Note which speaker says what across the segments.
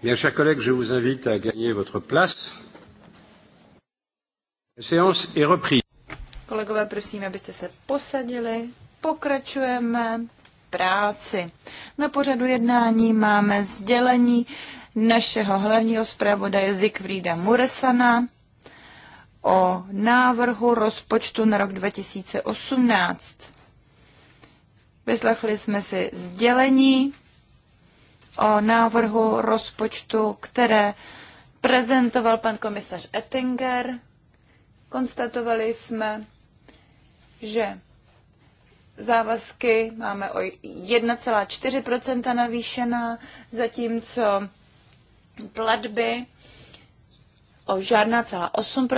Speaker 1: Bien, chers collègues, je vous invite à gagner votre place. La séance est reprise.
Speaker 2: Kolegové, prosím, abyste se posadili. Pokračujeme práci. Na pořadu jednání máme sdělení našeho hlavního zpravodaje Zikvrída Muresana o návrhu rozpočtu na rok 2018. Vyslechli jsme si sdělení o návrhu rozpočtu, které prezentoval pan komisař Ettinger. Konstatovali jsme, že závazky máme o 1,4 navýšená, zatímco platby o žádná celá 8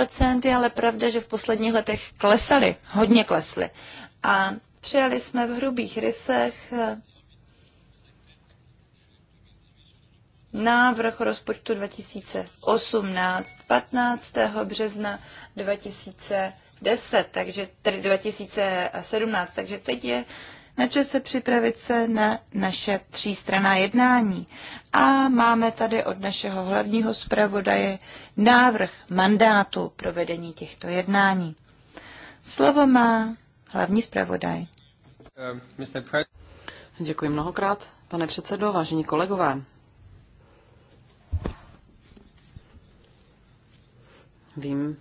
Speaker 2: je ale pravda, že v posledních letech klesaly, hodně klesly. A přijali jsme v hrubých rysech návrh rozpočtu 2018 15. března 2010, takže tedy 2017, takže teď je na čase připravit se na naše třístraná jednání. A máme tady od našeho hlavního zpravodaje návrh mandátu pro vedení těchto jednání. Slovo má hlavní zpravodaj.
Speaker 3: Děkuji mnohokrát, pane předsedo, vážení kolegové. Vím,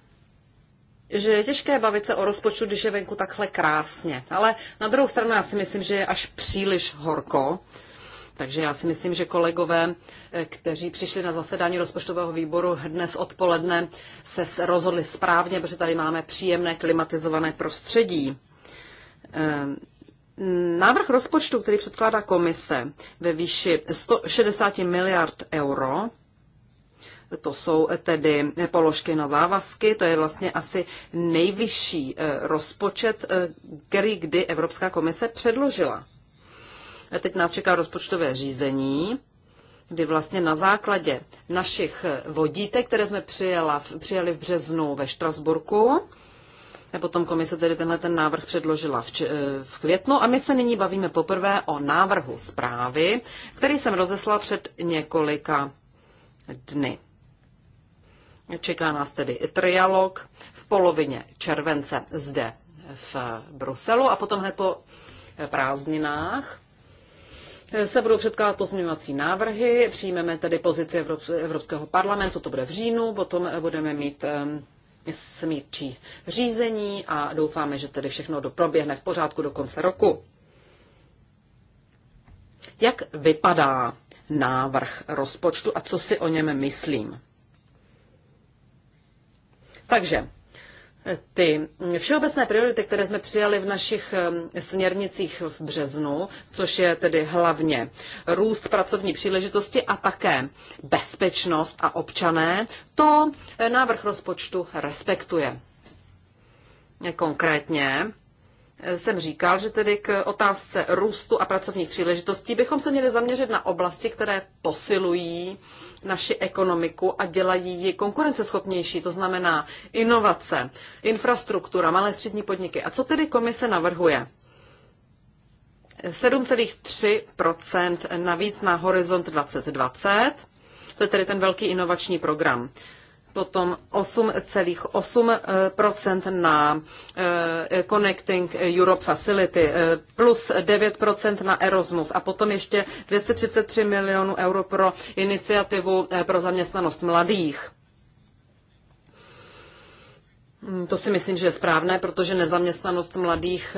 Speaker 3: že je těžké bavit se o rozpočtu, když je venku takhle krásně. Ale na druhou stranu já si myslím, že je až příliš horko. Takže já si myslím, že kolegové, eh, kteří přišli na zasedání rozpočtového výboru dnes odpoledne, se rozhodli správně, protože tady máme příjemné klimatizované prostředí. Eh, návrh rozpočtu, který předkládá komise ve výši 160 miliard euro, to jsou tedy položky na závazky, to je vlastně asi nejvyšší eh, rozpočet, eh, který kdy Evropská komise předložila. Teď nás čeká rozpočtové řízení, kdy vlastně na základě našich eh, vodítek, které jsme přijela, přijeli v březnu ve Štrasburku, Potom komise tedy tenhle ten návrh předložila v, v květnu a my se nyní bavíme poprvé o návrhu zprávy, který jsem rozeslal před několika dny. Čeká nás tedy trialog v polovině července zde v Bruselu a potom hned po prázdninách se budou předkládat pozměňovací návrhy, přijmeme tedy pozici Evropského parlamentu, to bude v říjnu, potom budeme mít smírčí řízení a doufáme, že tedy všechno proběhne v pořádku do konce roku. Jak vypadá návrh rozpočtu a co si o něm myslím? Takže ty všeobecné priority, které jsme přijali v našich um, směrnicích v březnu, což je tedy hlavně růst pracovní příležitosti a také bezpečnost a občané, to eh, návrh rozpočtu respektuje. Konkrétně jsem říkal, že tedy k otázce růstu a pracovních příležitostí bychom se měli zaměřit na oblasti, které posilují naši ekonomiku a dělají ji konkurenceschopnější, to znamená inovace, infrastruktura, malé střední podniky. A co tedy komise navrhuje? 7,3 navíc na Horizont 2020, to je tedy ten velký inovační program potom 8,8% na eh, Connecting Europe Facility, eh, plus 9% na Erasmus a potom ještě 233 milionů euro pro iniciativu eh, pro zaměstnanost mladých. Hmm, to si myslím, že je správné, protože nezaměstnanost mladých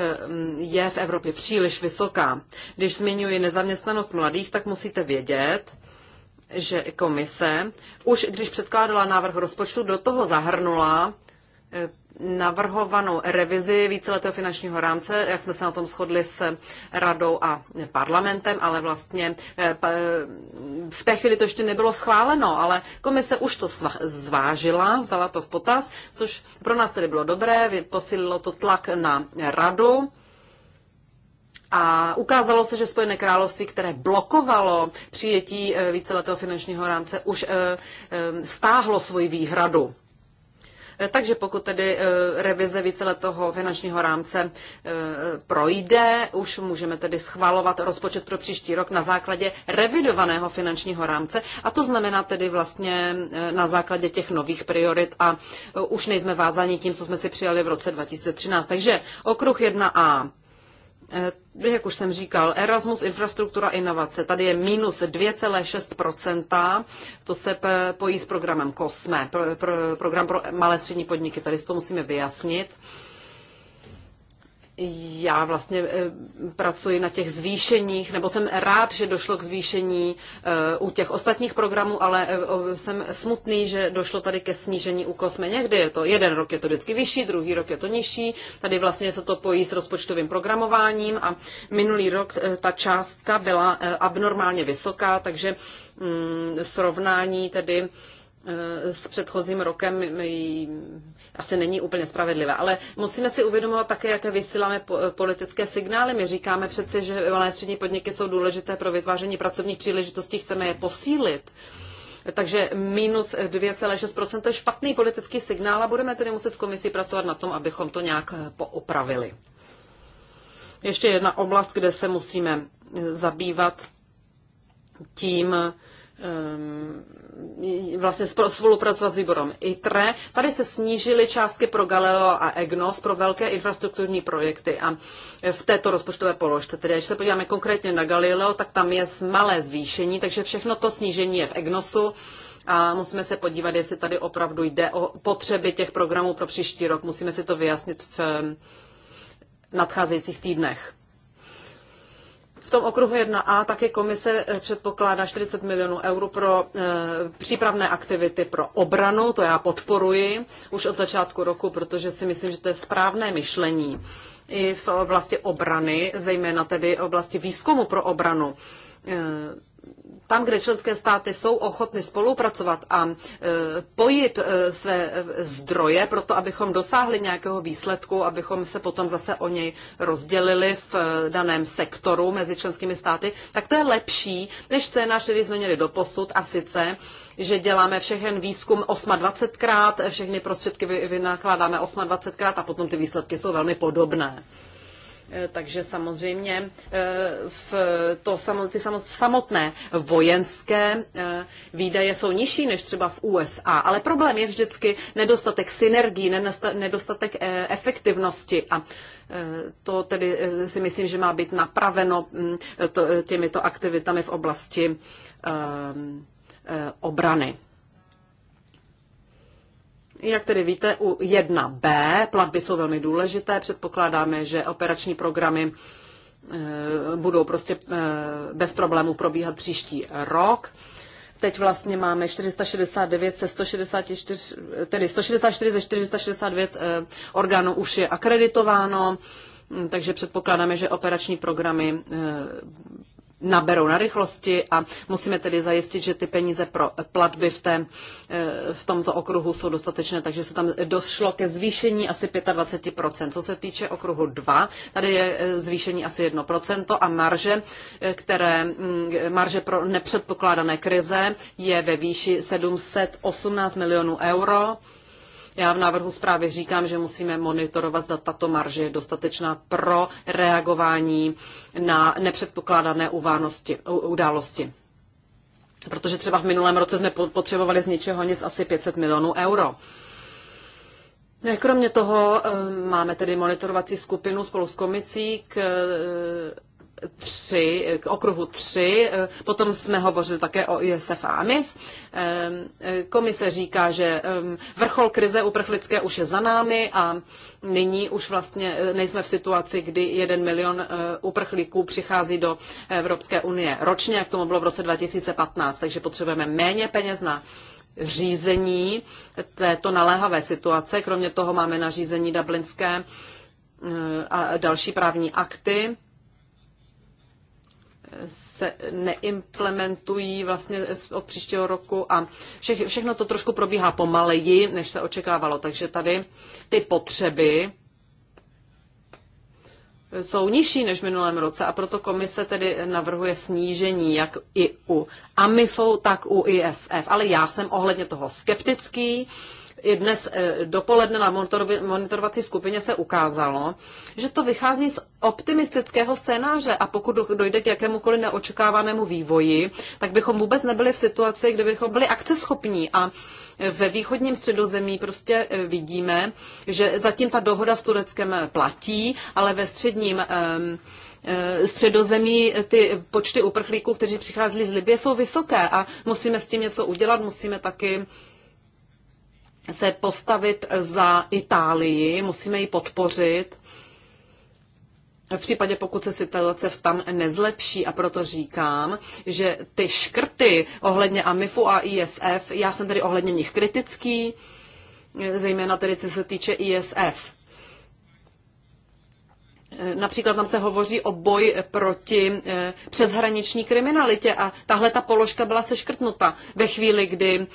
Speaker 3: je v Evropě příliš vysoká. Když zmiňuji nezaměstnanost mladých, tak musíte vědět, že komise už, když předkládala návrh rozpočtu, do toho zahrnula eh, navrhovanou revizi víceletého finančního rámce, jak jsme se na tom shodli s radou a parlamentem, ale vlastně eh, eh, v té chvíli to ještě nebylo schváleno, ale komise už to zvážila, vzala to v potaz, což pro nás tedy bylo dobré, posílilo to tlak na radu a ukázalo se, že Spojené království, které blokovalo přijetí eh, víceletého finančního rámce, už eh, eh, stáhlo svoji výhradu. Takže pokud tedy revize víceletého finančního rámce projde, už můžeme tedy schvalovat rozpočet pro příští rok na základě revidovaného finančního rámce a to znamená tedy vlastně na základě těch nových priorit a už nejsme vázáni tím, co jsme si přijali v roce 2013. Takže okruh 1a Eh, jak už jsem říkal, Erasmus, infrastruktura, inovace. Tady je minus 2,6%. To se pojí s programem COSME, pro, pro, program pro malé střední podniky. Tady si to musíme vyjasnit já vlastně eh, pracuji na těch zvýšeních, nebo jsem rád, že došlo k zvýšení eh, u těch ostatních programů, ale eh, jsem smutný, že došlo tady ke snížení u Kosme. Někdy je to jeden rok je to vždycky vyšší, druhý rok je to nižší, tady vlastně se to pojí s rozpočtovým programováním a minulý rok ta částka byla abnormálně vysoká, takže mm, srovnání tedy s předchozím rokem mm, asi není úplně spravedlivé. Ale musíme si uvědomovat také, jaké vysíláme eh, politické signály. My říkáme přece, že malé střední podniky jsou důležité pro vytváření pracovních příležitostí, chceme je posílit. Takže minus 2,6% to je špatný politický signál a budeme tedy muset v komisi pracovat na tom, abychom to nějak eh, poupravili. Ještě jedna oblast, kde se musíme eh, zabývat tím, vlastně spolupracovat s výborem ITRE. Tady se snížily částky pro Galileo a EGNOS pro velké infrastrukturní projekty a v této rozpočtové položce. Tedy když se podíváme konkrétně na Galileo, tak tam je malé zvýšení, takže všechno to snížení je v EGNOSu a musíme se podívat, jestli tady opravdu jde o potřeby těch programů pro příští rok. Musíme si to vyjasnit v eh, nadcházejících týdnech tom okruhu 1a také komise eh, předpokládá 40 milionů eur pro e, přípravné aktivity pro obranu. To já podporuji už od začátku roku, protože si myslím, že to je správné myšlení i v oblasti obrany, zejména tedy oblasti výzkumu pro obranu. E, tam, kde členské státy jsou ochotny spolupracovat a e, pojit e, své e, zdroje pro to, abychom dosáhli nějakého výsledku, abychom se potom zase o něj rozdělili v daném sektoru mezi členskými státy, tak to je lepší než scénář, který jsme měli doposud a sice, že děláme všechen výzkum 28krát, všechny prostředky vynakládáme 28krát a potom ty výsledky jsou velmi podobné. Eh, takže samozřejmě eh, v to, ty samotné vojenské eh, výdaje jsou nižší než třeba v USA, ale problém je vždycky nedostatek synergii, nedostatek efektivnosti a to tedy si myslím, že má být napraveno mm, těmito aktivitami v oblasti obrany. Jak tedy víte, u 1b platby jsou velmi důležité. Předpokládáme, že operační programy eh, budou prostě eh, bez problémů probíhat příští rok. Teď vlastně máme 469 ze 164, tedy 164 ze 469 orgánů už je akreditováno, hm, takže předpokládáme, že operační programy eh, naberou na rychlosti a musíme tedy zajistit, že ty peníze pro platby v, té, eh, v tomto okruhu jsou dostatečné, takže se tam došlo ke zvýšení asi 25%. Co se týče okruhu 2, tady je eh, zvýšení asi 1% a marže, eh, které, mm, marže pro nepředpokládané krize je ve výši 718 milionů euro já v návrhu zprávy říkám, že musíme monitorovat, zda tato marže je dostatečná pro reagování na nepředpokládané uvánosti, události. Protože třeba v minulém roce jsme potřebovali z ničeho nic asi 500 milionů euro. Kromě toho eh, máme tedy monitorovací skupinu spolu s komicí k eh, tři, k okruhu 3. Eh, potom jsme hovořili také o ISF a AMIF. Ehm, eh, komise říká, že ehm, vrchol krize uprchlické už je za námi a nyní už vlastně eh, nejsme v situaci, kdy jeden milion uprchlíků přichází do Evropské unie ročně, jak tomu bylo v roce 2015, takže potřebujeme méně peněz na řízení této naléhavé situace. Kromě toho máme nařízení dublinské a další právní akty se neimplementují vlastně od příštího roku a vše, všechno to trošku probíhá pomaleji, než se očekávalo. Takže tady ty potřeby jsou nižší než v minulém roce a proto komise tedy navrhuje snížení jak i u AMIFu, tak u ISF. Ale já jsem ohledně toho skeptický. Uh, i dnes eh, dopoledne na monitorovací skupině se ukázalo, že to vychází z optimistického scénáře a pokud dojde k jakémukoliv neočekávanému vývoji, tak bychom vůbec nebyli v situaci, kde bychom byli akceschopní a ve východním středozemí prostě eh, vidíme, že zatím ta dohoda s Tureckem eh, platí, ale ve středním ehm, středozemí ty počty uprchlíků, kteří přicházeli z Libie, jsou vysoké a musíme s tím něco udělat, musíme taky se postavit za Itálii, musíme ji podpořit. V případě, pokud se situace tam nezlepší a proto říkám, že ty škrty ohledně AMIFu a ISF, já jsem tedy ohledně nich kritický, zejména tedy co se týče ISF. Například tam se hovoří o boji proti eh, přeshraniční kriminalitě a tahle ta položka byla seškrtnuta ve chvíli, kdy eh,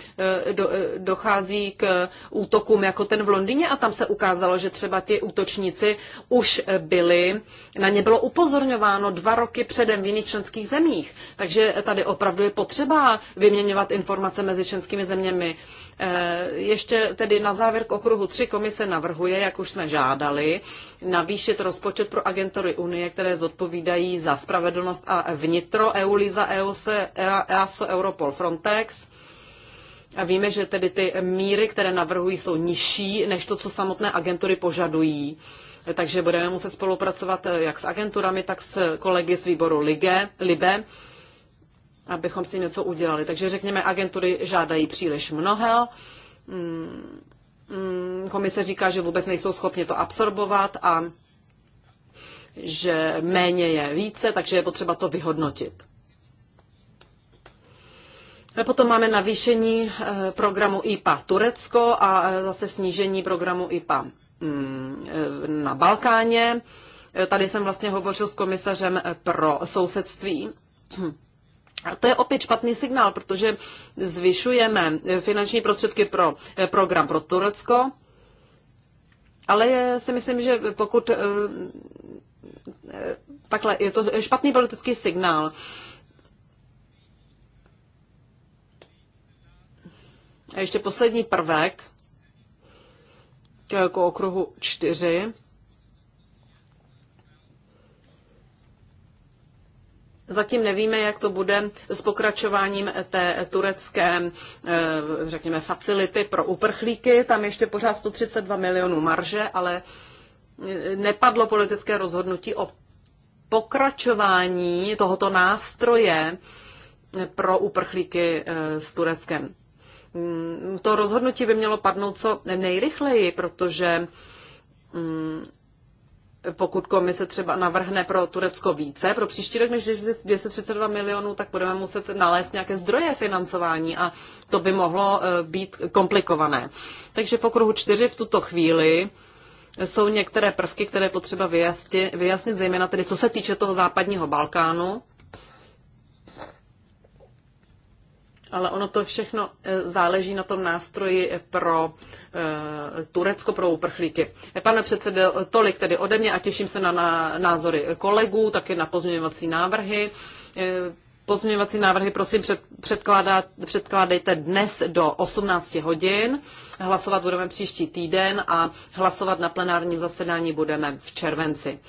Speaker 3: eh, dochází k útokům jako ten v Londýně a tam se ukázalo, že třeba ti útočníci už byli, na ně bylo upozorňováno dva roky předem v jiných členských zemích. Takže tady opravdu je potřeba vyměňovat informace mezi členskými zeměmi. Eh, ještě tedy na závěr k okruhu 3 komise navrhuje, jak už jsme žádali, navýšit rozpočet pro agentury Unie, které zodpovídají za spravedlnost a vnitro, EULISA, EOSE, EASO, Europol, Frontex. A víme, že tedy ty míry, které navrhují, jsou nižší než to, co samotné agentury požadují. Takže budeme muset spolupracovat eh, jak s agenturami, tak s kolegy z výboru LIGE, LIBE abychom si něco udělali. Takže řekněme, agentury žádají příliš mnoho, mm, mm, komise říká, že vůbec nejsou schopni to absorbovat a že méně je více, takže je potřeba to vyhodnotit. Potom máme navýšení eh, programu IPA Turecko a eh, zase snížení programu IPA mm, eh, na Balkáně. Tady jsem vlastně hovořil s komisařem pro sousedství. A to je opět špatný signál, protože zvyšujeme finanční prostředky pro eh, program pro Turecko, ale je, si myslím, že pokud eh, eh, takhle, je to špatný politický signál. A ještě poslední prvek k okruhu čtyři. Zatím nevíme, jak to bude s pokračováním té turecké, eh, řekněme, facility pro uprchlíky. Tam ještě pořád 132 milionů marže, ale eh, nepadlo politické rozhodnutí o pokračování tohoto nástroje eh, pro uprchlíky s Tureckem. Mm, to rozhodnutí by mělo padnout co nejrychleji, protože mm, pokud komise třeba navrhne pro Turecko více pro příští rok než 232 milionů, tak budeme muset nalézt nějaké zdroje financování a to by mohlo eh, být komplikované. Takže v okruhu čtyři v tuto chvíli jsou některé prvky, které potřeba vyjasnit, vyjasnit zejména tedy co se týče toho západního Balkánu, ale ono to všechno eh, záleží na tom nástroji eh, pro eh, Turecko pro uprchlíky. Pane předsedo, tolik tedy ode mě a těším se na názory kolegů, taky na pozměňovací návrhy. Pozměňovací návrhy prosím před, předkládejte dnes do 18 hodin. Hlasovat budeme příští týden a hlasovat na plenárním zasedání budeme v červenci.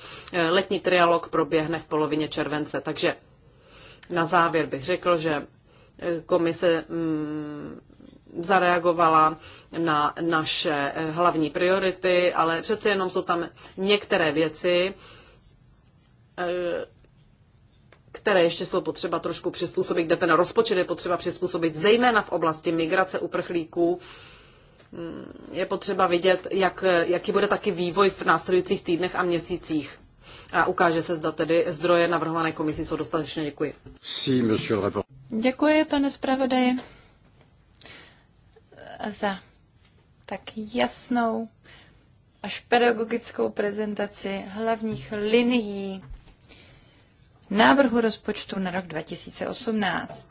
Speaker 3: Letní trialog proběhne v polovině července, takže na závěr bych řekl, že komise mm, zareagovala na naše eh, hlavní priority, ale přece jenom jsou tam některé věci, eh, které ještě jsou potřeba trošku přizpůsobit, kde ten rozpočet je potřeba přizpůsobit, zejména v oblasti migrace uprchlíků. Mm, je potřeba vidět, jak, jaký bude taky vývoj v následujících týdnech a měsících a ukáže se, zda tedy zdroje navrhované komisí jsou dostatečné. Děkuji.
Speaker 1: Sí,
Speaker 2: Děkuji, pane zpravodaji, za tak jasnou až pedagogickou prezentaci hlavních linií návrhu rozpočtu na rok 2018.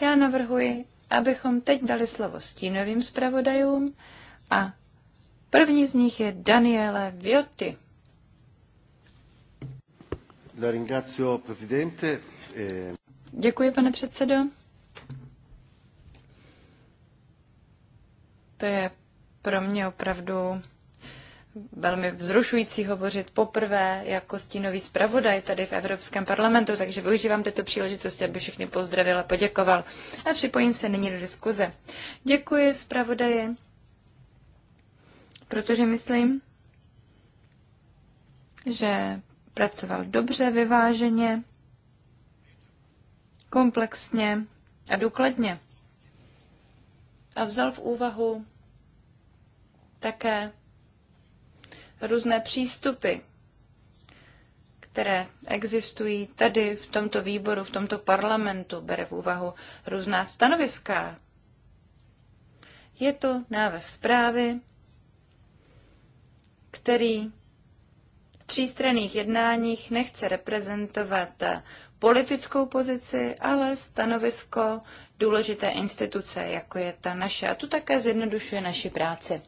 Speaker 2: Já navrhuji, abychom teď dali slovo stínovým zpravodajům a první z nich je Daniele Vioty.
Speaker 3: E-
Speaker 2: Děkuji, pane předsedo. To je pro mě opravdu velmi vzrušující hovořit poprvé jako stínový zpravodaj tady v Evropském parlamentu, takže využívám této příležitosti, aby všechny pozdravil a poděkoval. A připojím se nyní do diskuze. Děkuji zpravodaji, protože myslím, že pracoval dobře, vyváženě, komplexně a důkladně. A vzal v úvahu také různé přístupy, které existují tady v tomto výboru, v tomto parlamentu, bere v úvahu různá stanoviska. Je to návrh zprávy, který třístranných jednáních nechce reprezentovat politickou pozici, ale stanovisko důležité instituce, jako je ta naše. A tu také zjednodušuje naši práci.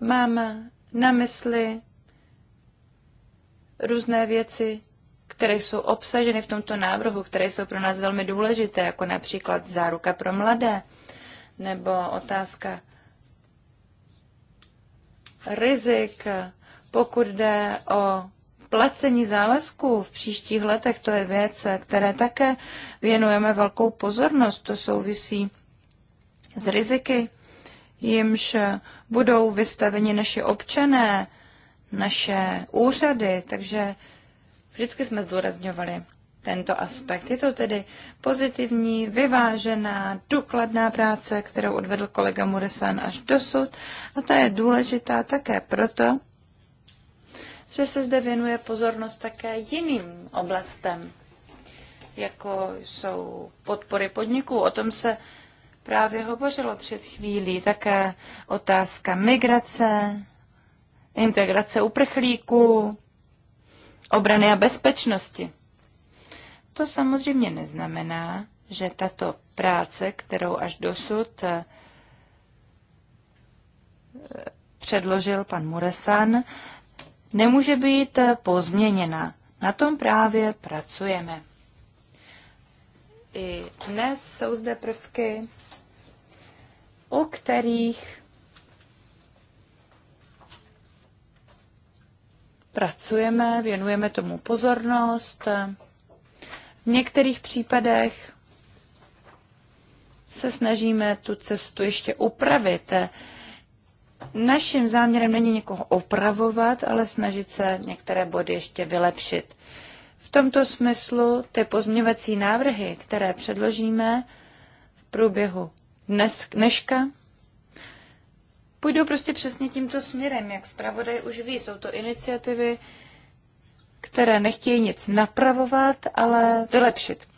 Speaker 2: Mám na mysli různé věci, které jsou obsaženy v tomto návrhu, které jsou pro nás velmi důležité, jako například záruka pro mladé, nebo otázka rizik, pokud jde o placení závazků v příštích letech, to je věc, které také věnujeme velkou pozornost. To souvisí s riziky, jimž budou vystaveni naše občané, naše úřady, takže vždycky jsme zdůrazňovali tento aspekt. Je to tedy pozitivní, vyvážená, důkladná práce, kterou odvedl kolega Muresan až dosud a ta je důležitá také proto, že se zde věnuje pozornost také jiným oblastem, jako jsou podpory podniků. O tom se právě hovořilo před chvílí. Také otázka migrace, integrace uprchlíků, obrany a bezpečnosti. To samozřejmě neznamená, že tato práce, kterou až dosud eh, předložil pan Muresan, nemůže být eh, pozměněna. Na tom právě pracujeme. I dnes jsou zde prvky, o kterých pracujeme, věnujeme tomu pozornost, v některých případech se snažíme tu cestu ještě upravit. Naším záměrem není někoho opravovat, ale snažit se některé body ještě vylepšit. V tomto smyslu ty pozměňovací návrhy, které předložíme v průběhu dnes, dneška, půjdou prostě přesně tímto směrem, jak zpravodaj už ví. Jsou to iniciativy, které nechtějí nic napravovat, ale vylepšit.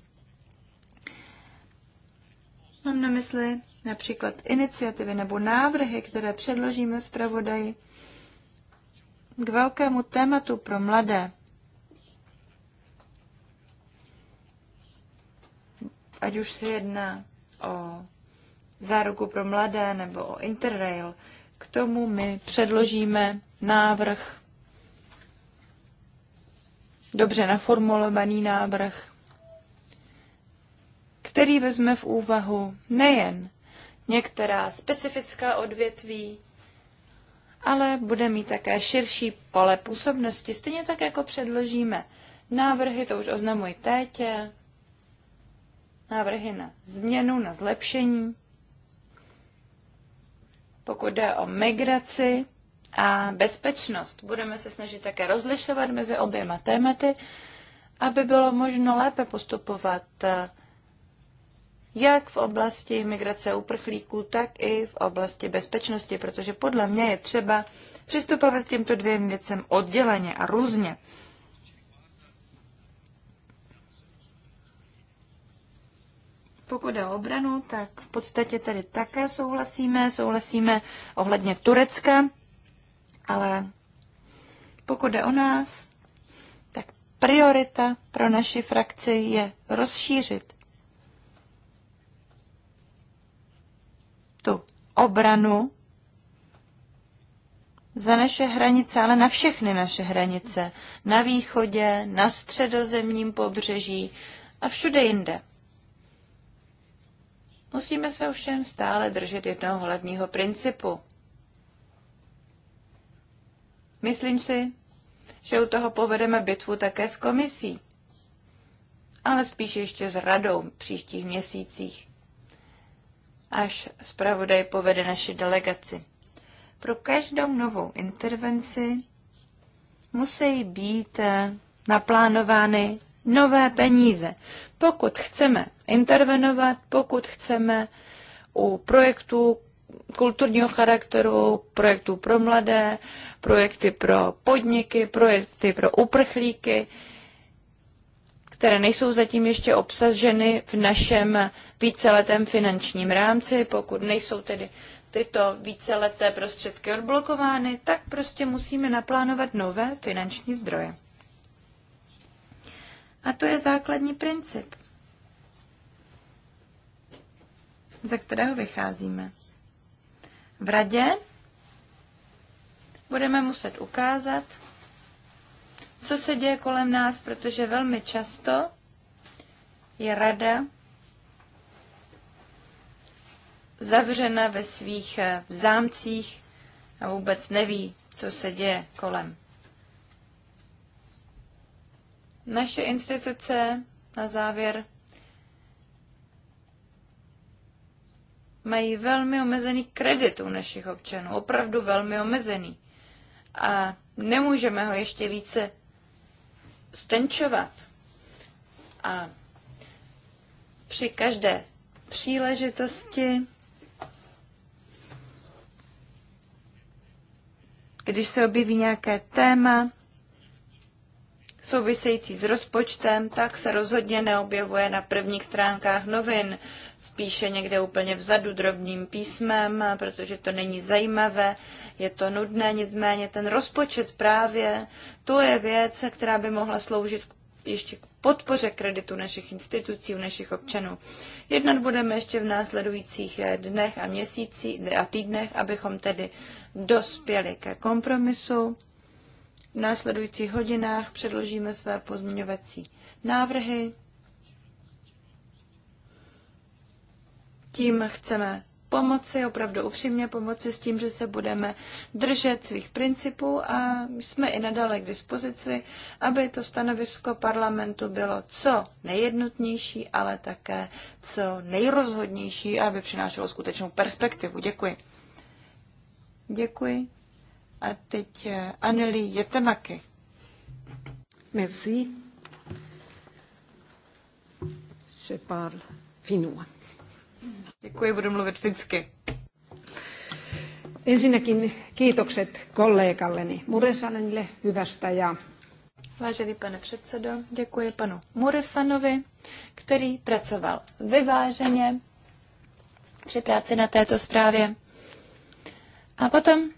Speaker 2: Mám na mysli například iniciativy nebo návrhy, které předložíme zpravodaji k velkému tématu pro mladé. Ať už se jedná o záruku pro mladé nebo o Interrail, k tomu my předložíme návrh dobře naformulovaný návrh, který vezme v úvahu nejen některá specifická odvětví, ale bude mít také širší pole působnosti, stejně tak jako předložíme návrhy, to už oznamuji teď, návrhy na změnu, na zlepšení. Pokud jde o migraci, a bezpečnost. Budeme se snažit také rozlišovat mezi oběma tématy, aby bylo možno lépe postupovat eh, jak v oblasti migrace uprchlíků, tak i v oblasti bezpečnosti, protože podle mě je třeba přistupovat k těmto dvěm věcem odděleně a různě. Pokud je o obranu, tak v podstatě tady také souhlasíme. Souhlasíme ohledně Turecka. Ale pokud jde o nás, tak priorita pro naši frakci je rozšířit tu obranu za naše hranice, ale na všechny naše hranice. Na východě, na středozemním pobřeží a všude jinde. Musíme se ovšem stále držet jednoho hlavního principu. Myslím si, že u toho povedeme bitvu také s komisí, ale spíše ještě s radou v příštích měsících, až zpravodaj povede naši delegaci. Pro každou novou intervenci musí být eh, naplánovány nové peníze. Pokud chceme intervenovat, pokud chceme u projektů, kulturního charakteru, projektů pro mladé, projekty pro podniky, projekty pro uprchlíky, které nejsou zatím ještě obsaženy v našem víceletém finančním rámci. Pokud nejsou tedy tyto víceleté prostředky odblokovány, tak prostě musíme naplánovat nové finanční zdroje. A to je základní princip, ze kterého vycházíme v radě budeme muset ukázat, co se děje kolem nás, protože velmi často je rada zavřena ve svých eh, zámcích a vůbec neví, co se děje kolem. Naše instituce na závěr mají velmi omezený kredit u našich občanů, opravdu velmi omezený. A nemůžeme ho ještě více stenčovat. A při každé příležitosti, když se objeví nějaké téma související s rozpočtem, tak se rozhodně neobjevuje na prvních stránkách novin spíše někde úplně vzadu drobným písmem, protože to není zajímavé, je to nudné, nicméně ten rozpočet právě, to je věc, která by mohla sloužit ještě k podpoře kreditu našich institucí, našich občanů. Jednat budeme ještě v následujících dnech a měsících a týdnech, abychom tedy dospěli ke kompromisu. V následujících hodinách předložíme své pozměňovací návrhy Tím chceme pomoci, opravdu upřímně pomoci s tím, že se budeme držet svých principů a jsme i nadále k dispozici, aby to stanovisko parlamentu bylo co nejjednotnější, ale také co nejrozhodnější, aby přinášelo skutečnou perspektivu. Děkuji. Děkuji. A teď eh, Anneli Jetemaky. Merci. Je parle finnois. Děkuji, budu mluvit finsky.
Speaker 3: Ensinnäkin kiitokset kollegalleni Muresanenille hyvästä ja
Speaker 2: Vážený pane předsedo, děkuji panu Muresanovi, který pracoval vyváženě při práci na této zprávě. A potom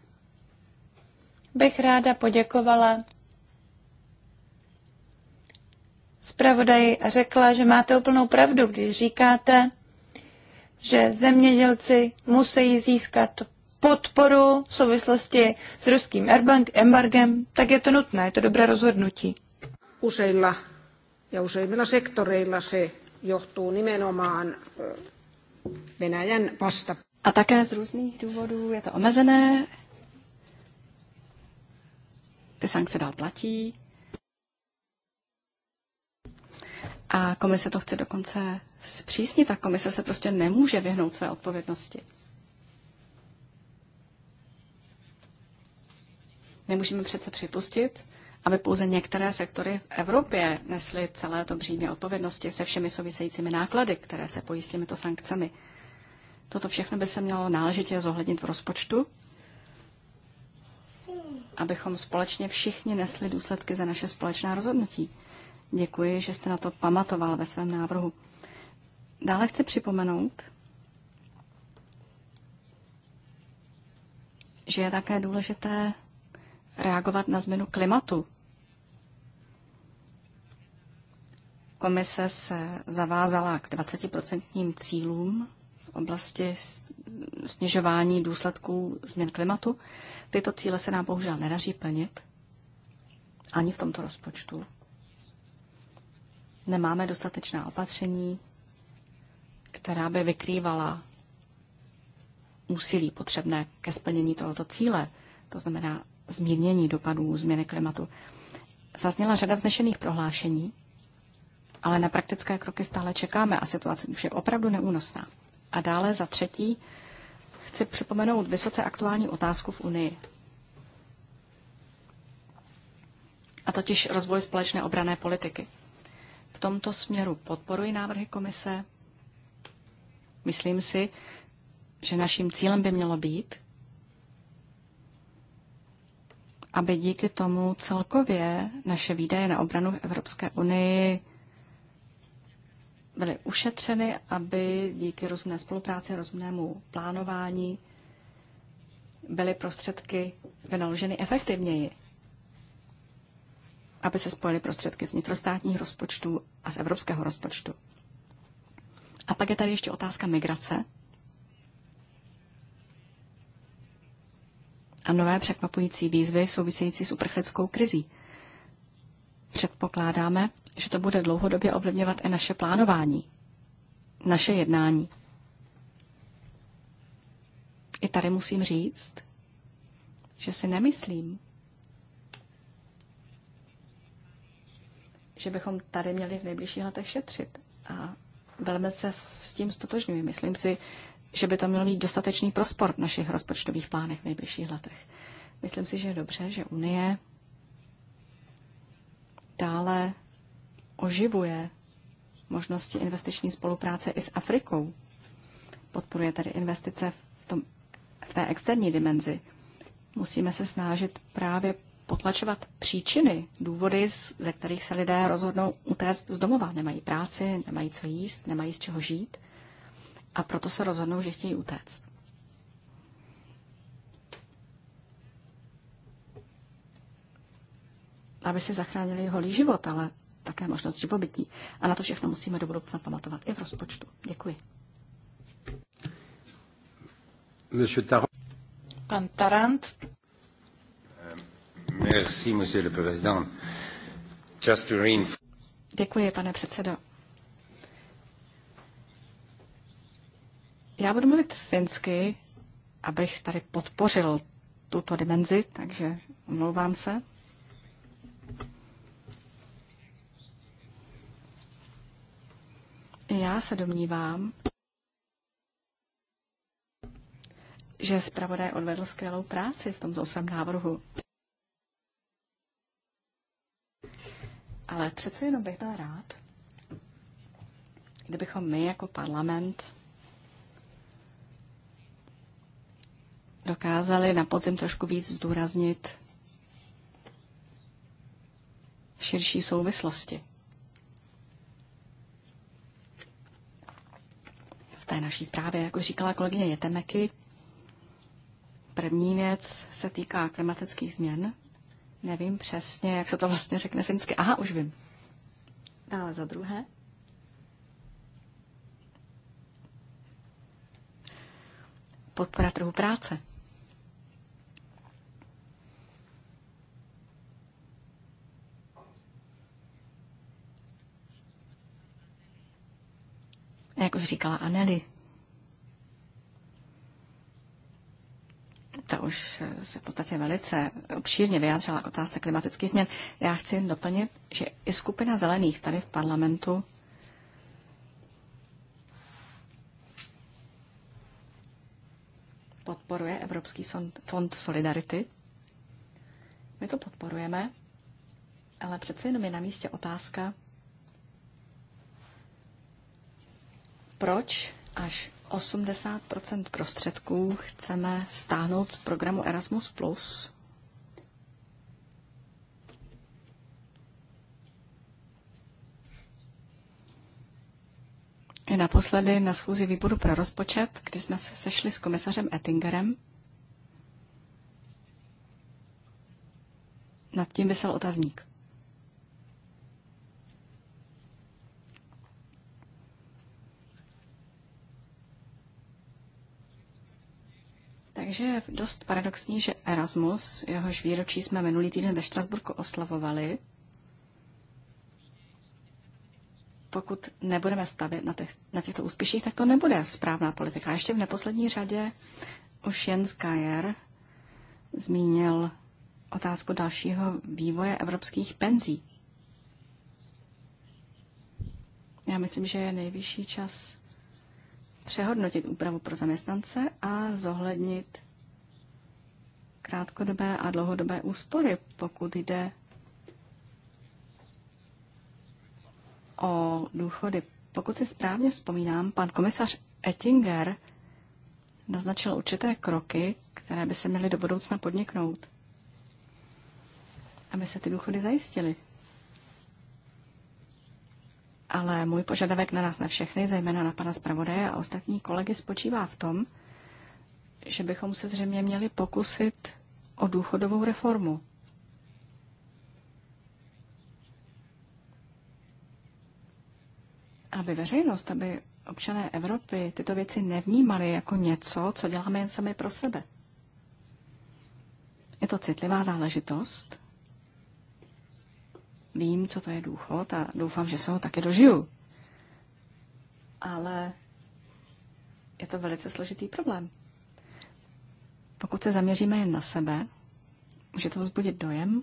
Speaker 2: bych ráda poděkovala zpravodaji a řekla, že máte úplnou pravdu, když říkáte, že zemědělci musí získat podporu v souvislosti s ruským embargem, tak je to nutné, je to dobré rozhodnutí. Useilla ja useimmilla sektoreilla se
Speaker 3: johtuu nimenomaan Venäjän vasta.
Speaker 4: A také z různých důvodů je to omezené. Ty sankce dál platí. A komise to chce dokonce zpřísnit a komise se prostě nemůže vyhnout své odpovědnosti. Nemůžeme přece připustit, aby pouze některé sektory v Evropě nesly celé to břímě odpovědnosti se všemi souvisejícími náklady, které se pojí s těmito sankcemi. Toto všechno by se mělo náležitě zohlednit v rozpočtu, abychom společně všichni nesli důsledky za naše společná rozhodnutí. Děkuji, že jste na to pamatoval ve svém návrhu. Dále chci připomenout, že je také důležité reagovat na změnu klimatu. Komise se zavázala k 20% cílům v oblasti snižování důsledků změn klimatu. Tyto cíle se nám bohužel nedaří plnit ani v tomto rozpočtu. Nemáme dostatečná opatření, která by vykrývala úsilí potřebné ke splnění tohoto cíle, to znamená zmírnění dopadů změny klimatu. Zazněla řada vznešených prohlášení, ale na praktické kroky stále čekáme a situace už je opravdu neúnosná. A dále za třetí chci připomenout vysoce aktuální otázku v Unii. A totiž rozvoj společné obrané politiky. V tomto směru podporuji návrhy komise, Myslím si, že naším cílem by mělo být, aby díky tomu celkově naše výdaje na obranu v Evropské unii byly ušetřeny, aby díky rozumné spolupráci a rozumnému plánování byly prostředky vynaloženy efektivněji, aby se spojily prostředky z vnitrostátních rozpočtů a z evropského rozpočtu. A pak je tady ještě otázka migrace. A nové překvapující výzvy související s uprchlickou krizí. Předpokládáme, že to bude dlouhodobě ovlivňovat i naše plánování, naše jednání. I tady musím říct, že si nemyslím, že bychom tady měli v nejbližších letech šetřit. A velmi se s tím stotožňuji. Myslím si, že by to mělo být dostatečný prospor v našich rozpočtových plánech v nejbližších letech. Myslím si, že je dobře, že Unie dále oživuje možnosti investiční spolupráce i s Afrikou. Podporuje tady investice v, tom, v té externí dimenzi. Musíme se snažit právě potlačovat příčiny, důvody, ze kterých se lidé rozhodnou utéct z domova. Nemají práci, nemají co jíst, nemají z čeho žít a proto se rozhodnou, že chtějí utéct. Aby si zachránili holý život, ale také možnost živobytí. A na to všechno musíme do budoucna pamatovat i v rozpočtu.
Speaker 2: Děkuji. Pan Tarant.
Speaker 1: Merci, monsieur le président. Just to
Speaker 4: Děkuji, pane předsedo. Já budu mluvit finsky, abych tady podpořil tuto dimenzi, takže omlouvám se. Já se domnívám, že zpravodaj odvedl skvělou práci v tomto svém návrhu. Ale přece jenom bych byl rád, kdybychom my jako parlament dokázali na podzim trošku víc zdůraznit širší souvislosti. V té naší zprávě, jak už říkala kolegyně Jetemeky, první věc se týká klimatických změn. Nevím přesně, jak se to vlastně řekne finsky. Aha, už vím. Ale za druhé. Podpora trhu práce. Jak už říkala Anely, ta už se v podstatě velice obšírně vyjádřila k otázce klimatických změn. Já chci jen doplnit, že i skupina zelených tady v parlamentu podporuje Evropský fond Solidarity. My to podporujeme, ale přece jenom je na místě otázka, proč až 80 prostředků chceme stáhnout z programu Erasmus. I naposledy na schůzi výboru pro rozpočet, kdy jsme se sešli s komisařem Ettingerem, nad tím vysel otazník. že je dost paradoxní, že Erasmus, jehož výročí jsme minulý týden ve Štrasburku oslavovali, pokud nebudeme stavět na, těch, na těchto úspěších, tak to nebude správná politika. A ještě v neposlední řadě už Jens Kajer zmínil otázku dalšího vývoje evropských penzí. Já myslím, že je nejvyšší čas přehodnotit úpravu pro zaměstnance a zohlednit krátkodobé a dlouhodobé úspory, pokud jde o důchody. Pokud si správně vzpomínám, pan komisař Ettinger naznačil určité kroky, které by se měly do budoucna podniknout, aby se ty důchody zajistily. Ale můj požadavek na nás na všechny, zejména na pana zpravodaje a ostatní kolegy, spočívá v tom, že bychom se zřejmě měli pokusit o důchodovou reformu. Aby veřejnost, aby občané Evropy tyto věci nevnímali jako něco, co děláme jen sami pro sebe. Je to citlivá záležitost. Vím, co to je důchod a doufám, že se ho také dožiju. Ale je to velice složitý problém. Pokud se zaměříme jen na sebe, může to vzbudit dojem,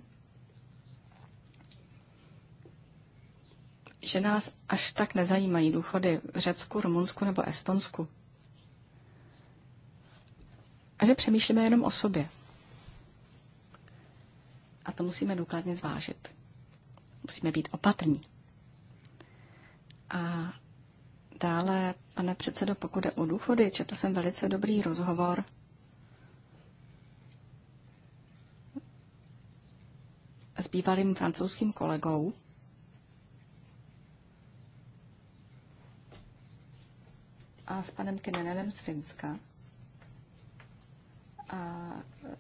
Speaker 4: že nás až tak nezajímají důchody v Řecku, Rumunsku nebo Estonsku. A že přemýšlíme jenom o sobě. A to musíme důkladně zvážit. Musíme být opatrní. A dále, pane předsedo, pokud je o důchody, četl jsem velice dobrý rozhovor bývalým francouzským kolegou. A s panem Kenenem z Finska. A e,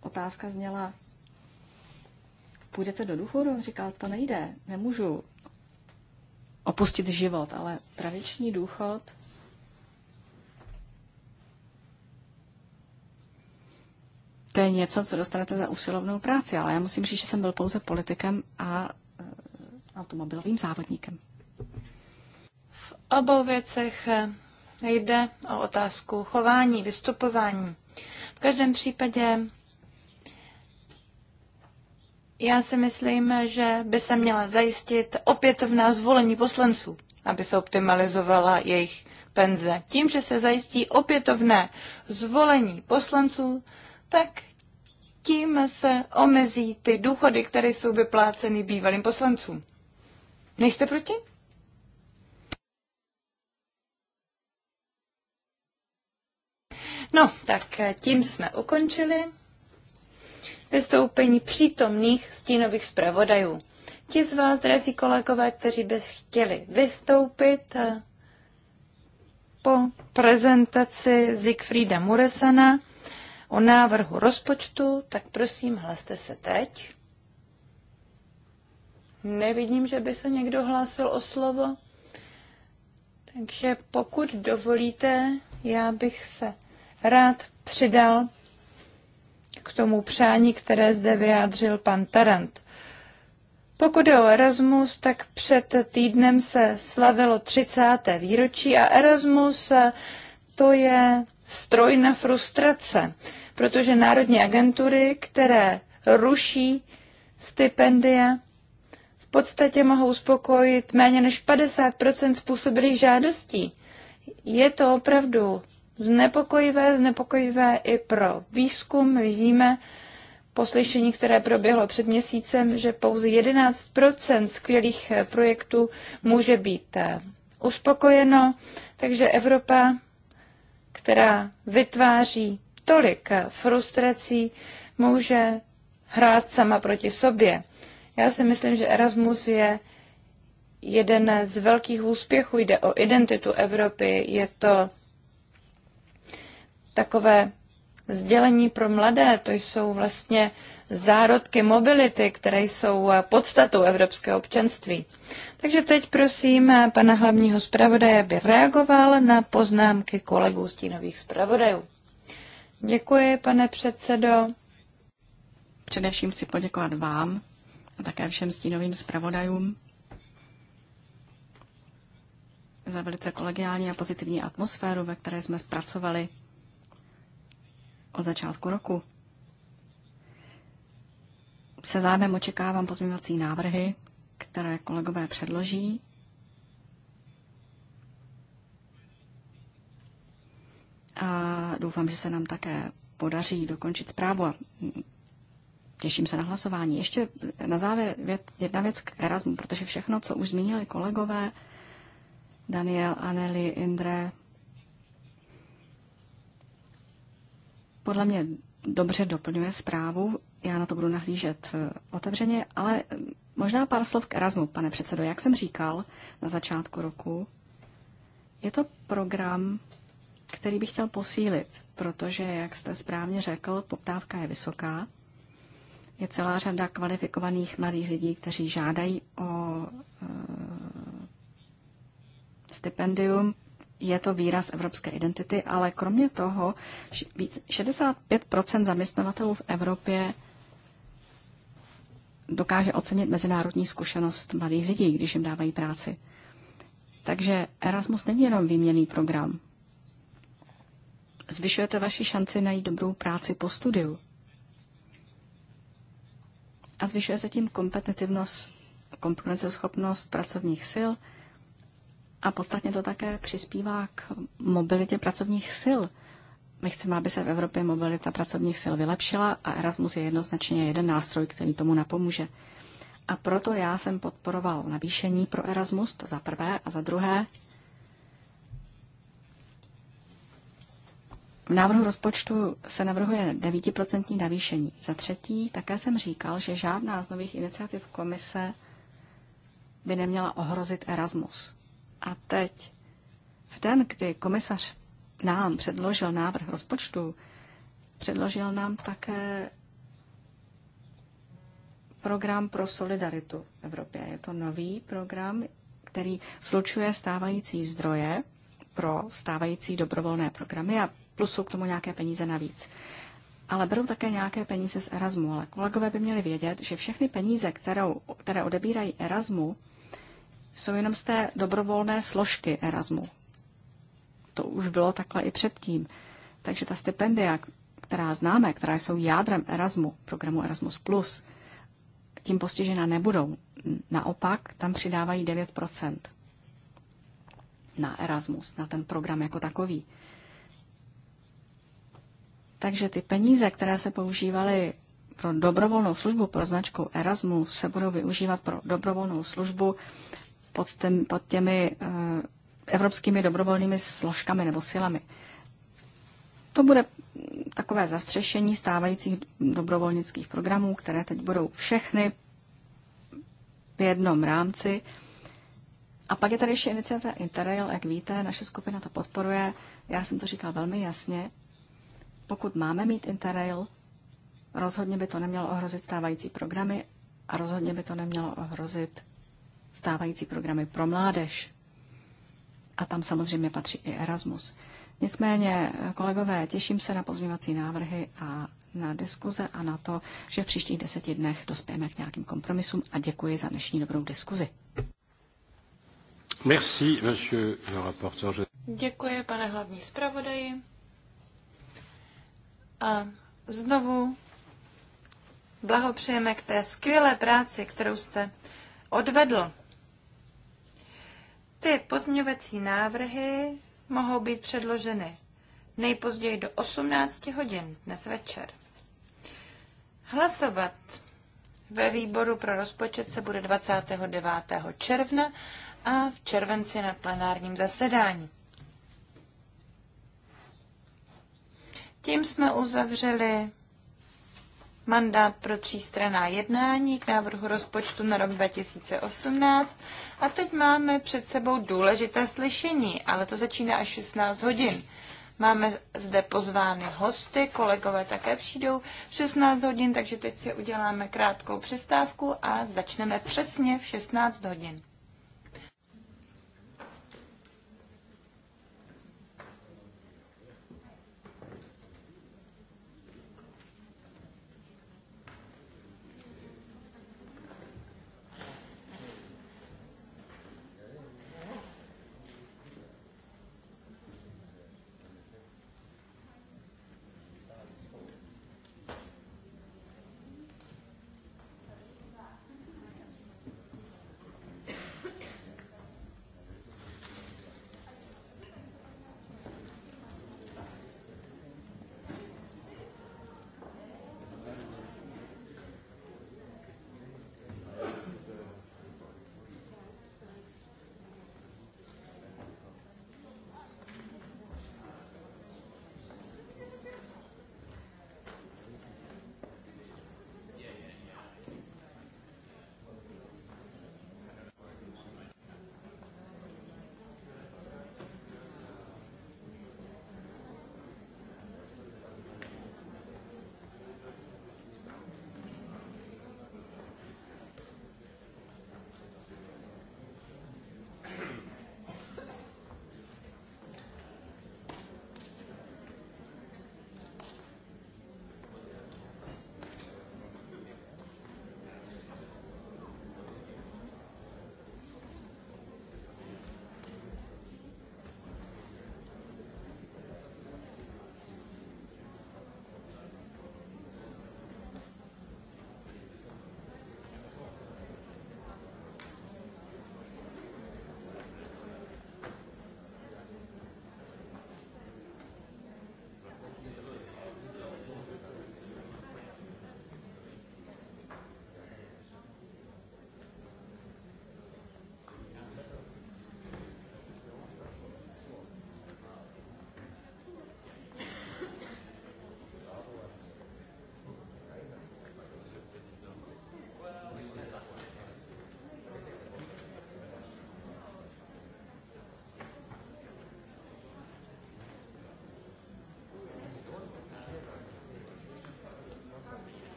Speaker 4: otázka zněla, půjdete do důchodu? On říkal, to nejde, nemůžu opustit život, ale tradiční důchod je něco, co dostanete za usilovnou práci, ale já musím říct, že jsem byl pouze politikem a eh, automobilovým závodníkem.
Speaker 2: V obou věcech eh, jde o otázku chování, vystupování. V každém případě já si myslím, že by se měla zajistit opětovná zvolení poslanců, aby se optimalizovala jejich penze. Tím, že se zajistí opětovné zvolení poslanců, tak tím se omezí ty důchody, které jsou vypláceny bývalým poslancům. Nejste proti? No, tak tím jsme ukončili vystoupení přítomných stínových zpravodajů. Ti z vás, drazí kolegové, kteří by chtěli vystoupit eh, po prezentaci Siegfrieda Muresana, o návrhu rozpočtu, tak prosím, hlaste se teď. Nevidím, že by se někdo hlásil o slovo. Takže pokud dovolíte, já bych se rád přidal k tomu přání, které zde vyjádřil pan Tarant. Pokud je o Erasmus, tak před týdnem se slavilo 30. výročí a Erasmus eh, to je stroj na frustrace protože národní agentury, které ruší stipendia, v podstatě mohou uspokojit méně než 50 způsobilých žádostí. Je to opravdu znepokojivé, znepokojivé i pro výzkum. My víme, poslyšení, které proběhlo před měsícem, že pouze 11 skvělých projektů může být eh, uspokojeno, takže Evropa, která vytváří tolik frustrací může hrát sama proti sobě. Já si myslím, že Erasmus je jeden z velkých úspěchů. Jde o identitu Evropy. Je to takové sdělení pro mladé. To jsou vlastně zárodky mobility, které jsou podstatou evropského občanství. Takže teď prosím pana hlavního zpravodaje, aby reagoval na poznámky kolegů stínových zpravodajů. Děkuji, pane předsedo. Především chci poděkovat vám a také všem stínovým
Speaker 4: zpravodajům za velice kolegiální a pozitivní atmosféru, ve které jsme pracovali od začátku roku. Se zájmem očekávám pozměňovací návrhy, které kolegové předloží a doufám, že se nám také podaří dokončit zprávu a těším se na hlasování. Ještě na závěr jedna věc k Erasmu, protože všechno, co už zmínili kolegové, Daniel, Aneli, Indre, podle mě dobře doplňuje zprávu. Já na to budu nahlížet eh, otevřeně, ale eh, možná pár slov k Erasmu, pane předsedo. Jak jsem říkal na začátku roku, je to program, který bych chtěl posílit, protože, jak jste správně řekl, poptávka je vysoká. Je celá řada kvalifikovaných mladých lidí, kteří žádají o e, stipendium. Je to výraz evropské identity, ale kromě toho víc, 65 zaměstnavatelů v Evropě dokáže ocenit mezinárodní zkušenost mladých lidí, když jim dávají práci. Takže Erasmus není jenom výměný program zvyšujete vaši šanci najít dobrou práci po studiu. A zvyšuje se tím kompetitivnost, konkurenceschopnost pracovních sil a podstatně to také přispívá k mobilitě pracovních sil. My chceme, aby se v Evropě mobilita pracovních sil vylepšila a Erasmus je jednoznačně jeden nástroj, který tomu napomůže. A proto já jsem podporoval navýšení pro Erasmus, to za prvé, a za druhé V návrhu rozpočtu se navrhuje 9% navýšení. Za třetí, také jsem říkal, že žádná z nových iniciativ komise by neměla ohrozit Erasmus. A teď, v den, kdy komisař nám předložil návrh rozpočtu, předložil nám také program pro solidaritu v Evropě. Je to nový program, který slučuje stávající zdroje pro stávající dobrovolné programy a plus jsou k tomu nějaké peníze navíc. Ale berou také nějaké peníze z Erasmu. Ale kolegové by měli vědět, že všechny peníze, kterou, které odebírají Erasmu, jsou jenom z té dobrovolné složky Erasmu. To už bylo takhle i předtím. Takže ta stipendia, která známe, která jsou jádrem Erasmu, programu Erasmus+, tím postižena nebudou. Naopak, tam přidávají 9 na Erasmus, na ten program jako takový. Takže ty peníze, které se používaly pro dobrovolnou službu pro značku Erasmus, se budou využívat pro dobrovolnou službu pod, těm, pod těmi uh, evropskými dobrovolnými složkami nebo silami. To bude takové zastřešení stávajících dobrovolnických programů, které teď budou všechny v jednom rámci. A pak je tady ještě iniciativa Interrail, jak víte, naše skupina to podporuje. Já jsem to říkal velmi jasně pokud máme mít Interrail, rozhodně by to nemělo ohrozit stávající programy a rozhodně by to nemělo ohrozit stávající programy pro mládež. A tam samozřejmě patří i Erasmus. Nicméně, kolegové, těším se na pozměvací návrhy a na diskuze a na to, že v příštích deseti dnech dospějeme k nějakým kompromisům a děkuji za dnešní dobrou diskuzi.
Speaker 1: Merci, monsieur le rapporteur.
Speaker 2: Děkuji, pane hlavní zpravodaji a znovu blahopřejeme k té skvělé práci, kterou jste odvedl. Ty pozměňovací návrhy mohou být předloženy nejpozději do 18 hodin dnes večer. Hlasovat ve výboru pro rozpočet se bude 29. června a v červenci na plenárním zasedání. Tím jsme uzavřeli mandát pro třístraná jednání k návrhu rozpočtu na rok 2018 a teď máme před sebou důležité slyšení, ale to začíná až 16 hodin. Máme zde pozvány hosty, kolegové také přijdou v 16 hodin, takže teď si uděláme krátkou přestávku a začneme přesně v 16 hodin.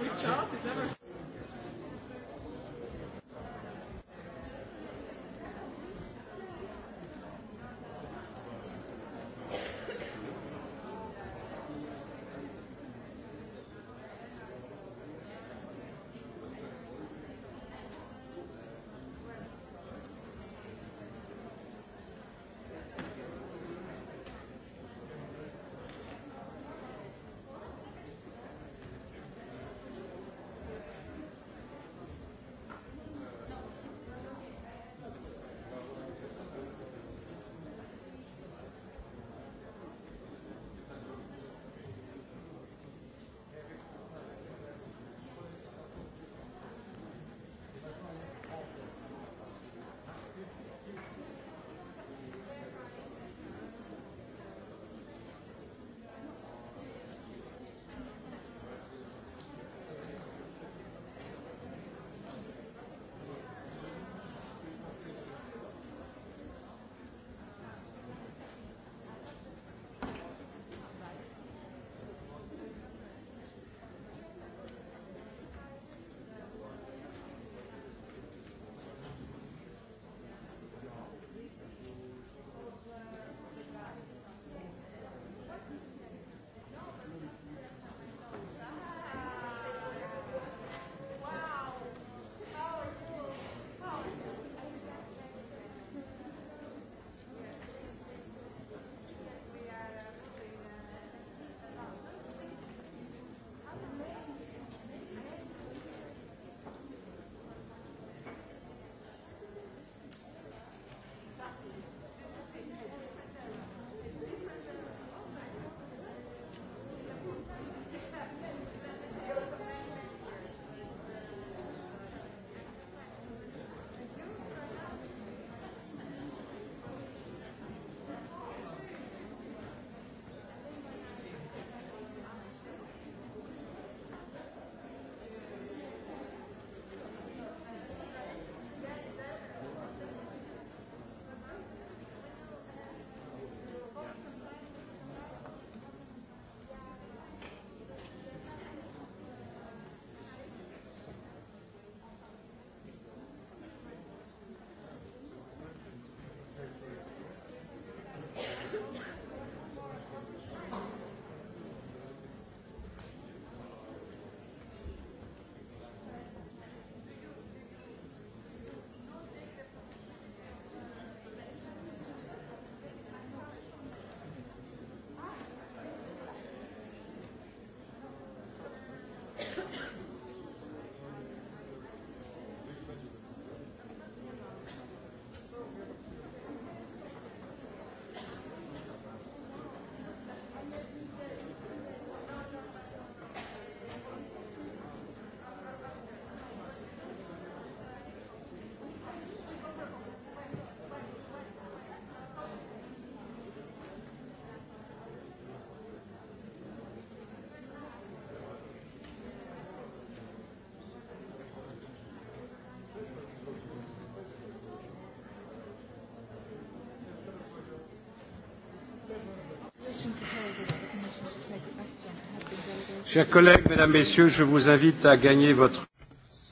Speaker 2: We started.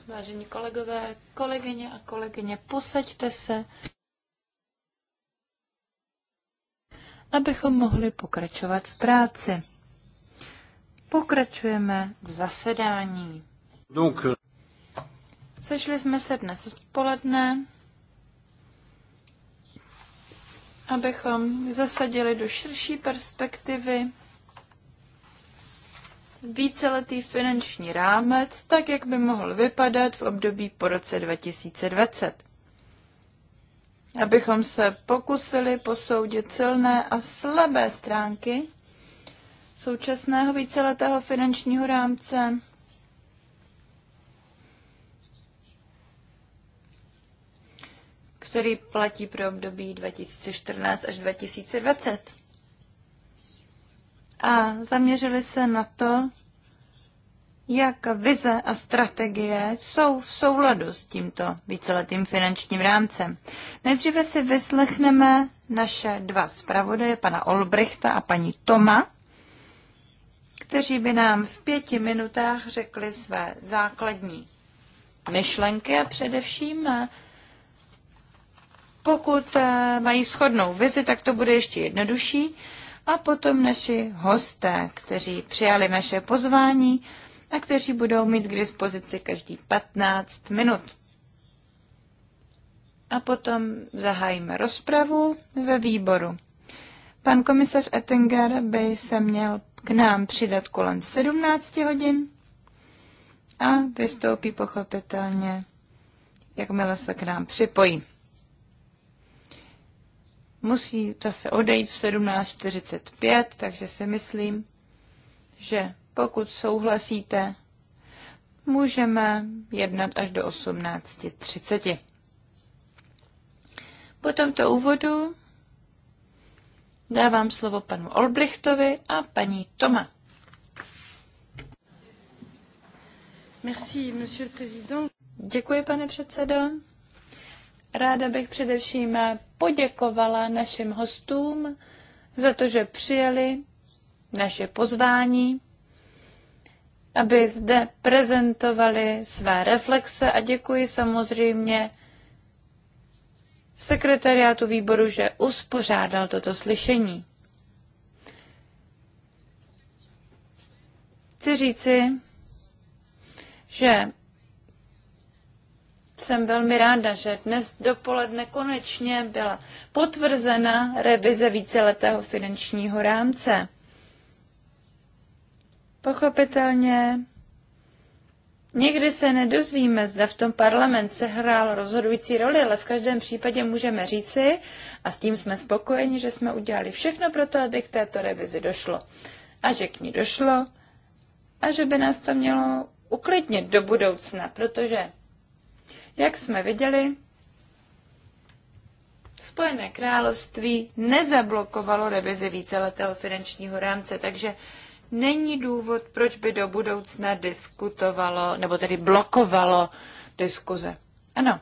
Speaker 2: Vážení kolegové, kolegyně a kolegyně, posaďte se, abychom mohli pokračovat v práci. Pokračujeme v zasedání. Donc... Euh, Sešli jsme se dnes odpoledne abychom zasadili do širší perspektivy víceletý finanční rámec, tak jak by mohl vypadat v období po roce 2020. Abychom se pokusili posoudit silné a slabé stránky současného víceletého finančního rámce který platí pro období 2014 až 2020. A zaměřili se na to, jak vize a strategie jsou v souladu s tímto víceletým finančním rámcem. Nejdříve si vyslechneme naše dva zpravodaje, pana Olbrichta a paní Toma, kteří by nám v pěti minutách řekli své základní myšlenky a především pokud eh, mají shodnou vizi, tak to bude ještě jednodušší. A potom naši hosté, kteří přijali naše pozvání a kteří budou mít k dispozici každý 15 minut. A potom zahájíme rozpravu ve výboru. Pan komisař Ettinger by se měl k nám přidat kolem 17 hodin a vystoupí pochopitelně, jakmile se k nám připojí musí zase odejít v 17.45, takže si myslím, že pokud souhlasíte, můžeme jednat až do 18.30. Po tomto úvodu dávám slovo panu Olbrichtovi a paní Toma. Merci, monsieur le président. Děkuji, pane předsedo. Ráda bych především poděkovala našim hostům za to, že přijeli naše pozvání, aby zde prezentovali své reflexe a děkuji samozřejmě sekretariátu výboru, že uspořádal toto slyšení. Chci říci, že jsem velmi ráda, že dnes dopoledne konečně byla potvrzena revize víceletého finančního rámce. Pochopitelně Někdy se nedozvíme, zda v tom parlament hrál rozhodující roli, ale v každém případě můžeme říci, a s tím jsme spokojeni, že jsme udělali všechno pro to, aby k této revizi došlo. A že k ní došlo a že by nás to mělo uklidnit do budoucna, protože jak jsme viděli, Spojené království nezablokovalo revizi víceletého finančního rámce, takže není důvod, proč by do budoucna diskutovalo, nebo tedy blokovalo diskuze. Ano,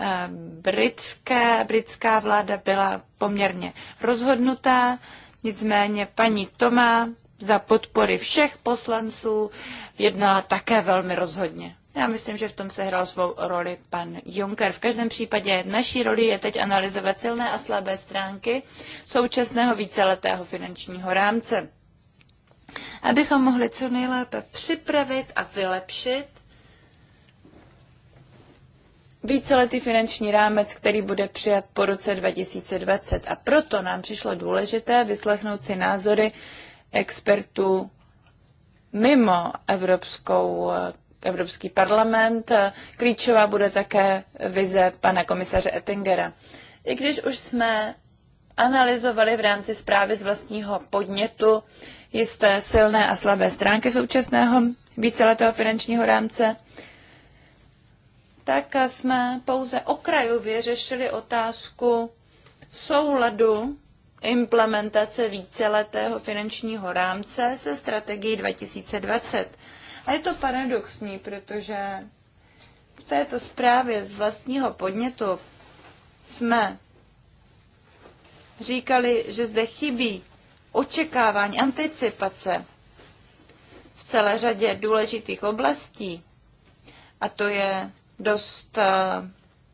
Speaker 2: eh, britské, britská vláda byla poměrně rozhodnutá, nicméně paní Tomá za podpory všech poslanců jednala také velmi rozhodně. Já myslím, že v tom se hrál svou roli pan Juncker. V každém případě naší roli je teď analyzovat silné a slabé stránky současného víceletého finančního rámce. Abychom mohli co nejlépe připravit a vylepšit víceletý finanční rámec, který bude přijat po roce 2020. A proto nám přišlo důležité vyslechnout si názory expertů mimo Evropskou Evropský parlament. Klíčová bude také vize pana komisaře Ettingera. I když už jsme analyzovali v rámci zprávy z vlastního podnětu jisté silné a slabé stránky současného víceletého finančního rámce, tak jsme pouze okrajově řešili otázku souladu implementace víceletého finančního rámce se strategií 2020. A je to paradoxní, protože v této zprávě z vlastního podnětu jsme říkali, že zde chybí očekávání, anticipace v celé řadě důležitých oblastí. A to je dost eh,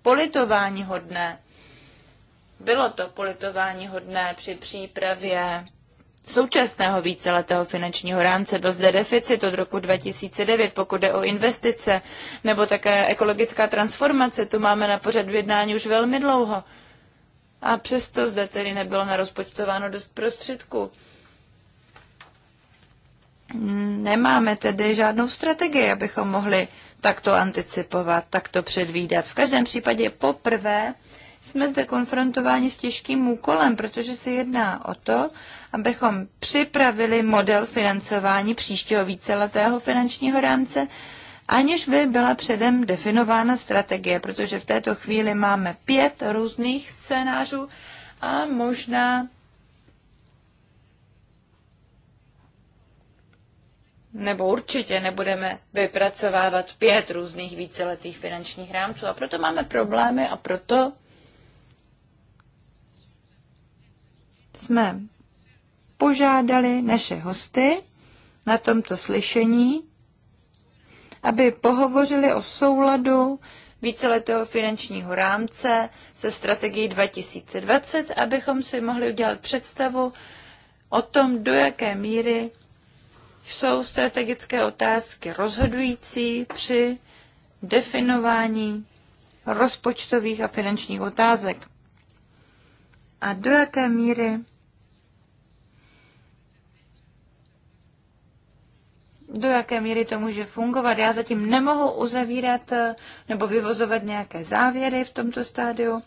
Speaker 2: politování hodné. Bylo to politování hodné při přípravě současného víceletého finančního rámce. Byl zde deficit od roku 2009, pokud jde o investice, nebo také ekologická transformace. Tu máme na pořad jednání už velmi dlouho. A přesto zde tedy nebylo narozpočtováno dost prostředků. Nemáme tedy žádnou strategii, abychom mohli takto anticipovat, takto předvídat. V každém případě poprvé jsme zde konfrontováni s těžkým úkolem, protože se jedná o to, abychom připravili model financování příštího víceletého finančního rámce, aniž by byla předem definována strategie, protože v této chvíli máme pět různých scénářů a možná nebo určitě nebudeme vypracovávat pět různých víceletých finančních rámců a proto máme problémy a proto jsme požádali naše hosty na tomto slyšení, aby pohovořili o souladu víceletého finančního rámce se strategií 2020, abychom si mohli udělat představu o tom, do jaké míry jsou strategické otázky rozhodující při definování rozpočtových a finančních otázek a do jaké míry do jaké míry to může fungovat. Já zatím nemohu uzavírat eh, nebo vyvozovat nějaké závěry v tomto stádiu.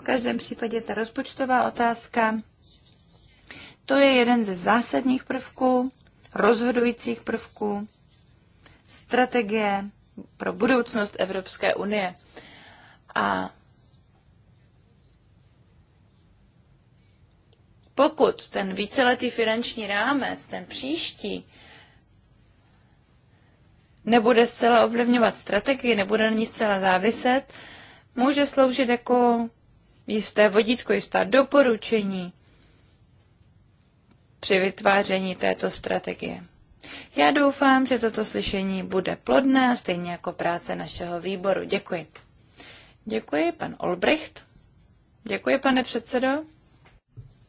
Speaker 2: V každém případě ta rozpočtová otázka, to je jeden ze zásadních prvků, rozhodujících prvků strategie pro budoucnost Evropské unie. A pokud ten víceletý finanční rámec, ten příští, nebude zcela ovlivňovat strategii, nebude na ní zcela záviset, může sloužit jako jisté vodítko, jistá doporučení při vytváření této strategie. Já doufám, že toto slyšení bude plodné, stejně jako práce našeho výboru. Děkuji. Děkuji, pan Olbricht. Děkuji, pane předsedo.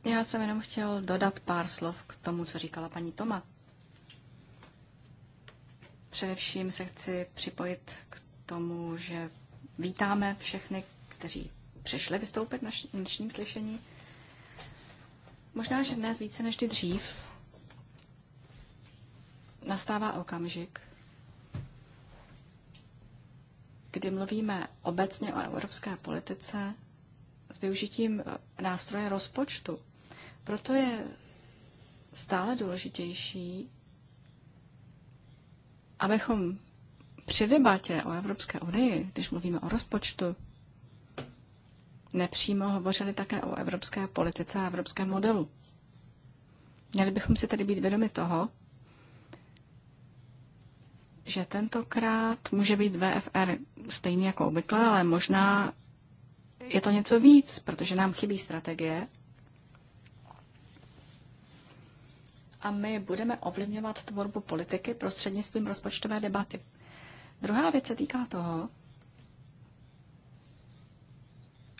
Speaker 4: Já jsem jenom chtěl dodat pár slov k tomu, co říkala paní Tomat. Především se chci připojit k tomu, že vítáme všechny, kteří přišli vystoupit na dnešním slyšení. Možná, že dnes více než dřív nastává okamžik, kdy mluvíme obecně o evropské politice s využitím eh, nástroje rozpočtu. Proto je stále důležitější abychom při debatě o Evropské unii, když mluvíme o rozpočtu, nepřímo hovořili také o evropské politice a evropském modelu. Měli bychom si tedy být vědomi toho, že tentokrát může být VFR stejný jako obvykle, ale možná je to něco víc, protože nám chybí strategie a my budeme ovlivňovat tvorbu politiky prostřednictvím rozpočtové debaty. Druhá věc se týká toho,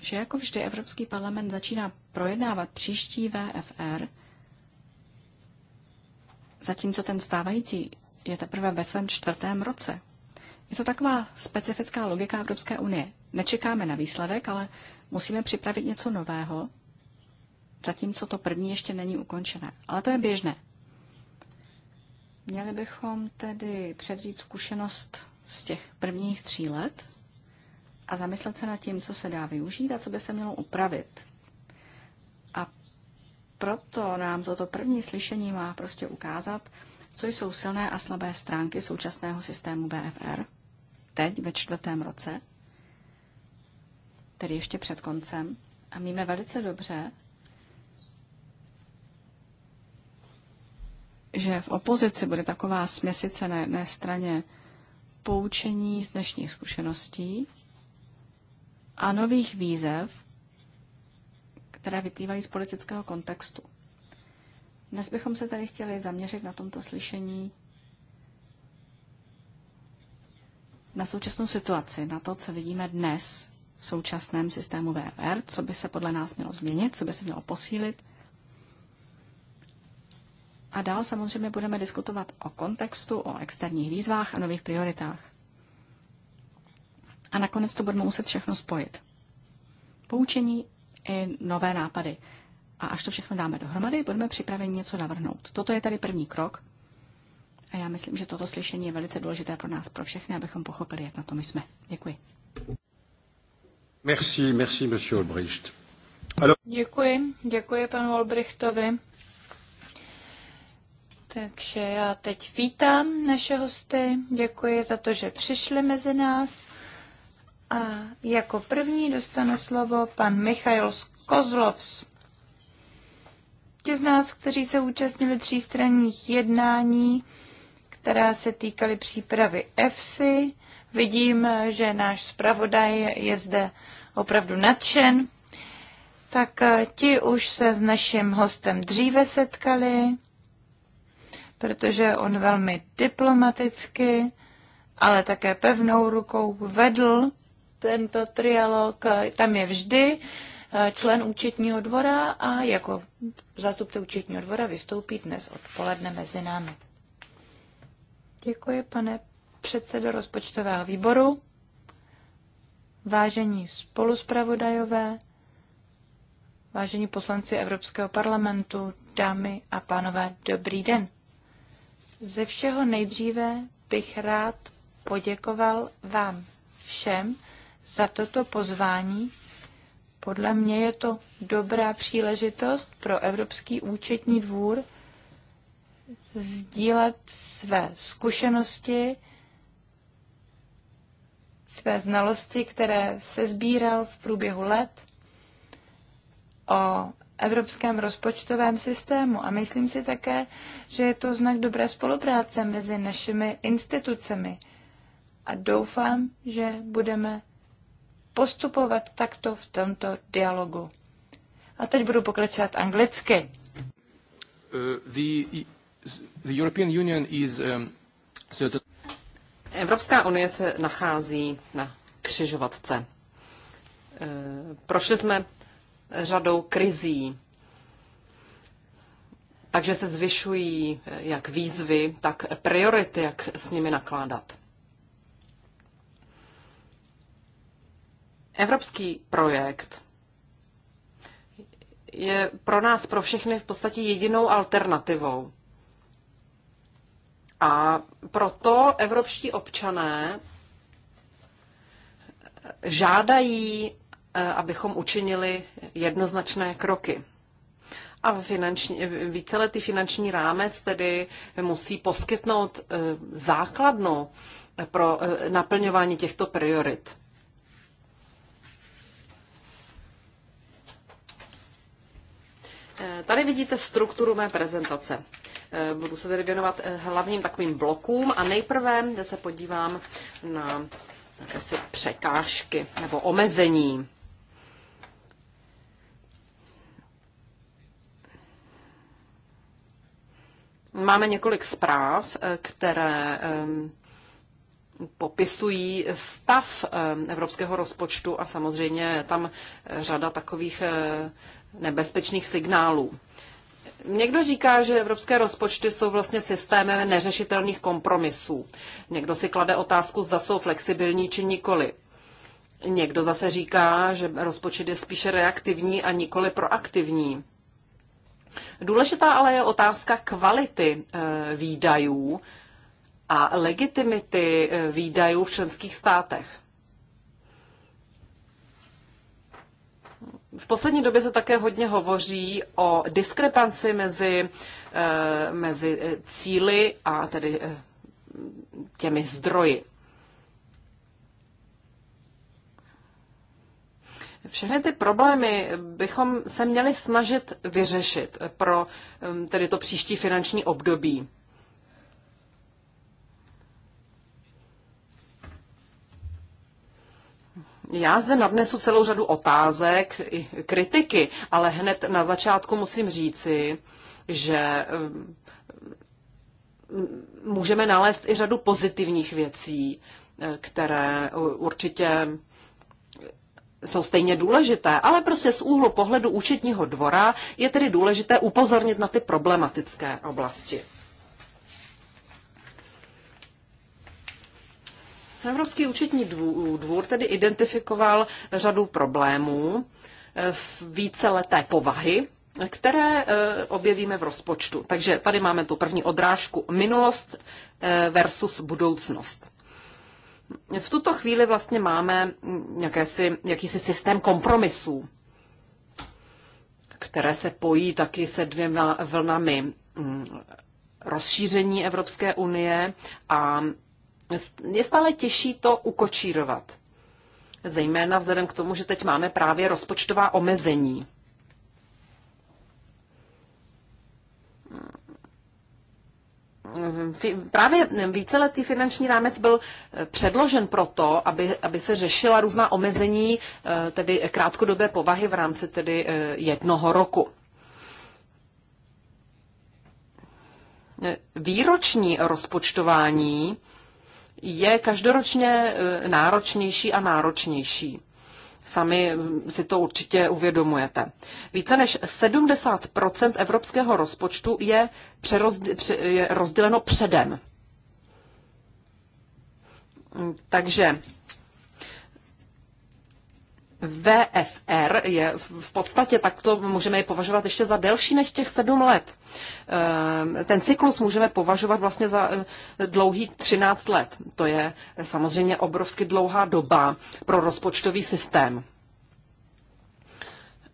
Speaker 4: že jako vždy Evropský parlament začíná projednávat příští VFR, zatímco ten stávající je teprve ve svém čtvrtém roce. Je to taková specifická logika Evropské unie. Nečekáme na výsledek, ale musíme připravit něco nového, zatímco to první ještě není ukončené. Ale to je běžné. Měli bychom tedy převzít zkušenost z těch prvních tří let a zamyslet se nad tím, co se dá využít a co by se mělo upravit. A proto nám toto první slyšení má prostě ukázat, co jsou silné a slabé stránky současného systému BFR teď ve čtvrtém roce, tedy ještě před koncem. A víme velice dobře, že v opozici bude taková směsice na jedné straně poučení z dnešních zkušeností a nových výzev, které vyplývají z politického kontextu. Dnes bychom se tady chtěli zaměřit na tomto slyšení na současnou situaci, na to, co vidíme dnes v současném systému VR, co by se podle nás mělo změnit, co by se mělo posílit a dál samozřejmě budeme diskutovat o kontextu, o externích výzvách a nových prioritách. A nakonec to budeme muset všechno spojit. Poučení i nové nápady. A až to všechno dáme dohromady, budeme připraveni něco navrhnout. Toto je tady první krok. A já myslím, že toto slyšení je velice důležité pro nás, pro všechny, abychom pochopili, jak na to my jsme. Děkuji.
Speaker 1: Merci, merci, monsieur Albrecht. Alors...
Speaker 2: Děkuji, děkuji panu Albrechtovi. Takže já teď vítám naše hosty, děkuji za to, že přišli mezi nás. A jako první dostane slovo pan Michail Kozlovs. Ti z nás, kteří se účastnili třístranních jednání, která se týkaly přípravy EFSI, vidím, že náš zpravodaj je zde opravdu nadšen. Tak eh, ti už se s naším hostem dříve setkali protože on velmi diplomaticky, ale také pevnou rukou vedl tento trialog. Tam je vždy eh, člen účetního dvora a jako zástupce účetního dvora vystoupí dnes odpoledne mezi námi. Děkuji, pane předsedo rozpočtového výboru. Vážení spoluspravodajové, vážení poslanci Evropského parlamentu, dámy a pánové, dobrý den. Ze všeho nejdříve bych rád poděkoval vám všem za toto pozvání. Podle mě je to dobrá příležitost pro Evropský účetní dvůr sdílet své zkušenosti, své znalosti, které se sbíral v průběhu let o evropském rozpočtovém systému. A myslím si také, že je to znak dobré spolupráce mezi našimi institucemi. A doufám, že budeme postupovat takto v tomto dialogu. A teď budu pokračovat anglicky.
Speaker 1: Uh, the, the European Union is, um, so the...
Speaker 3: Evropská unie se nachází na křižovatce. Uh, prošli jsme řadou krizí. Takže se zvyšují jak výzvy, tak priority, jak s nimi nakládat. Evropský projekt je pro nás, pro všechny, v podstatě jedinou alternativou. A proto evropští občané žádají Eh, abychom učinili jednoznačné kroky. A finanční, víceletý finanční rámec tedy musí poskytnout eh, základnu pro eh, naplňování těchto priorit. Tady vidíte strukturu mé prezentace. Budu se tedy věnovat hlavním takovým blokům a nejprve se podívám na jakési překážky nebo omezení Máme několik zpráv, eh, které popisují stav evropského rozpočtu a samozřejmě je tam eh, řada takových eh, nebezpečných signálů. Někdo říká, že evropské rozpočty jsou vlastně systémem neřešitelných kompromisů. Někdo si klade otázku, zda jsou flexibilní či nikoli. Někdo zase říká, že rozpočet je spíše reaktivní a nikoli proaktivní. Důležitá ale je otázka kvality eh, výdajů a legitimity eh, výdajů v členských státech. V poslední době se také hodně hovoří o diskrepanci mezi, eh, mezi cíly a tedy těmi zdroji. Všechny ty problémy bychom se měli snažit vyřešit pro um, tedy to příští finanční období. Já zde nadnesu celou řadu otázek i kritiky, ale hned na začátku musím říci, že um, můžeme nalézt i řadu pozitivních věcí, eh, které určitě jsou stejně důležité, ale prostě z úhlu pohledu účetního dvora je tedy důležité upozornit na ty problematické oblasti. Evropský účetní dvůr tedy identifikoval řadu problémů eh, v víceleté povahy, které eh, objevíme v rozpočtu. Takže tady máme tu první odrážku minulost eh, versus budoucnost v tuto chvíli vlastně máme jakési, jakýsi systém kompromisů, které se pojí taky se dvěma vlnami mm, rozšíření Evropské unie a je stále těžší to ukočírovat. Zejména vzhledem k tomu, že teď máme právě rozpočtová omezení. Ehm, právě víceletý finanční rámec byl eh, předložen proto, aby, aby se řešila různá omezení, eh, tedy krátkodobé povahy v rámci tedy eh, jednoho roku. Výroční rozpočtování je každoročně náročnější a náročnější. Sami mm, si to určitě uvědomujete. Více než 70 evropského rozpočtu je, je rozděleno předem. Mm, takže VFR je v podstatě, takto, můžeme je považovat ještě za delší než těch sedm let. Ehm, ten cyklus můžeme považovat vlastně za eh, dlouhý 13 let. To je samozřejmě obrovsky dlouhá doba pro rozpočtový systém.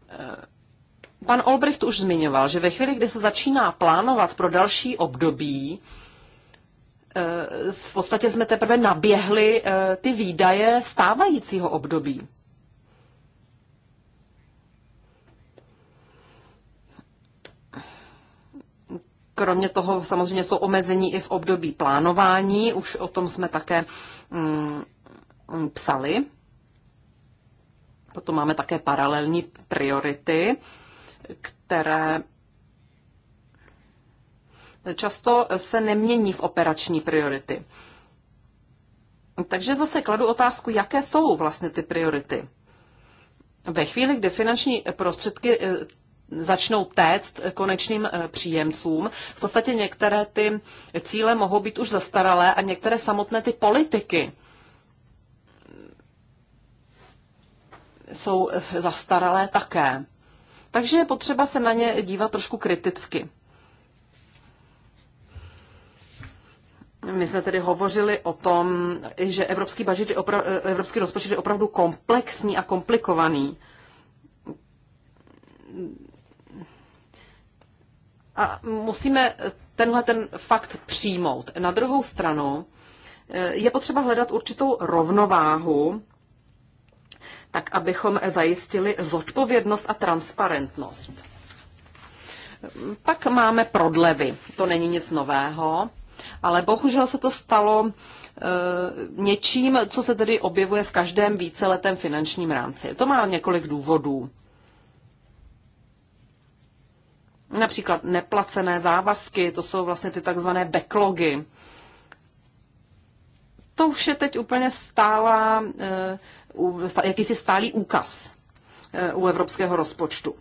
Speaker 3: Ehm, pan Olbricht už zmiňoval, že ve chvíli, kdy se začíná plánovat pro další období, ehm, v podstatě jsme teprve naběhli eh, ty výdaje stávajícího období. Kromě toho samozřejmě jsou omezení i v období plánování, už o tom jsme také mm, psali. Potom máme také paralelní priority, které často se nemění v operační priority. Takže zase kladu otázku, jaké jsou vlastně ty priority. Ve chvíli, kdy finanční prostředky eh, začnou téct konečným eh, příjemcům. V podstatě některé ty cíle mohou být už zastaralé a některé samotné ty politiky jsou eh, zastaralé také. Takže je potřeba se na ně dívat trošku kriticky. My jsme tedy hovořili o tom, že evropský, je opra- eh, evropský rozpočet je opravdu komplexní a komplikovaný. A musíme tenhle ten fakt přijmout. Na druhou stranu eh, je potřeba hledat určitou rovnováhu, tak abychom zajistili zodpovědnost a transparentnost. Pak máme prodlevy. To není nic nového, ale bohužel se to stalo eh, něčím, co se tedy objevuje v každém víceletém finančním rámci. To má několik důvodů. Například neplacené závazky, to jsou vlastně ty takzvané backlogy. To už je teď úplně stála, eh, jakýsi stálý úkaz eh, u evropského rozpočtu.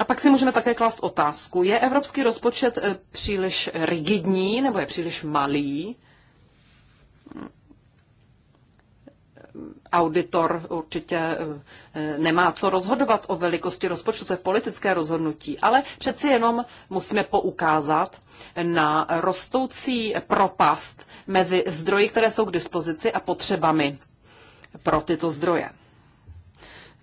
Speaker 3: A pak si můžeme také klást otázku, je evropský rozpočet eh, příliš rigidní nebo je příliš malý? auditor určitě eh, nemá co rozhodovat o velikosti rozpočtu, to je politické rozhodnutí, ale přeci jenom musíme poukázat na rostoucí propast mezi zdroji, které jsou k dispozici a potřebami pro tyto zdroje.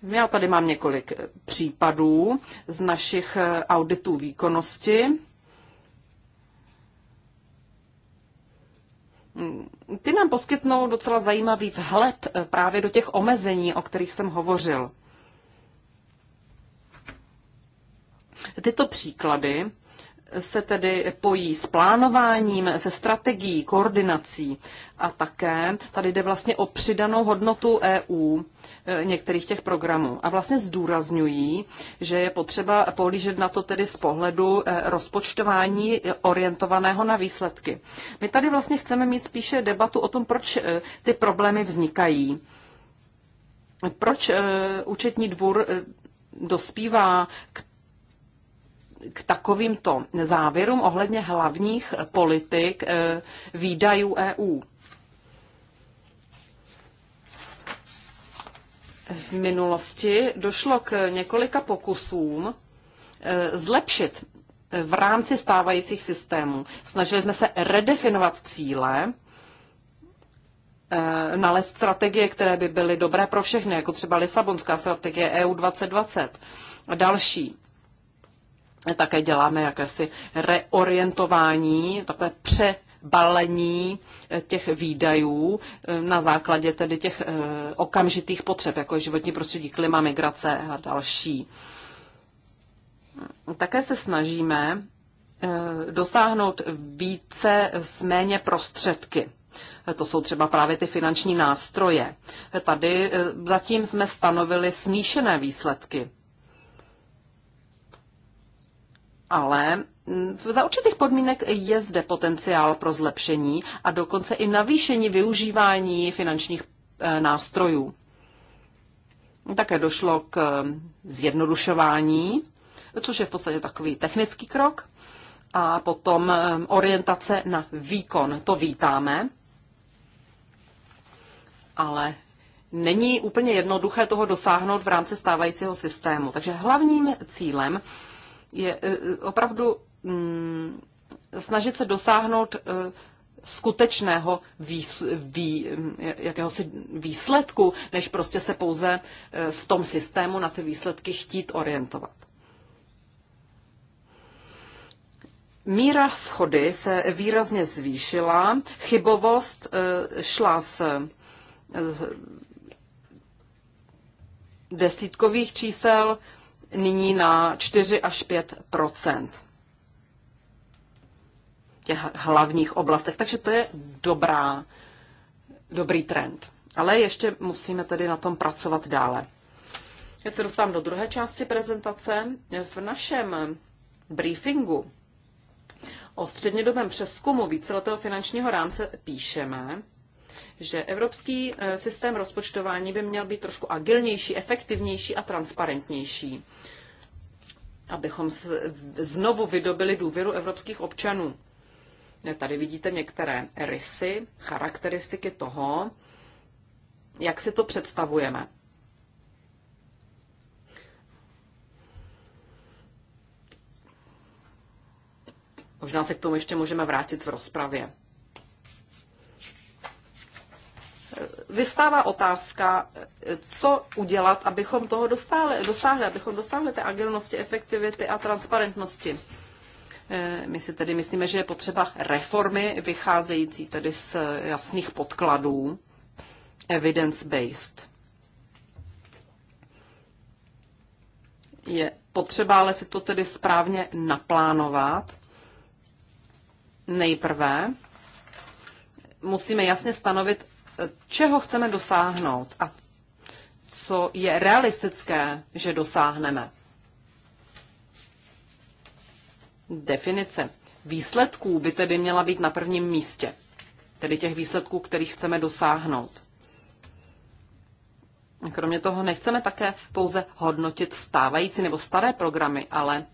Speaker 3: Já tady mám několik případů z našich eh, auditů výkonnosti. Mm, ty nám poskytnou docela zajímavý vhled eh, právě do těch omezení, o kterých jsem hovořil. Tyto příklady se tedy pojí s plánováním, se strategií, koordinací a také tady jde vlastně o přidanou hodnotu EU e, některých těch programů. A vlastně zdůrazňují, že je potřeba pohlížet na to tedy z pohledu e, rozpočtování orientovaného na výsledky. My tady vlastně chceme mít spíše debatu o tom, proč e, ty problémy vznikají. Proč účetní dvůr dospívá k k takovýmto závěrům ohledně hlavních politik eh, výdajů EU. V minulosti došlo k několika pokusům eh, zlepšit eh, v rámci stávajících systémů. Snažili jsme se redefinovat cíle, nalézt strategie, které by byly dobré pro všechny, jako třeba Lisabonská strategie EU 2020 a další. Také děláme jakési reorientování, takové pře balení eh, těch výdajů eh, na základě tedy těch eh, okamžitých potřeb, jako je životní prostředí, klima, migrace a další. Také se snažíme dosáhnout více s méně prostředky. To jsou třeba právě ty finanční nástroje. Tady zatím jsme stanovili smíšené výsledky. ale mm, za určitých podmínek je zde potenciál pro zlepšení a dokonce i navýšení využívání finančních eh, nástrojů. Také došlo k eh, zjednodušování, což je v podstatě takový technický krok, a potom eh, orientace na výkon. To vítáme, ale není úplně jednoduché toho dosáhnout v rámci stávajícího systému. Takže hlavním cílem je e, opravdu mm, snažit se dosáhnout e, skutečného výs, vý, jakéhosi výsledku, než prostě se pouze e, v tom systému na ty výsledky chtít orientovat. Míra schody se výrazně zvýšila, chybovost šla z desítkových čísel nyní na 4 až 5 těch hlavních oblastech. Takže to je dobrá, dobrý trend. Ale ještě musíme tedy na tom pracovat dále. Já se dostávám do druhé části prezentace. V našem briefingu o střednědobém přeskumu víceletého finančního rámce píšeme, že evropský eh, systém rozpočtování by měl být trošku agilnější, efektivnější a transparentnější, abychom znovu vydobili důvěru evropských občanů. Tady vidíte některé rysy, charakteristiky toho, jak si to představujeme. Možná se k tomu ještě můžeme vrátit v rozpravě. vystává otázka, co udělat, abychom toho dostáhli, dosáhli, abychom dosáhli té agilnosti, efektivity a transparentnosti. Eh, my si tedy myslíme, že je potřeba reformy vycházející tedy z jasných podkladů, evidence-based. Je potřeba ale si to tedy správně naplánovat. Nejprve musíme jasně stanovit čeho chceme dosáhnout a co je realistické, že dosáhneme. Definice výsledků by tedy měla být na prvním místě, tedy těch výsledků, kterých chceme dosáhnout. Kromě toho nechceme také pouze hodnotit stávající nebo staré programy, ale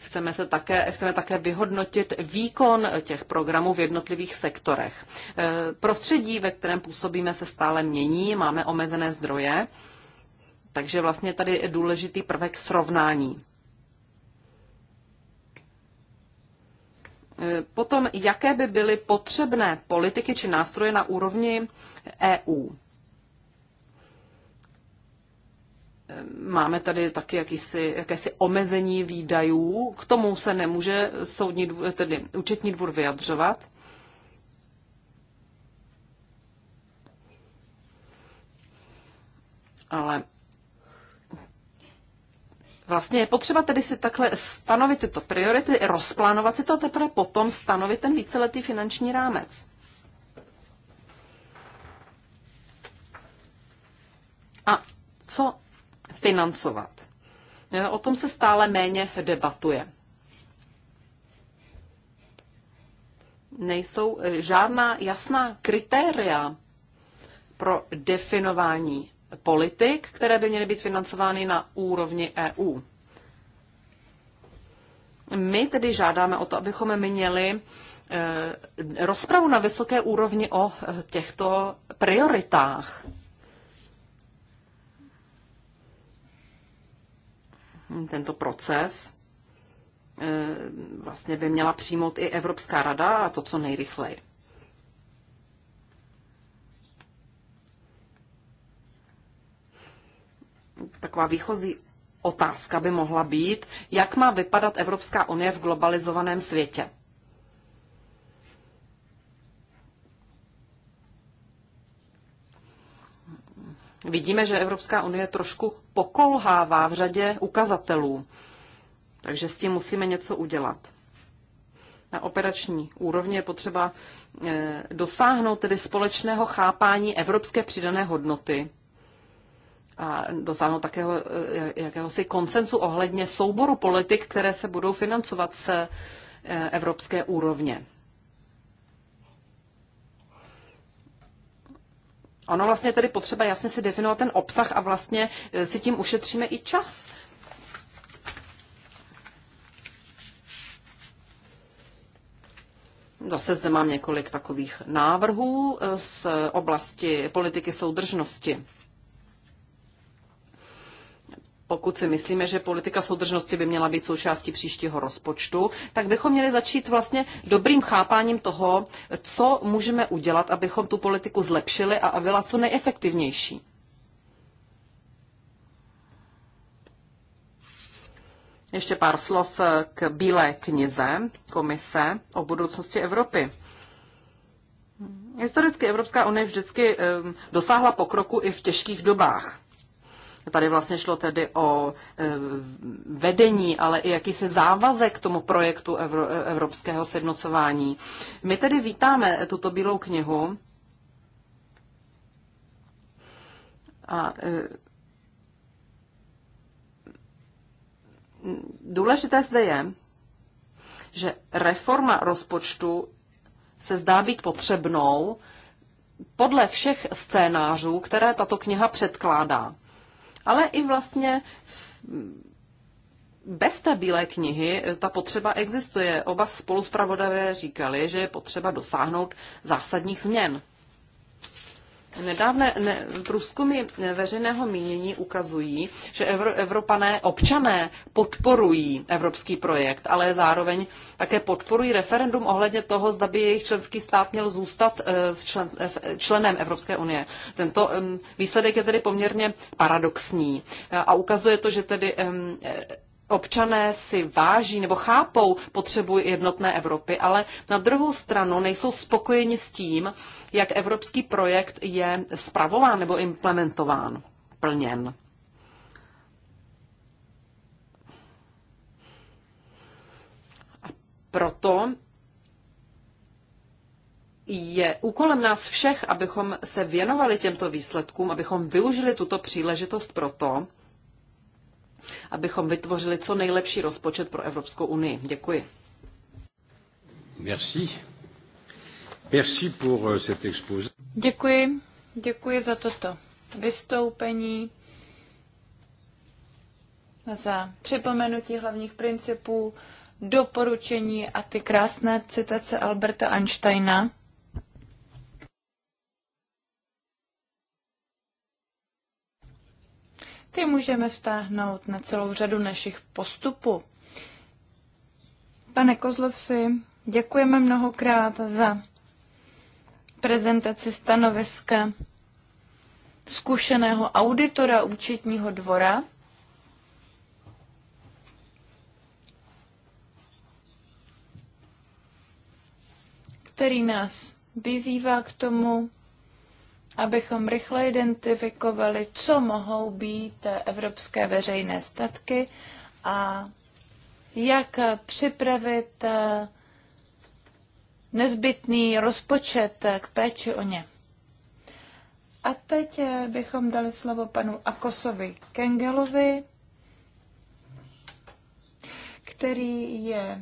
Speaker 3: Chceme, se také, chceme také vyhodnotit výkon těch programů v jednotlivých sektorech. E, prostředí, ve kterém působíme, se stále mění, máme omezené zdroje, takže vlastně tady je důležitý prvek srovnání. E, potom, jaké by byly potřebné politiky či nástroje na úrovni EU? Máme tady taky jakýsi, jakési omezení výdajů, k tomu se nemůže soudní, dvůr, tedy účetní dvůr vyjadřovat. Ale Vlastně je potřeba tedy si takhle stanovit tyto priority, rozplánovat si to a teprve potom stanovit ten víceletý finanční rámec. A co financovat. E, o tom se stále méně debatuje. Nejsou e, žádná jasná kritéria pro definování politik, které by měly být financovány na úrovni EU. My tedy žádáme o to, abychom měli e, rozpravu na vysoké úrovni o těchto prioritách. tento proces eh, vlastně by měla přijmout i Evropská rada a to co nejrychleji. Taková výchozí otázka by mohla být, jak má vypadat Evropská unie v globalizovaném světě. vidíme, že Evropská unie trošku pokolhává v řadě ukazatelů. Takže s tím musíme něco udělat. Na operační úrovni je potřeba eh, dosáhnout tedy společného chápání evropské přidané hodnoty a dosáhnout takého eh, jakéhosi konsensu ohledně souboru politik, které se budou financovat se eh, evropské úrovně. Ono vlastně tedy potřeba jasně si definovat ten obsah a vlastně e, si tím ušetříme i čas. Zase zde mám několik takových návrhů e, z oblasti politiky soudržnosti pokud si myslíme, že politika soudržnosti by měla být součástí příštího rozpočtu, tak bychom měli začít vlastně dobrým chápáním toho, co můžeme udělat, abychom tu politiku zlepšili a byla co nejefektivnější. Ještě pár slov eh, k Bílé knize Komise o budoucnosti Evropy. Historicky Evropská unie vždycky eh, dosáhla pokroku i v těžkých dobách. Tady vlastně šlo tedy o eh, vedení, ale i jakýsi závazek k tomu projektu eh, evropského sjednocování. My tedy vítáme tuto bílou knihu a eh, důležité zde je, že reforma rozpočtu se zdá být potřebnou podle všech scénářů, které tato kniha předkládá ale i vlastně bez té bílé knihy ta potřeba existuje. Oba spoluzpravodavé říkali, že je potřeba dosáhnout zásadních změn. Nedávné ne, průzkumy veřejného mínění ukazují, že Evro, Evropané občané podporují evropský projekt, ale zároveň také podporují referendum ohledně toho, zda by jejich členský stát měl zůstat eh, v člen, eh, v, členem Evropské unie. Tento výsledek je tedy poměrně paradoxní eh, a ukazuje to, že tedy občané si váží nebo chápou potřebu jednotné Evropy, ale na druhou stranu nejsou spokojeni s tím, jak evropský projekt je spravován nebo implementován, plněn. A proto je úkolem nás všech, abychom se věnovali těmto výsledkům, abychom využili tuto příležitost proto, abychom vytvořili co nejlepší rozpočet pro Evropskou unii. Děkuji.
Speaker 1: Merci. Merci pour euh, cet expose.
Speaker 2: Děkuji. Děkuji za toto vystoupení, za připomenutí hlavních principů, doporučení a ty krásné citace Alberta Einsteina. ty můžeme vztáhnout na celou řadu našich postupů. Pane Kozlovsi, děkujeme mnohokrát za prezentaci stanoviska zkušeného auditora účetního dvora. který nás vyzývá k tomu, abychom rychle identifikovali, co mohou být evropské veřejné statky a jak připravit eh, nezbytný rozpočet k péči o ně. A teď eh, bychom dali slovo panu Akosovi Kengelovi, který je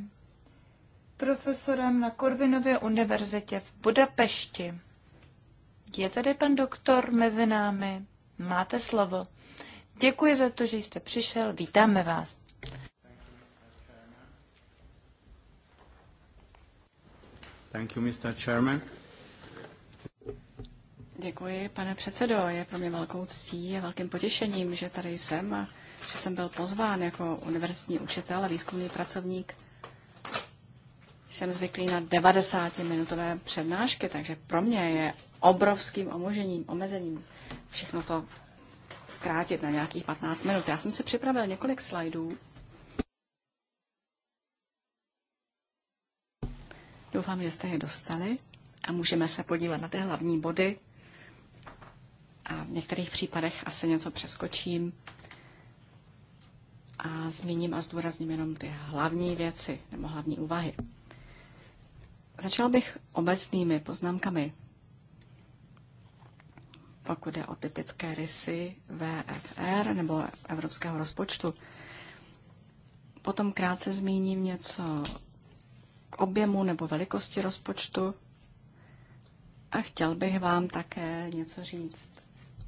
Speaker 2: profesorem na Korvinově univerzitě v Budapešti. Je tady pan doktor mezi námi. Máte slovo. Děkuji za to, že jste přišel. Vítáme vás. Thank you, Mr. Chairman.
Speaker 4: Děkuji, pane předsedo. Je pro mě velkou ctí a velkým potěšením, že tady jsem a že jsem byl pozván jako univerzitní učitel a výzkumný pracovník. Jsem zvyklý na 90-minutové přednášky, takže pro mě je obrovským omožením, omezením. Všechno to zkrátit na nějakých 15 minut. Já jsem si připravil několik slajdů. Doufám, že jste je dostali a můžeme se podívat na ty hlavní body. A v některých případech asi něco přeskočím a zmíním a zdůrazním jenom ty hlavní věci nebo hlavní úvahy. Začal bych obecnými poznámkami pokud jde o typické rysy VFR nebo evropského rozpočtu. Potom krátce zmíním něco k objemu nebo velikosti rozpočtu a chtěl bych vám také něco říct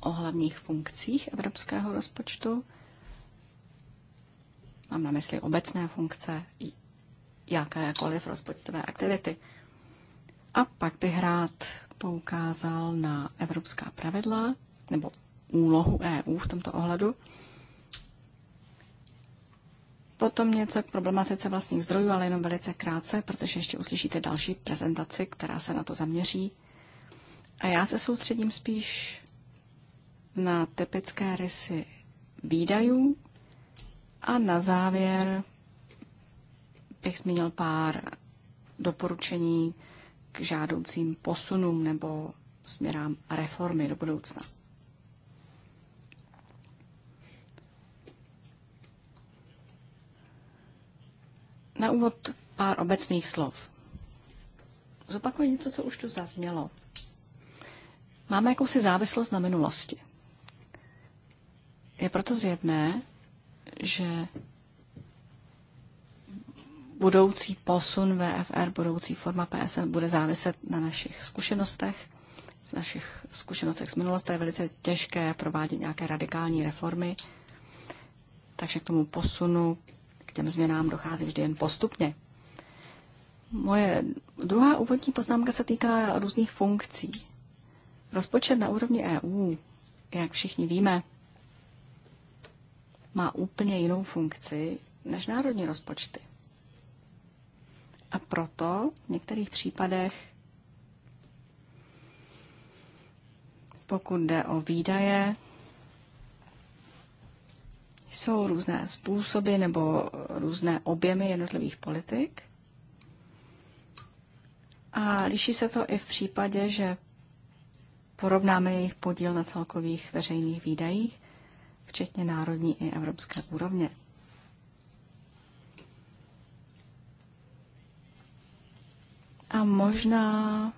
Speaker 4: o hlavních funkcích evropského rozpočtu. Mám na mysli obecné funkce, jakékoliv rozpočtové aktivity. A pak bych rád poukázal na evropská pravidla nebo úlohu EU v tomto ohledu. Potom něco k problematice vlastních zdrojů, ale jenom velice krátce, protože ještě uslyšíte další prezentaci, která se na to zaměří. A já se soustředím spíš na typické rysy výdajů a na závěr bych zmínil pár doporučení k žádoucím posunům nebo směrám reformy do budoucna. Na úvod pár obecných slov. Zopakuji něco, co už tu zaznělo. Máme jakousi závislost na minulosti. Je proto zjevné, že budoucí posun VFR, budoucí forma PSN bude záviset na našich zkušenostech, z našich zkušenostech z minulosti. Je velice těžké provádět nějaké radikální reformy, takže k tomu posunu, k těm změnám dochází vždy jen postupně. Moje druhá úvodní poznámka se týká různých funkcí. Rozpočet na úrovni EU, jak všichni víme, má úplně jinou funkci než národní rozpočty. A proto v některých případech, pokud jde o výdaje, jsou různé způsoby nebo různé objemy jednotlivých politik. A liší se to i v případě, že porovnáme jejich podíl na celkových veřejných výdajích, včetně národní i evropské úrovně. A možná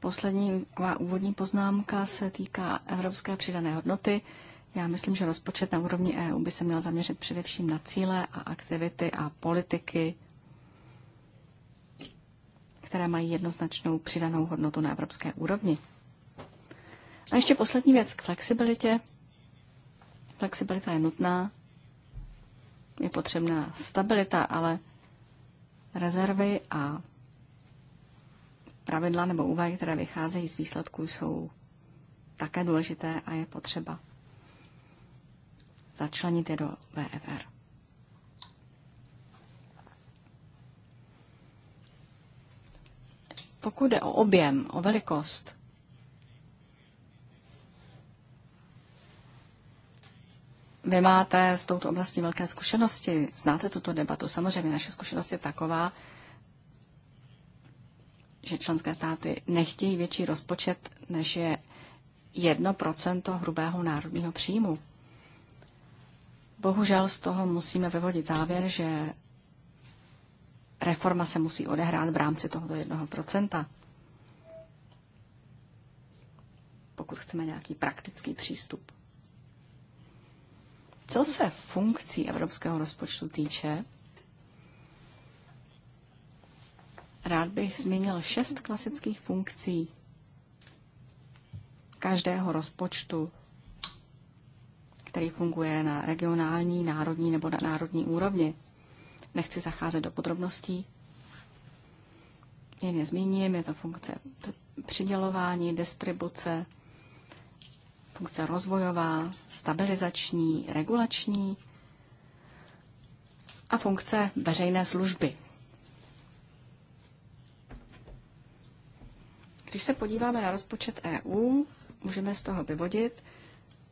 Speaker 4: poslední úvodní poznámka se týká evropské přidané hodnoty. Já myslím, že rozpočet na úrovni EU by se měl zaměřit především na cíle a aktivity a politiky, které mají jednoznačnou přidanou hodnotu na evropské úrovni. A ještě poslední věc k flexibilitě. Flexibilita je nutná, je potřebná stabilita, ale Rezervy a pravidla nebo úvahy, které vycházejí z výsledků, jsou také důležité a je potřeba začlenit je do VFR. Pokud jde o objem, o velikost, Vy máte s touto oblastí velké zkušenosti, znáte tuto debatu. Samozřejmě naše zkušenost je taková, že členské státy nechtějí větší rozpočet, než je 1% hrubého národního příjmu. Bohužel z toho musíme vyvodit závěr, že reforma se musí odehrát v rámci tohoto 1%. Pokud chceme nějaký praktický přístup. Co se funkcí evropského rozpočtu týče, rád bych zmínil šest klasických funkcí každého rozpočtu, který funguje na regionální, národní nebo na národní úrovni. Nechci zacházet do podrobností, jen je zmíním, je to funkce přidělování, distribuce, funkce rozvojová, stabilizační, regulační a funkce veřejné služby. Když se podíváme na rozpočet EU, můžeme z toho vyvodit,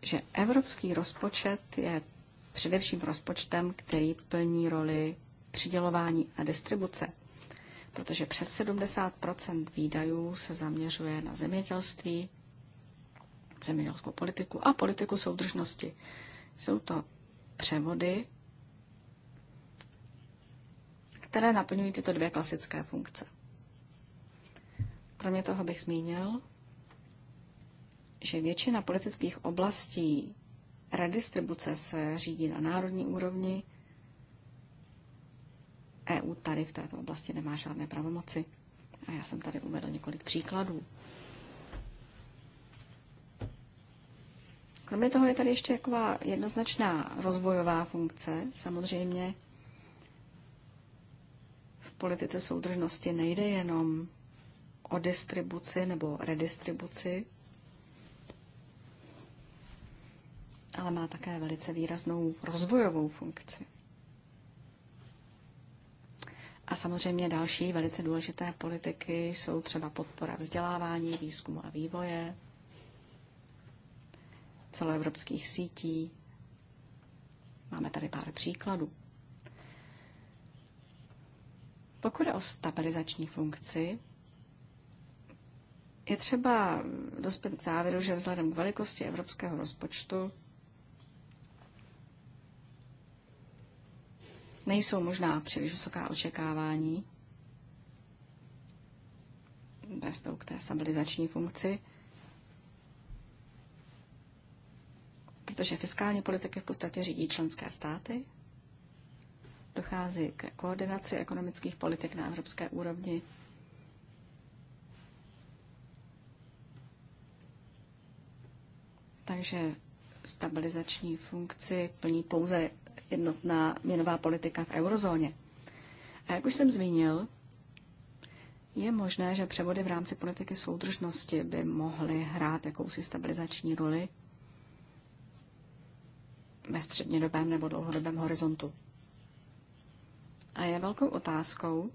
Speaker 4: že evropský rozpočet je především rozpočtem, který plní roli přidělování a distribuce, protože přes 70 výdajů se zaměřuje na zemědělství, zemědělskou politiku a politiku soudržnosti. Jsou to převody, které naplňují tyto dvě klasické funkce. Kromě toho bych zmínil, že většina politických oblastí redistribuce se řídí na národní úrovni. EU tady v této oblasti nemá žádné pravomoci. A já jsem tady uvedl několik příkladů. Kromě toho je tady ještě taková jednoznačná rozvojová funkce. Samozřejmě v politice soudržnosti nejde jenom o distribuci nebo redistribuci, ale má také velice výraznou rozvojovou funkci. A samozřejmě další velice důležité politiky jsou třeba podpora vzdělávání, výzkumu a vývoje, celoevropských sítí. Máme tady pár příkladů. Pokud je o stabilizační funkci, je třeba dospět k závěru, že vzhledem k velikosti evropského rozpočtu nejsou možná příliš vysoká očekávání ve k té stabilizační funkci. protože fiskální politiky v podstatě řídí členské státy. Dochází k koordinaci ekonomických politik na evropské úrovni. Takže stabilizační funkci plní pouze jednotná měnová politika v eurozóně. A jak už jsem zmínil, je možné, že převody v rámci politiky soudržnosti by mohly hrát jakousi stabilizační roli ve střednědobém nebo dlouhodobém horizontu. A je velkou otázkou,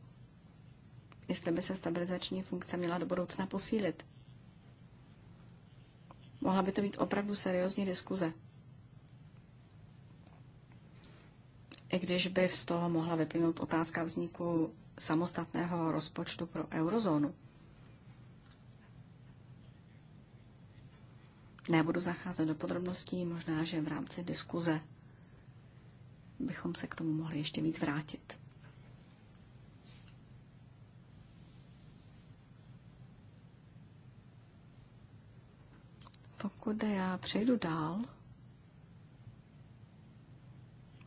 Speaker 4: jestli by se stabilizační funkce měla do budoucna posílit. Mohla by to být opravdu seriózní diskuze. I když by z toho mohla vyplynout otázka vzniku samostatného rozpočtu pro eurozónu. Nebudu zacházet do podrobností, možná, že v rámci diskuze bychom se k tomu mohli ještě víc vrátit. Pokud já přejdu dál,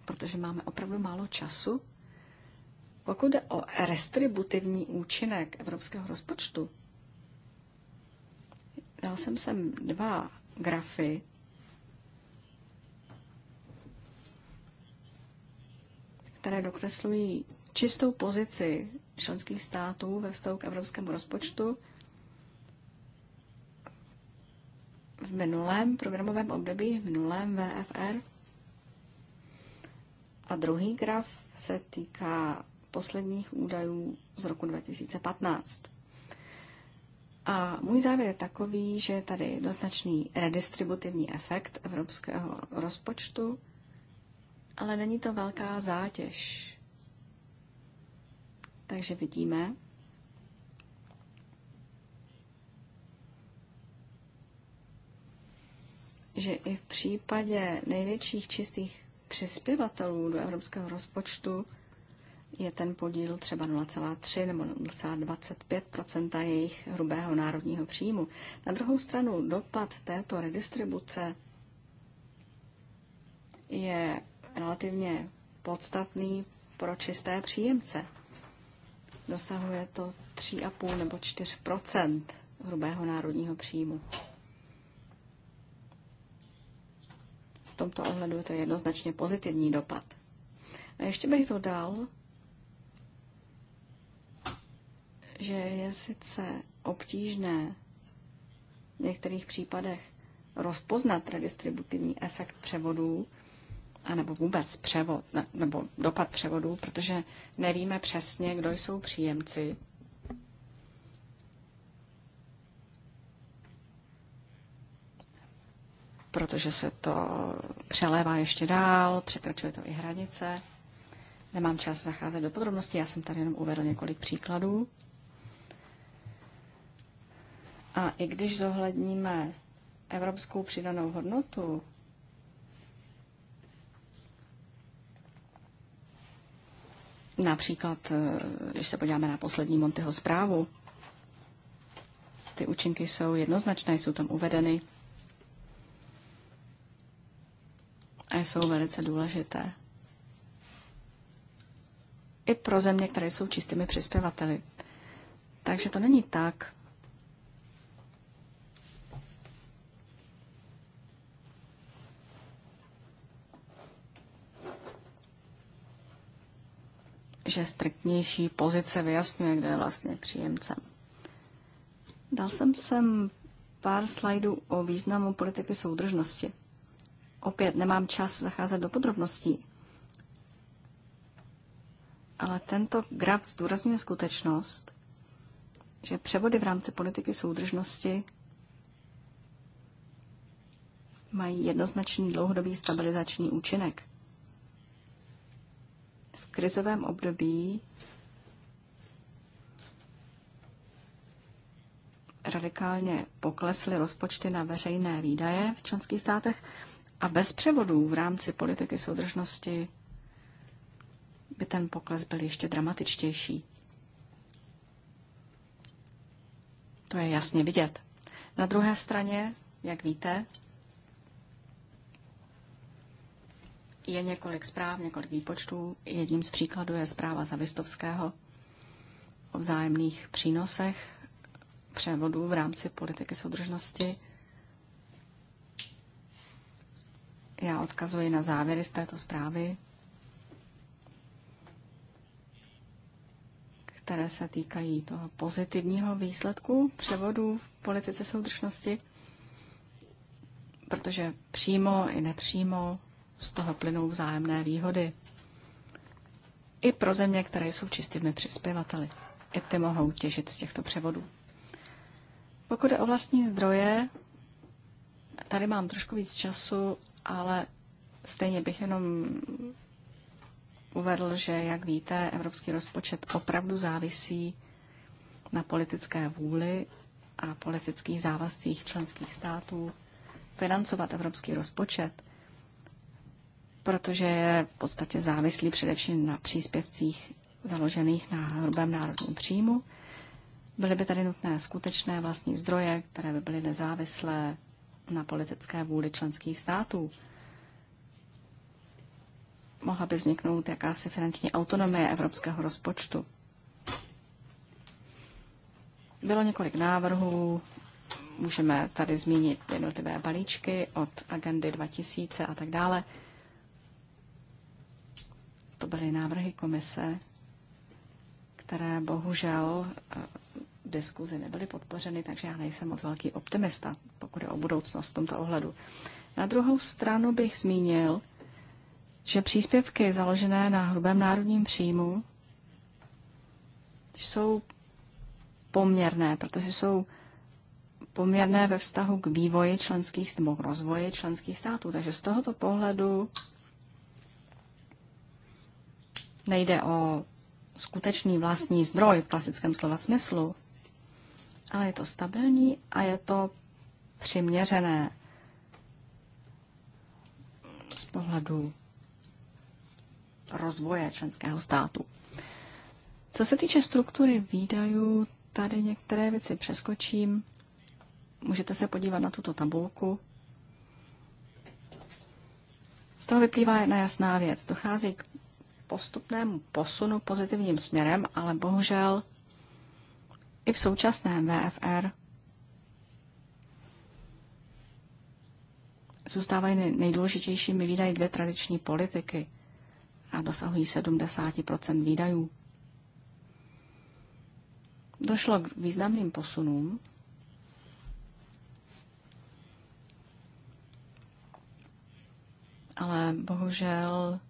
Speaker 4: protože máme opravdu málo času, pokud jde o restributivní účinek evropského rozpočtu, dal jsem sem dva grafy. které dokreslují čistou pozici členských států ve vztahu k evropskému rozpočtu v minulém programovém období, v minulém VFR. A druhý graf se týká posledních údajů z roku 2015. A můj závěr je takový, že je tady doznačný redistributivní efekt evropského rozpočtu, ale není to velká zátěž. Takže vidíme, že i v případě největších čistých přispěvatelů do evropského rozpočtu je ten podíl třeba 0,3 nebo 0,25 jejich hrubého národního příjmu. Na druhou stranu dopad této redistribuce je relativně podstatný pro čisté příjemce. Dosahuje to 3,5 nebo 4 hrubého národního příjmu. V tomto ohledu je to jednoznačně pozitivní dopad. A ještě bych dodal, že je sice obtížné v některých případech rozpoznat redistributivní efekt převodů, anebo vůbec převod, nebo dopad převodů, protože nevíme přesně, kdo jsou příjemci. Protože se to přelévá ještě dál, překračuje to i hranice. Nemám čas zacházet do podrobností, já jsem tady jenom uvedl několik příkladů. A i když zohledníme evropskou přidanou hodnotu, například, eh, když se podíváme na poslední Montyho zprávu, ty účinky jsou jednoznačné, jsou tam uvedeny a jsou velice důležité. I pro země, které jsou čistými přispěvateli. Takže to není tak, že striktnější pozice vyjasňuje, kdo je vlastně příjemcem. Dal jsem sem pár slajdů o významu politiky soudržnosti. Opět nemám čas zacházet do podrobností, ale tento graf zdůrazňuje skutečnost, že převody v rámci politiky soudržnosti mají jednoznačný dlouhodobý stabilizační účinek – krizovém období radikálně poklesly rozpočty na veřejné výdaje v členských státech a bez převodů v rámci politiky soudržnosti by ten pokles byl ještě dramatičtější. To je jasně vidět. Na druhé straně, jak víte, je několik zpráv, několik výpočtů. Jedním z příkladů je zpráva Zavistovského o vzájemných přínosech převodů v rámci politiky soudržnosti. Já odkazuji na závěry z této zprávy, které se týkají toho pozitivního výsledku převodu v politice soudržnosti, protože přímo i nepřímo z toho plynou vzájemné výhody. I pro země, které jsou čistými přispěvateli. I ty mohou těžit z těchto převodů. Pokud je o vlastní zdroje, tady mám trošku víc času, ale stejně bych jenom uvedl, že, jak víte, evropský rozpočet opravdu závisí na politické vůli a politických závazcích členských států financovat evropský rozpočet – protože je v podstatě závislý především na příspěvcích založených na hrubém národním příjmu. Byly by tady nutné skutečné vlastní zdroje, které by byly nezávislé na politické vůli členských států. Mohla by vzniknout jakási finanční autonomie evropského rozpočtu. Bylo několik návrhů, můžeme tady zmínit jednotlivé balíčky od agendy 2000 a tak dále to byly návrhy komise, které bohužel eh, diskuzi nebyly podpořeny, takže já nejsem moc velký optimista, pokud je o budoucnost v tomto ohledu. Na druhou stranu bych zmínil, že příspěvky založené na hrubém národním příjmu jsou poměrné, protože jsou poměrné ve vztahu k vývoji členských, nebo k rozvoji členských států. Takže z tohoto pohledu Nejde o skutečný vlastní zdroj v klasickém slova smyslu, ale je to stabilní a je to přiměřené z pohledu rozvoje členského státu. Co se týče struktury výdajů, tady některé věci přeskočím. Můžete se podívat na tuto tabulku. Z toho vyplývá jedna jasná věc. Dochází k postupnému posunu pozitivním směrem, ale bohužel i v současném VFR zůstávají nejdůležitějšími výdaji dvě tradiční politiky a dosahují 70 výdajů. Došlo k významným posunům. Ale bohužel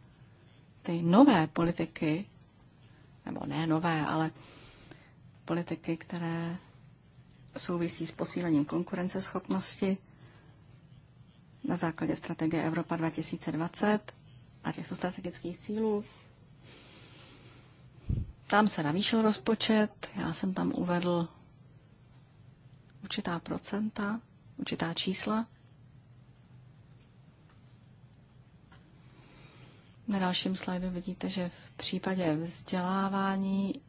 Speaker 4: ty nové politiky, nebo ne nové, ale politiky, které souvisí s posílením konkurenceschopnosti na základě strategie Evropa 2020 a těchto strategických cílů. Tam se navýšil rozpočet, já jsem tam uvedl určitá procenta, určitá čísla. Na dalším slajdu vidíte, že v případě vzdělávání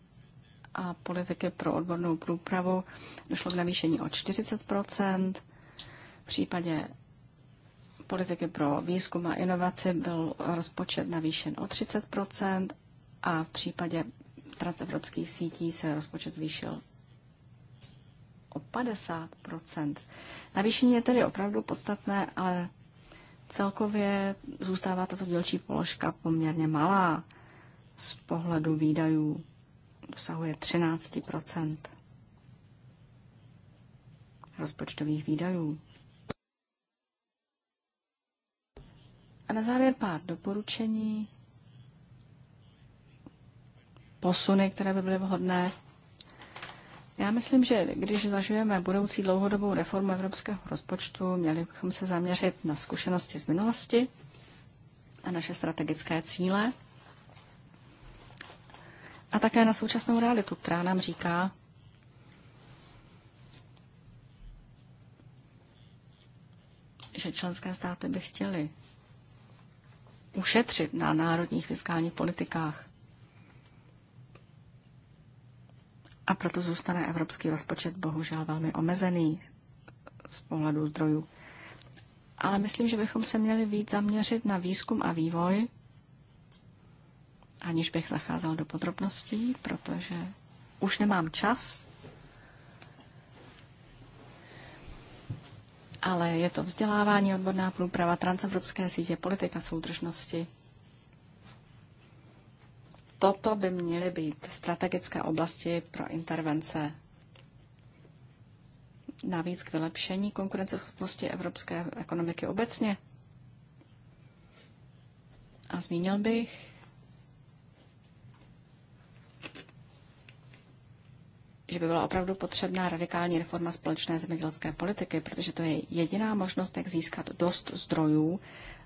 Speaker 4: a politiky pro odbornou průpravu došlo k navýšení o 40 V případě politiky pro výzkum a inovaci byl rozpočet navýšen o 30 a v případě transevropských sítí se rozpočet zvýšil o 50 Navýšení je tedy opravdu podstatné, ale Celkově zůstává tato dělčí položka poměrně malá. Z pohledu výdajů dosahuje 13 rozpočtových výdajů. A na závěr pár doporučení, posuny, které by byly vhodné já myslím, že když zvažujeme budoucí dlouhodobou reformu evropského rozpočtu, měli bychom se zaměřit na zkušenosti z minulosti a naše strategické cíle a také na současnou realitu, která nám říká, že členské státy by chtěly ušetřit na národních fiskálních politikách. A proto zůstane evropský rozpočet bohužel velmi omezený z pohledu zdrojů. Ale myslím, že bychom se měli víc zaměřit na výzkum a vývoj, aniž bych zacházel do podrobností, protože už nemám čas. Ale je to vzdělávání, odborná průprava, transevropské sítě, politika soudržnosti – toto by měly být strategické oblasti pro intervence navíc k vylepšení konkurenceschopnosti evropské ekonomiky obecně. A zmínil bych, že by byla opravdu potřebná radikální reforma společné zemědělské politiky, protože to je jediná možnost, jak získat dost zdrojů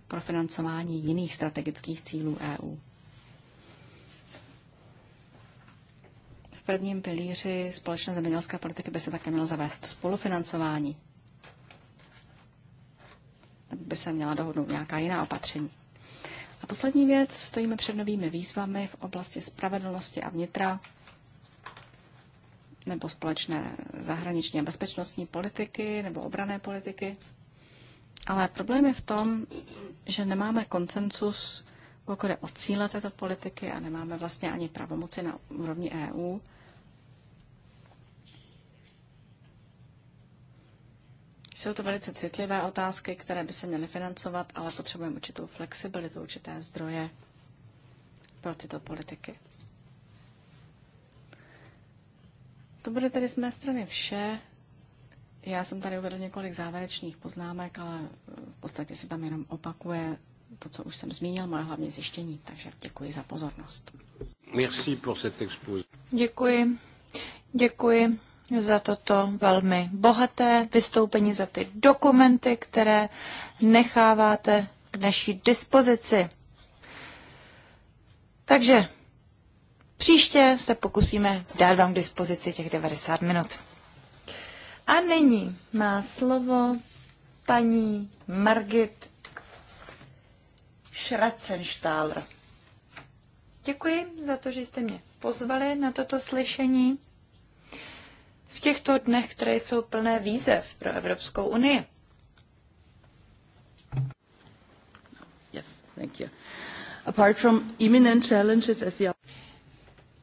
Speaker 4: pro financování jiných strategických cílů EU. prvním pilíři společné zemědělské politiky by se také mělo zavést spolufinancování. By se měla dohodnout nějaká jiná opatření. A poslední věc, stojíme před novými výzvami v oblasti spravedlnosti a vnitra nebo společné zahraniční a bezpečnostní politiky nebo obrané politiky. Ale problém je v tom, že nemáme koncensus pokud je o cíle této politiky a nemáme vlastně ani pravomoci na úrovni EU Jsou to velice citlivé otázky, které by se měly financovat, ale potřebujeme určitou flexibilitu, určité zdroje pro tyto politiky. To bude tedy z mé strany vše. Já jsem tady uvedl několik závěrečných poznámek, ale eh, v podstatě se tam jenom opakuje to, co už jsem zmínil, moje hlavní zjištění. Takže děkuji za pozornost.
Speaker 1: Merci
Speaker 2: pour cette Děkuji. Děkuji za toto velmi bohaté vystoupení, za ty dokumenty, které necháváte k naší dispozici. Takže příště se pokusíme dát vám k dispozici těch 90 minut. A nyní má slovo paní Margit Schratzenstahler. Děkuji za to, že jste mě pozvali na toto slyšení v těchto dnech, které jsou plné výzev pro Evropskou unii. Yes, thank you.
Speaker 3: Apart from imminent challenges as the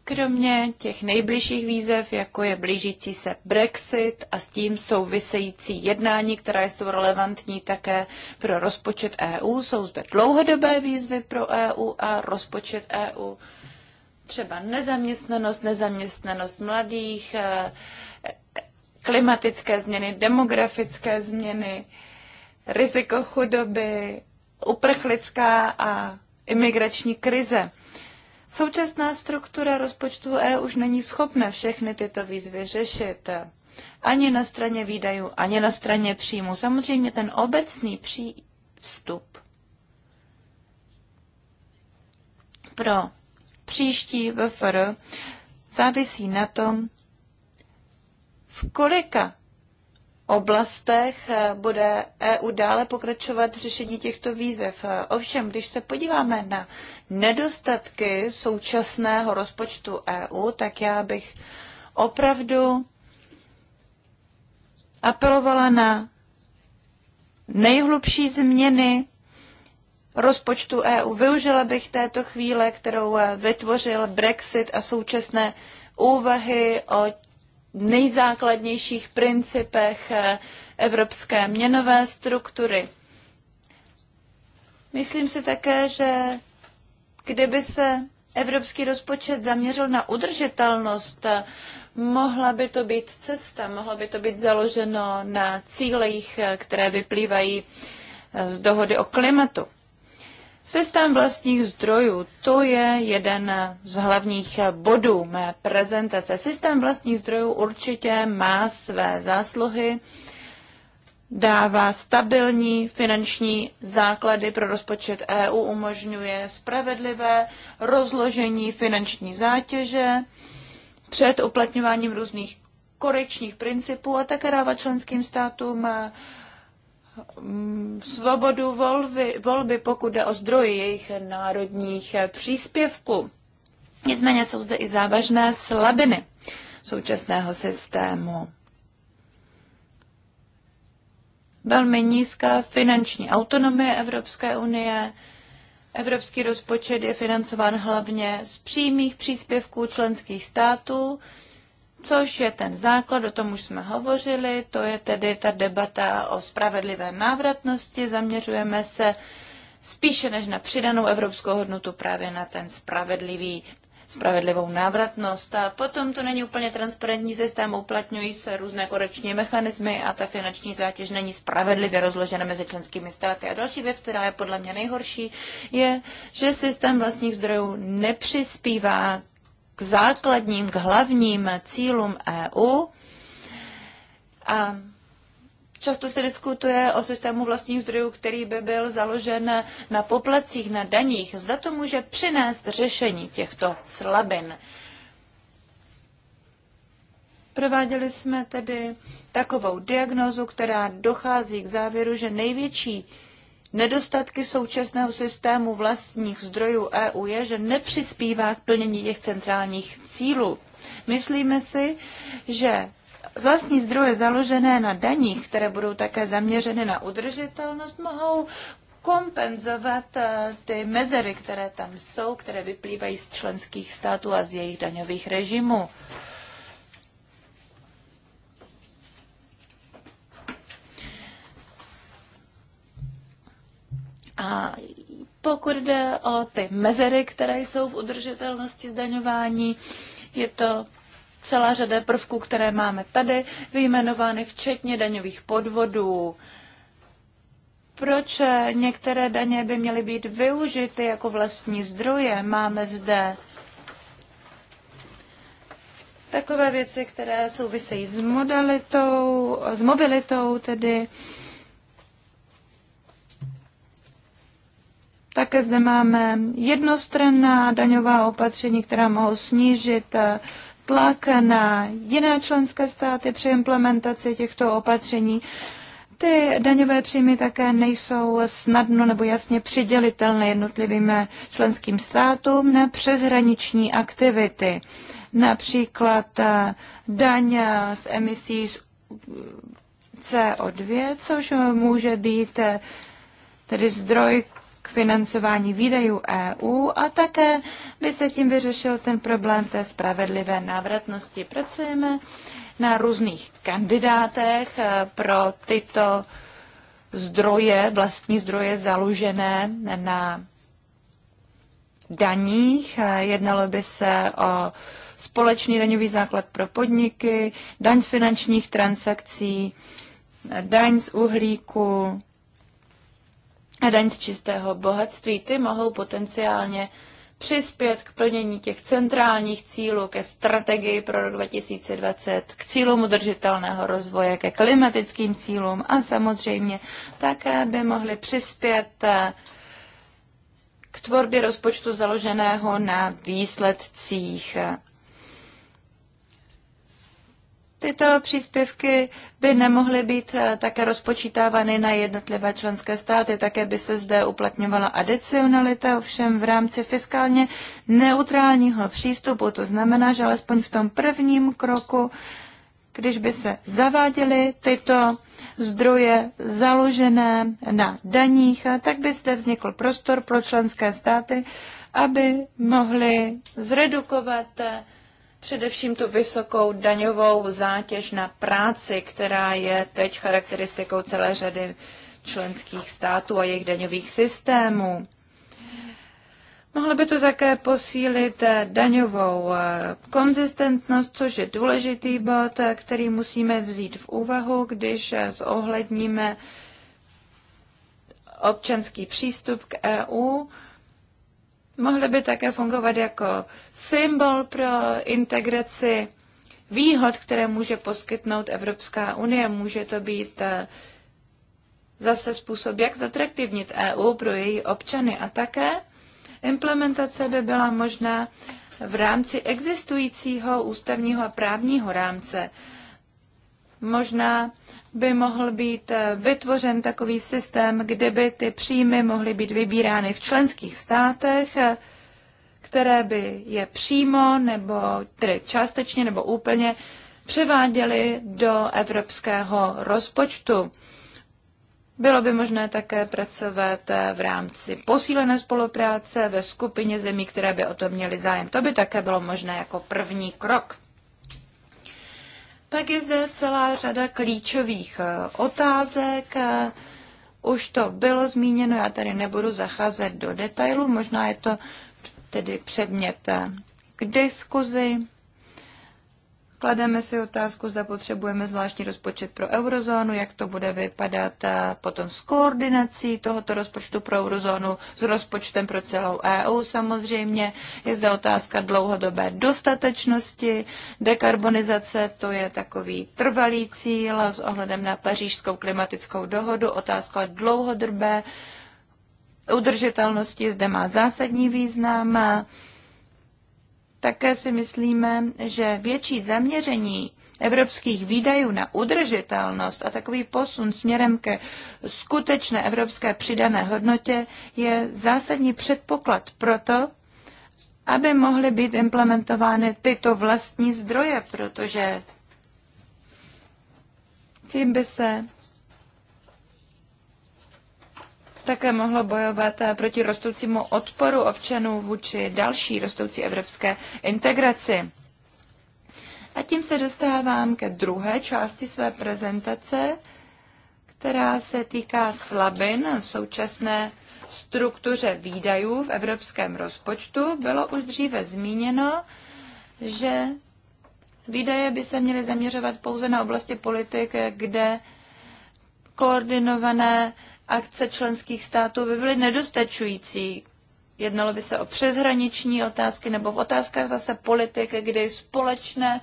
Speaker 2: Kromě těch nejbližších výzev, jako je blížící se Brexit a s tím související jednání, která jsou relevantní také pro rozpočet EU, jsou zde dlouhodobé výzvy pro EU a rozpočet EU. Třeba nezaměstnanost, nezaměstnanost mladých, klimatické změny, demografické změny, riziko chudoby, uprchlická a imigrační krize. Současná struktura rozpočtu E už není schopna všechny tyto výzvy řešit. Ani na straně výdajů, ani na straně příjmu. Samozřejmě ten obecný přístup pro příští VFR závisí na tom, v kolika oblastech eh, bude EU dále pokračovat v řešení těchto výzev. Eh, ovšem, když se podíváme na nedostatky současného rozpočtu EU, tak já bych opravdu apelovala na nejhlubší změny rozpočtu EU. Využila bych této chvíle, kterou eh, vytvořil Brexit a současné úvahy o nejzákladnějších principech eh, evropské měnové struktury. Myslím si také, že kdyby se evropský rozpočet zaměřil na udržitelnost, eh, mohla by to být cesta, mohla by to být založeno na cílech, eh, které vyplývají z dohody o klimatu. Systém vlastních zdrojů, to je jeden z hlavních bodů mé prezentace. Systém vlastních zdrojů určitě má své zásluhy, dává stabilní finanční základy pro rozpočet EU, umožňuje spravedlivé rozložení finanční zátěže před uplatňováním různých korekčních principů a také dává členským státům Mm, svobodu volby, volby, pokud jde o zdroje jejich národních příspěvků. Nicméně jsou zde i závažné slabiny současného systému. Velmi nízká finanční autonomie Evropské unie. Evropský rozpočet je financován hlavně z přímých příspěvků členských států, což je ten základ, o tom už jsme hovořili, to je tedy ta debata o spravedlivé návratnosti. Zaměřujeme se spíše než na přidanou evropskou hodnotu právě na ten spravedlivý spravedlivou návratnost. A potom to není úplně transparentní systém, uplatňují se různé korekční mechanismy a ta finanční zátěž není spravedlivě rozložena mezi členskými státy. A další věc, která je podle mě nejhorší, je, že systém vlastních zdrojů nepřispívá k základním, k hlavním cílům EU. A Často se diskutuje o systému vlastních zdrojů, který by byl založen na poplacích, na daních. Zda to může přinést řešení těchto slabin. Prováděli jsme tedy takovou diagnózu, která dochází k závěru, že největší Nedostatky současného systému vlastních zdrojů EU je, že nepřispívá k plnění těch centrálních cílů. Myslíme si, že vlastní zdroje založené na daních, které budou také zaměřeny na udržitelnost, mohou kompenzovat eh, ty mezery, které tam jsou, které vyplývají z členských států a z jejich daňových režimů. A pokud jde o ty mezery, které jsou v udržitelnosti zdaňování, je to celá řada prvků, které máme tady, vyjmenovány včetně daňových podvodů. Proč některé daně by měly být využity jako vlastní zdroje? Máme zde takové věci, které souvisejí s modalitou, s mobilitou, tedy Také zde máme jednostranná daňová opatření, která mohou snížit eh, tlak na jiné členské státy při implementaci těchto opatření. Ty daňové příjmy také nejsou snadno nebo jasně přidělitelné jednotlivým eh, členským státům na přeshraniční aktivity, například eh, daň z emisí z CO2, což může být tedy zdroj k financování výdajů EU a také by se tím vyřešil ten problém té spravedlivé návratnosti. Pracujeme na různých kandidátech eh, pro tyto zdroje, vlastní zdroje založené na daních. Eh, jednalo by se o společný daňový základ pro podniky, daň z finančních transakcí, daň z uhlíku, a daň z čistého bohatství, ty mohou potenciálně přispět k plnění těch centrálních cílů, ke strategii pro rok 2020, k cílům udržitelného rozvoje, ke klimatickým cílům a samozřejmě také by mohly přispět eh, k tvorbě rozpočtu založeného na výsledcích Tyto příspěvky by nemohly být eh, také rozpočítávány na jednotlivé členské státy, také by se zde uplatňovala adicionalita, ovšem v rámci fiskálně neutrálního přístupu. To znamená, že alespoň v tom prvním kroku, když by se zaváděly tyto zdroje založené na daních, eh, tak by zde vznikl prostor pro členské státy, aby mohly zredukovat eh, především tu vysokou daňovou zátěž na práci, která je teď charakteristikou celé řady členských států a jejich daňových systémů. Mohlo by to také posílit eh, daňovou eh, konzistentnost, což je důležitý bod, eh, který musíme vzít v úvahu, když zohledníme občanský přístup k EU Mohly by také fungovat jako symbol pro integraci výhod, které může poskytnout Evropská unie. Může to být eh, zase způsob, jak zatraktivnit EU pro její občany a také implementace by byla možná v rámci existujícího ústavního a právního rámce. Možná by mohl být eh, vytvořen takový systém, kde by ty příjmy mohly být vybírány v členských státech, eh, které by je přímo nebo tedy částečně nebo úplně převáděly do evropského rozpočtu. Bylo by možné také pracovat eh, v rámci posílené spolupráce ve skupině zemí, které by o to měly zájem. To by také bylo možné jako první krok. Pak je zde celá řada klíčových eh, otázek. Eh, Už to bylo zmíněno, já tady nebudu zacházet do detailu, možná je to tedy předmět eh, k diskuzi. Klademe si otázku, zda potřebujeme zvláštní rozpočet pro eurozónu, jak to bude vypadat a potom s koordinací tohoto rozpočtu pro eurozónu s rozpočtem pro celou EU samozřejmě. Je zde otázka dlouhodobé dostatečnosti, dekarbonizace, to je takový trvalý cíl s ohledem na pařížskou klimatickou dohodu, otázka dlouhodobé udržitelnosti zde má zásadní význam. A také si myslíme, že větší zaměření evropských výdajů na udržitelnost a takový posun směrem ke skutečné evropské přidané hodnotě je zásadní předpoklad pro to, aby mohly být implementovány tyto vlastní zdroje, protože tím by se také mohlo bojovat eh, proti rostoucímu odporu občanů vůči další rostoucí evropské integraci. A tím se dostávám ke druhé části své prezentace, která se týká slabin v současné struktuře výdajů v evropském rozpočtu. Bylo už dříve zmíněno, že výdaje by se měly zaměřovat pouze na oblasti politik, kde koordinované akce členských států by byly nedostačující. Jednalo by se o přeshraniční otázky nebo v otázkách zase politiky, kdy společné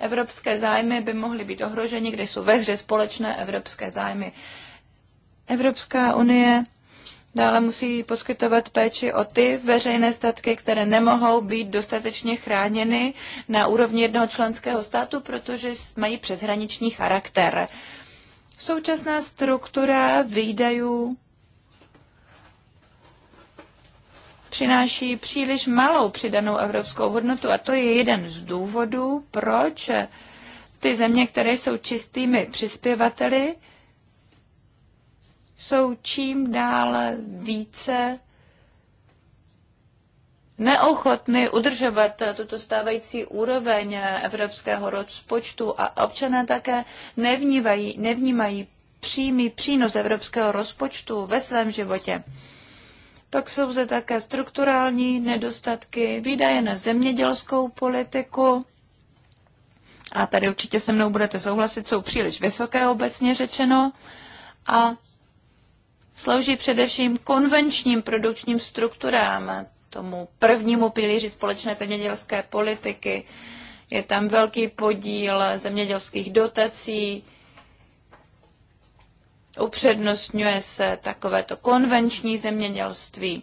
Speaker 2: evropské zájmy by mohly být ohroženy, kde jsou ve hře společné evropské zájmy. Evropská unie dále musí poskytovat péči o ty veřejné statky, které nemohou být dostatečně chráněny na úrovni jednoho členského státu, protože mají přeshraniční charakter. Uh, Současná struktura výdajů přináší příliš malou přidanou evropskou hodnotu a to je jeden z důvodů, proč ty země, které jsou čistými přispěvateli, jsou čím dál více neochotny udržovat tuto stávající úroveň evropského rozpočtu a občané také nevnímají, nevnímají přímý přínos evropského rozpočtu ve svém životě. Pak jsou zde také strukturální nedostatky, výdaje na zemědělskou politiku, a tady určitě se mnou budete souhlasit, jsou příliš vysoké obecně řečeno a slouží především konvenčním produkčním strukturám, tomu prvnímu pilíři společné zemědělské politiky. Je tam velký podíl zemědělských dotací, upřednostňuje se takovéto konvenční zemědělství.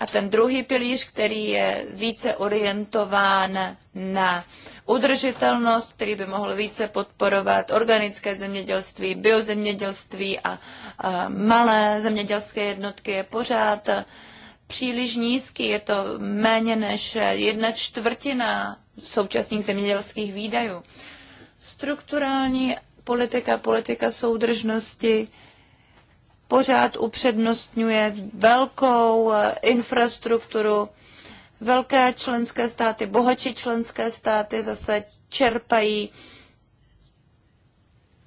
Speaker 2: A ten druhý pilíř, který je více orientován na udržitelnost, který by mohl více podporovat organické zemědělství, biozemědělství a, a malé zemědělské jednotky, je pořád příliš nízký, je to méně než jedna čtvrtina současných zemědělských výdajů. Strukturální politika, politika soudržnosti pořád upřednostňuje velkou eh, infrastrukturu. Velké členské státy, bohatší členské státy zase čerpají uh,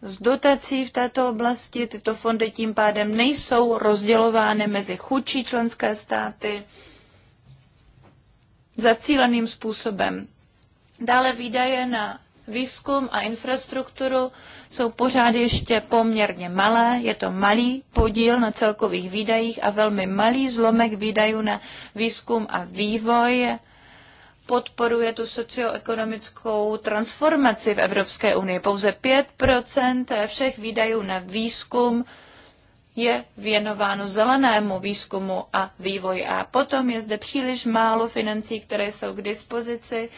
Speaker 2: z dotací v této oblasti. Tyto fondy tím pádem nejsou rozdělovány mezi chudší členské státy zacíleným způsobem. Dále výdaje na výzkum a infrastrukturu jsou pořád ještě poměrně malé. Je to malý podíl na celkových výdajích a velmi malý zlomek výdajů na výzkum a vývoj podporuje tu socioekonomickou transformaci v Evropské unii. Pouze 5 všech výdajů na výzkum je věnováno zelenému výzkumu a vývoji. A potom je zde příliš málo financí, které jsou k dispozici,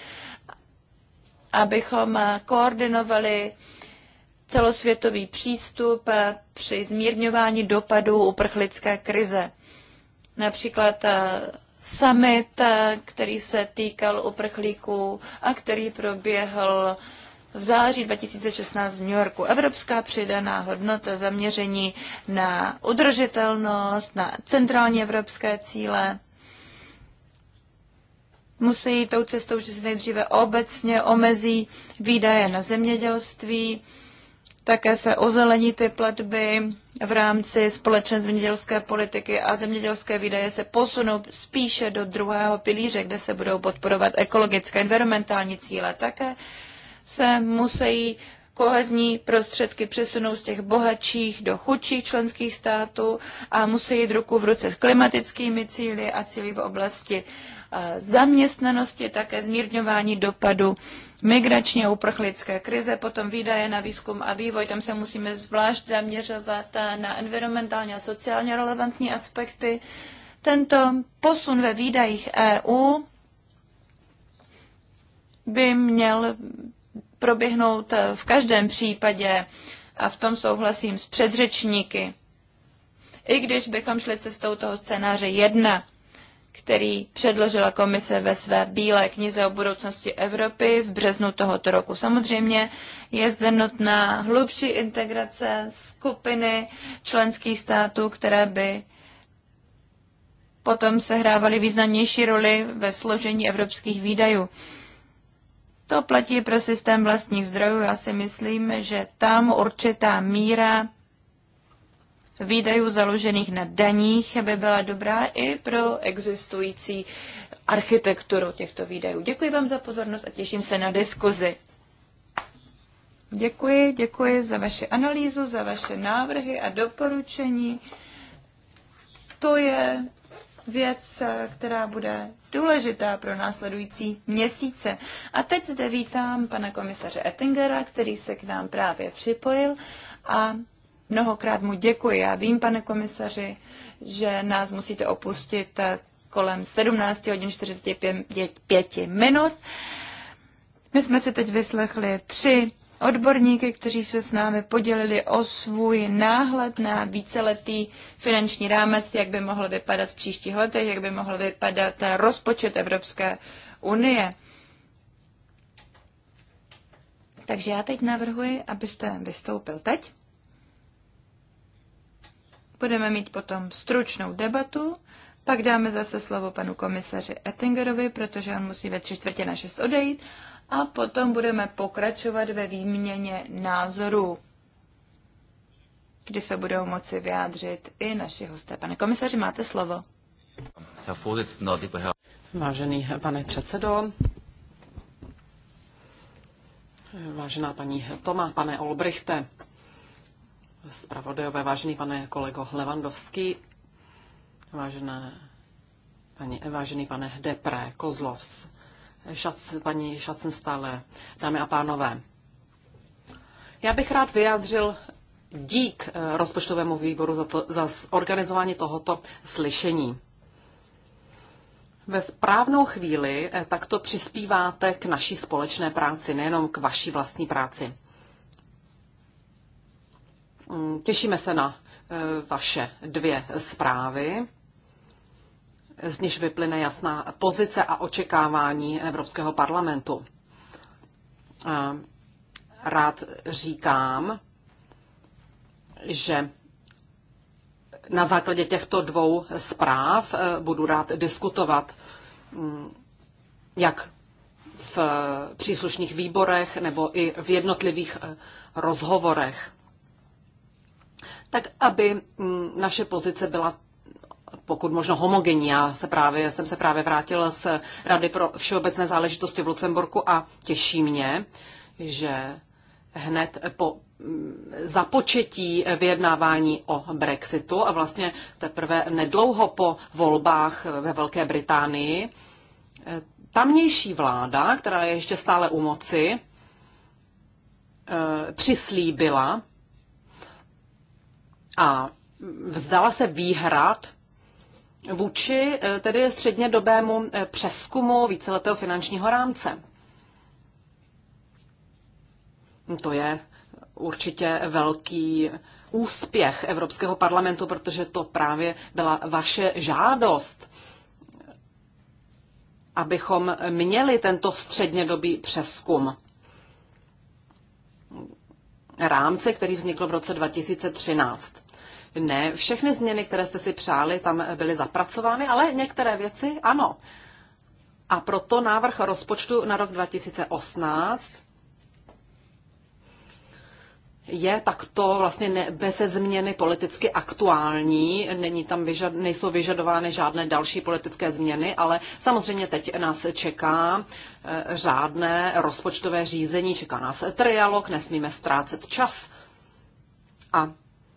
Speaker 2: abychom koordinovali celosvětový přístup při zmírňování dopadů uprchlické krize. Například eh, summit, eh, který se týkal uprchlíků a který proběhl v září 2016 v New Yorku. Evropská přidaná hodnota zaměření na udržitelnost, na centrální evropské cíle musí tou cestou, že se nejdříve obecně omezí výdaje na zemědělství, také se ozelení ty platby v rámci společné zemědělské politiky a zemědělské výdaje se posunou spíše do druhého pilíře, kde se budou podporovat ekologické environmentální cíle. Také se musí kohezní prostředky přesunou z těch bohatších do chudších členských států a musí jít ruku v ruce s klimatickými cíly a cíly v oblasti eh, zaměstnanosti, také zmírňování dopadu migrační a uprchlické krize, potom výdaje na výzkum a vývoj, tam se musíme zvlášť zaměřovat eh, na environmentálně a sociálně relevantní aspekty. Tento posun ve výdajích EU by měl proběhnout eh, v každém případě a v tom souhlasím s předřečníky. I když bychom šli cestou toho scénáře jedna který předložila komise ve své bílé knize o budoucnosti Evropy v březnu tohoto roku. Samozřejmě je zde nutná hlubší integrace skupiny členských států, které by potom sehrávaly významnější roli ve složení evropských výdajů. To platí pro systém vlastních zdrojů. Já si myslím, že tam určitá míra výdajů založených na daních by byla dobrá i pro existující architekturu těchto výdajů. Děkuji vám za pozornost a těším se na diskuzi. Děkuji, děkuji za vaši analýzu, za vaše návrhy a doporučení. To je věc, která bude důležitá pro následující měsíce. A teď zde vítám pana komisaře Ettingera, který se k nám právě připojil a Mnohokrát mu děkuji. Já vím, pane komisaři, že nás musíte opustit eh, kolem 17 hodin 45 minut. My jsme si teď vyslechli tři odborníky, kteří se s námi podělili o svůj náhled na víceletý finanční rámec, jak by mohl vypadat v příštích letech, jak by mohl vypadat rozpočet Evropské unie. Takže já teď navrhuji, abyste vystoupil teď Budeme mít potom stručnou debatu, pak dáme zase slovo panu komisaři Ettingerovi, protože on musí ve tři čtvrtě na šest odejít a potom budeme pokračovat ve výměně názorů, kdy se budou moci vyjádřit i naši hosté. Pane komisaři, máte slovo.
Speaker 3: Vážený pane
Speaker 2: předsedo,
Speaker 3: vážená paní Toma, pane Olbrichte, zpravodajové, vážený pane kolego Levandovský, vážené paní, vážený pane Depre, Kozlovs, šac, paní Šacenstále, dámy a pánové. Já bych rád vyjádřil dík eh, rozpočtovému výboru za, to, za organizování tohoto slyšení. Ve správnou chvíli eh, takto přispíváte k naší společné práci, nejenom k vaší vlastní práci. Mm, těšíme se na e, vaše dvě zprávy, z nich vyplyne jasná pozice a očekávání Evropského parlamentu. E, rád říkám, že na základě těchto dvou zpráv e, budu rád diskutovat, mm, jak v příslušných výborech nebo i v jednotlivých rozhovorech tak aby mm, naše pozice byla pokud možno homogenní. Já se právě, jsem se právě vrátila z Rady pro všeobecné záležitosti v Lucemburku a těší mě, že hned po mm, započetí vyjednávání o Brexitu a vlastně teprve nedlouho po volbách ve Velké Británii, eh, tamnější vláda, která je ještě stále u moci, eh, přislíbila, a vzdala se výhrad vůči eh, tedy střednědobému eh, přeskumu víceletého finančního rámce. To je určitě velký úspěch Evropského parlamentu, protože to právě byla vaše žádost, abychom měli tento střednědobý přeskum rámce, který vznikl v roce 2013 ne všechny změny, které jste si přáli, tam byly zapracovány, ale některé věci ano. A proto návrh rozpočtu na rok 2018 je takto vlastně ne, bez změny politicky aktuální. Není tam vyžad, nejsou vyžadovány žádné další politické změny, ale samozřejmě teď nás čeká eh, řádné rozpočtové řízení, čeká nás trialog, nesmíme ztrácet čas. A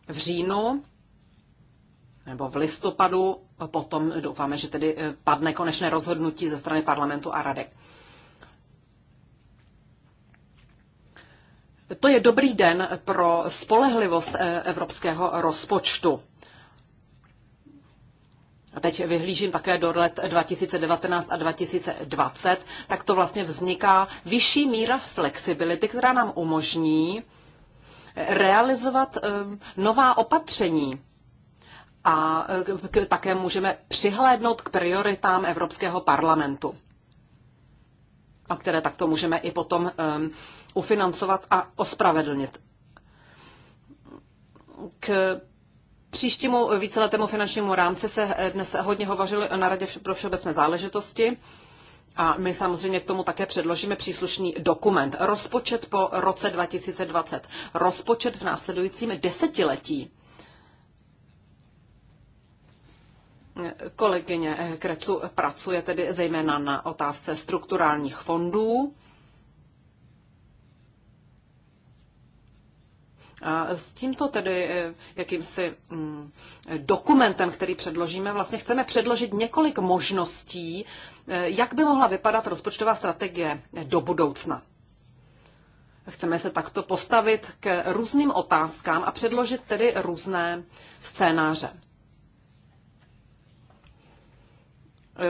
Speaker 3: v říjnu nebo v listopadu. Potom doufáme, že tedy eh, padne konečné rozhodnutí ze strany parlamentu a rady. To je dobrý den pro spolehlivost eh, evropského rozpočtu. A teď vyhlížím také do let 2019 a 2020, tak to vlastně vzniká vyšší míra flexibility, která nám umožní realizovat ehm, nová opatření. A eh, také můžeme přihlédnout k prioritám Evropského parlamentu, a které takto můžeme i potom ehm, ufinancovat a ospravedlnit. K příštímu víceletému finančnímu rámci se eh, dnes hodně hovořilo na Radě pro všeobecné záležitosti. A my samozřejmě k tomu také předložíme příslušný dokument. Rozpočet po roce 2020. Rozpočet v následujícím desetiletí. Kolegyně Krecu pracuje tedy zejména na otázce strukturálních fondů s tímto tedy eh, jakýmsi mm, dokumentem, který předložíme, vlastně chceme předložit několik možností, eh, jak by mohla vypadat rozpočtová strategie do budoucna. Chceme se takto postavit k různým otázkám a předložit tedy různé scénáře.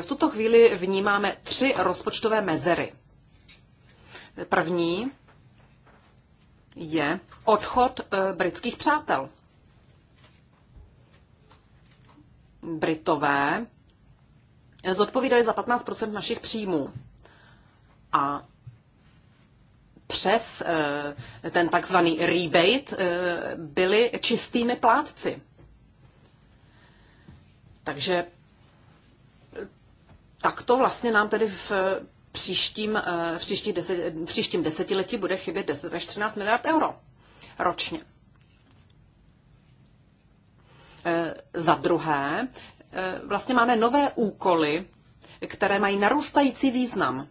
Speaker 3: V tuto chvíli vnímáme tři rozpočtové mezery. První je odchod eh, britských přátel. Britové zodpovídali za 15 našich příjmů. A přes eh, ten takzvaný rebate eh, byli čistými plátci. Takže tak to vlastně nám tedy v příštím, v eh, příští deset, příštím desetiletí bude chybět 10 až 13 miliard euro ročně. Eh, za druhé, eh, vlastně máme nové úkoly, které mají narůstající význam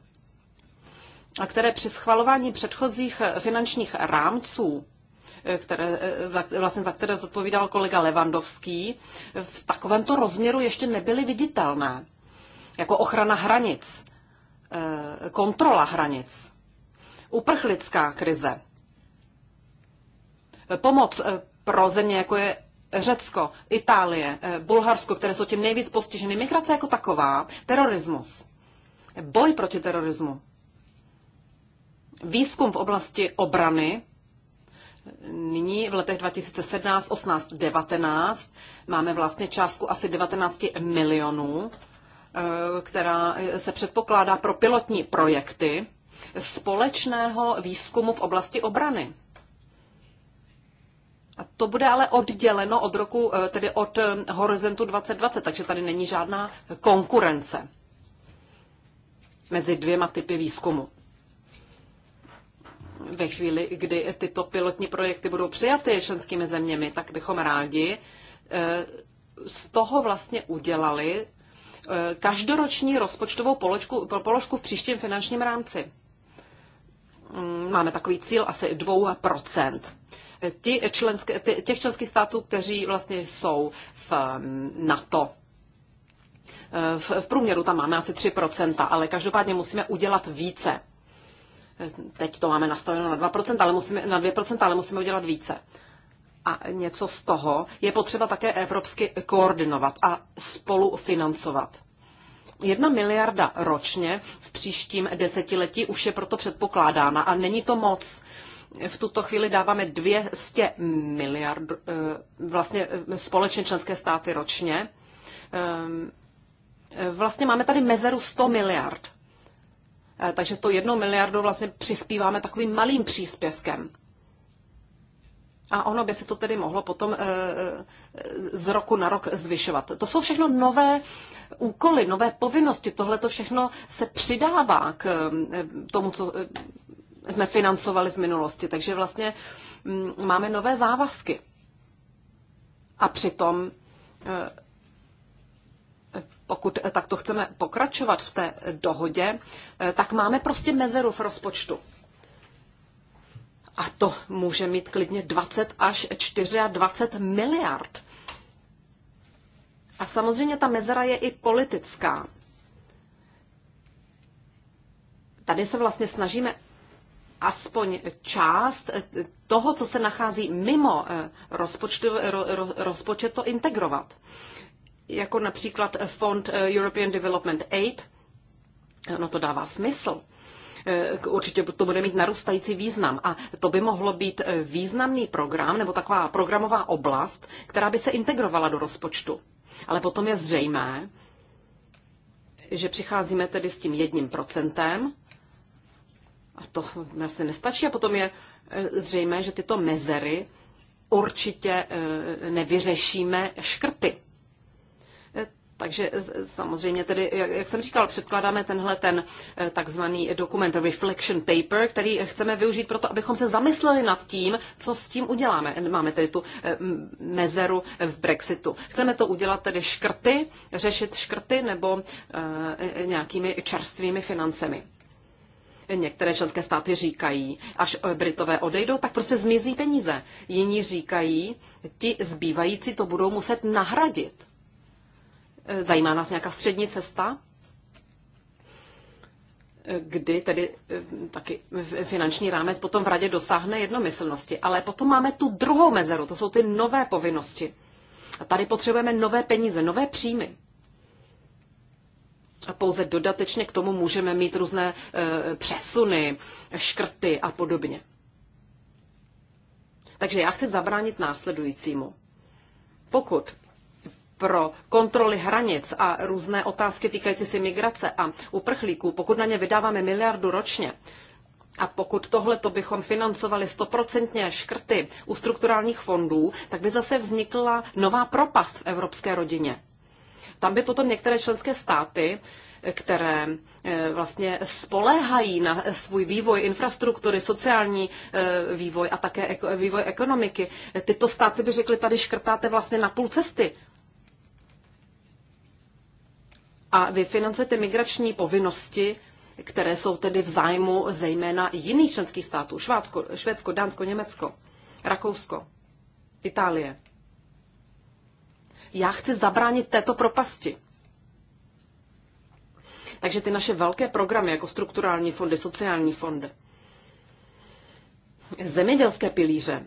Speaker 3: a které při schvalování předchozích finančních rámců které, vlastně za které zodpovídal kolega Levandovský, v takovémto rozměru ještě nebyly viditelné, jako ochrana hranic, Eh, kontrola hranic, uprchlická krize, eh, pomoc eh, pro země, jako je Řecko, Itálie, Bulharsko, které jsou tím nejvíc postiženy, migrace jako taková, terorismus, boj proti terorismu, výzkum v oblasti obrany, Nyní v letech 2017, 18, 19 máme vlastně částku asi 19 milionů Eh, která se předpokládá pro pilotní projekty společného výzkumu v oblasti obrany. A to bude ale odděleno od roku, eh, tedy od eh, horizontu 2020, takže tady není žádná konkurence mezi dvěma typy výzkumu. Ve chvíli, kdy tyto pilotní projekty budou přijaty členskými zeměmi, tak bychom rádi z toho vlastně udělali Eh, každoroční rozpočtovou položku, položku v příštím finančním rámci. Mm, máme takový cíl asi 2%. Eh, ti členské, těch členských států, kteří vlastně jsou v mm, NATO. Eh, v, v průměru tam máme asi 3%, ale každopádně musíme udělat více. Teď to máme nastaveno na 2%, ale musíme, na 2%, ale musíme udělat více a něco z toho je potřeba také evropsky koordinovat a spolufinancovat. Jedna miliarda ročně v příštím desetiletí už je proto předpokládána a není to moc. V tuto chvíli dáváme 200 miliard eh, vlastně eh, společně členské státy ročně. Eh, vlastně máme tady mezeru 100 miliard. Takže to jednou miliardu vlastně přispíváme takovým malým příspěvkem. A ono by se to tedy mohlo potom eh, eh, z roku na rok zvyšovat. To jsou všechno nové úkoly, nové povinnosti. Tohle to všechno se přidává k eh, tomu, co jsme financovali v minulosti. Takže vlastně mm, máme nové závazky. A přitom, pokud takto chceme pokračovat v té dohodě, tak máme prostě mezeru v rozpočtu a to může mít klidně 20 až 24 miliard. A samozřejmě ta mezera je i politická. Tady se vlastně snažíme aspoň část toho, co se nachází mimo eh, rozpočtu, ro, rozpočet, to integrovat. Jako například fond eh, European Development Aid, no to dává smysl určitě to bude mít narůstající význam. A to by mohlo být významný program nebo taková programová oblast, která by se integrovala do rozpočtu. Ale potom je zřejmé, že přicházíme tedy s tím jedním procentem, a to vlastně nestačí. A potom je e, zřejmé, že tyto mezery určitě e, nevyřešíme škrty. Takže samozřejmě tedy, jak, jak jsem říkal, předkládáme tenhle ten eh, takzvaný dokument reflection paper, který chceme využít proto, abychom se zamysleli nad tím, co s tím uděláme. Máme tedy tu eh, mezeru eh, v Brexitu. Chceme to udělat tedy škrty, řešit škrty nebo nějakými čerstvými financemi. Některé členské státy říkají, až Britové odejdou, tak prostě zmizí peníze. Jiní říkají, ti zbývající to budou muset nahradit. Eh, zajímá nás nějaká střední cesta, eh, kdy tedy eh, taky finanční rámec potom v radě dosáhne jednomyslnosti. Ale potom máme tu druhou mezeru, to jsou ty nové povinnosti. A tady potřebujeme nové peníze, nové příjmy. A pouze dodatečně k tomu můžeme mít různé e, přesuny, škrty a podobně. Takže já chci zabránit následujícímu. Pokud pro kontroly hranic a různé otázky týkající se migrace a uprchlíků, pokud na ně vydáváme miliardu ročně, a pokud tohle to bychom financovali stoprocentně škrty u strukturálních fondů, tak by zase vznikla nová propast v evropské rodině. Tam by potom některé členské státy které eh, vlastně spoléhají na svůj vývoj infrastruktury, sociální eh, vývoj a také vývoj ekonomiky. Eh, tyto státy by řekly, tady škrtáte vlastně na půl cesty. a vy financujete migrační povinnosti, které jsou tedy v zájmu zejména jiných členských států. Švácko, Švédsko, Dánsko, Německo, Rakousko, Itálie. Já chci zabránit této propasti. Takže ty naše velké programy, jako strukturální fondy, sociální fondy, zemědělské pilíře,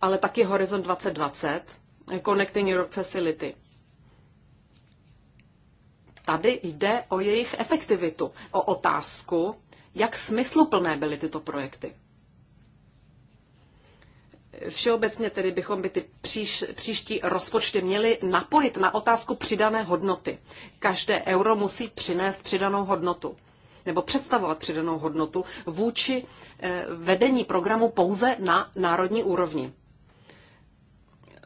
Speaker 3: ale taky Horizon 2020, Connecting Europe Facility – tady jde o jejich efektivitu, o otázku, jak smysluplné byly tyto projekty. Všeobecně tedy bychom by ty příš, příští rozpočty měli napojit na otázku přidané hodnoty. Každé euro musí přinést přidanou hodnotu nebo představovat přidanou hodnotu vůči eh, vedení programu pouze na národní úrovni.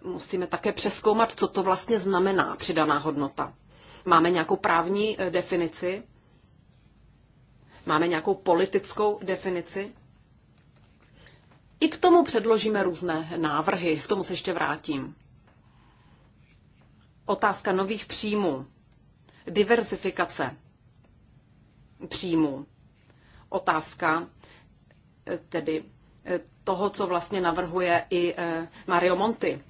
Speaker 3: Musíme také přeskoumat, co to vlastně znamená přidaná hodnota. Máme nějakou právní eh, definici? Máme nějakou politickou definici? I k tomu předložíme různé návrhy, k tomu se ještě vrátím. Otázka nových příjmů, diversifikace příjmů, otázka eh, tedy eh, toho, co vlastně navrhuje i Mario Monti.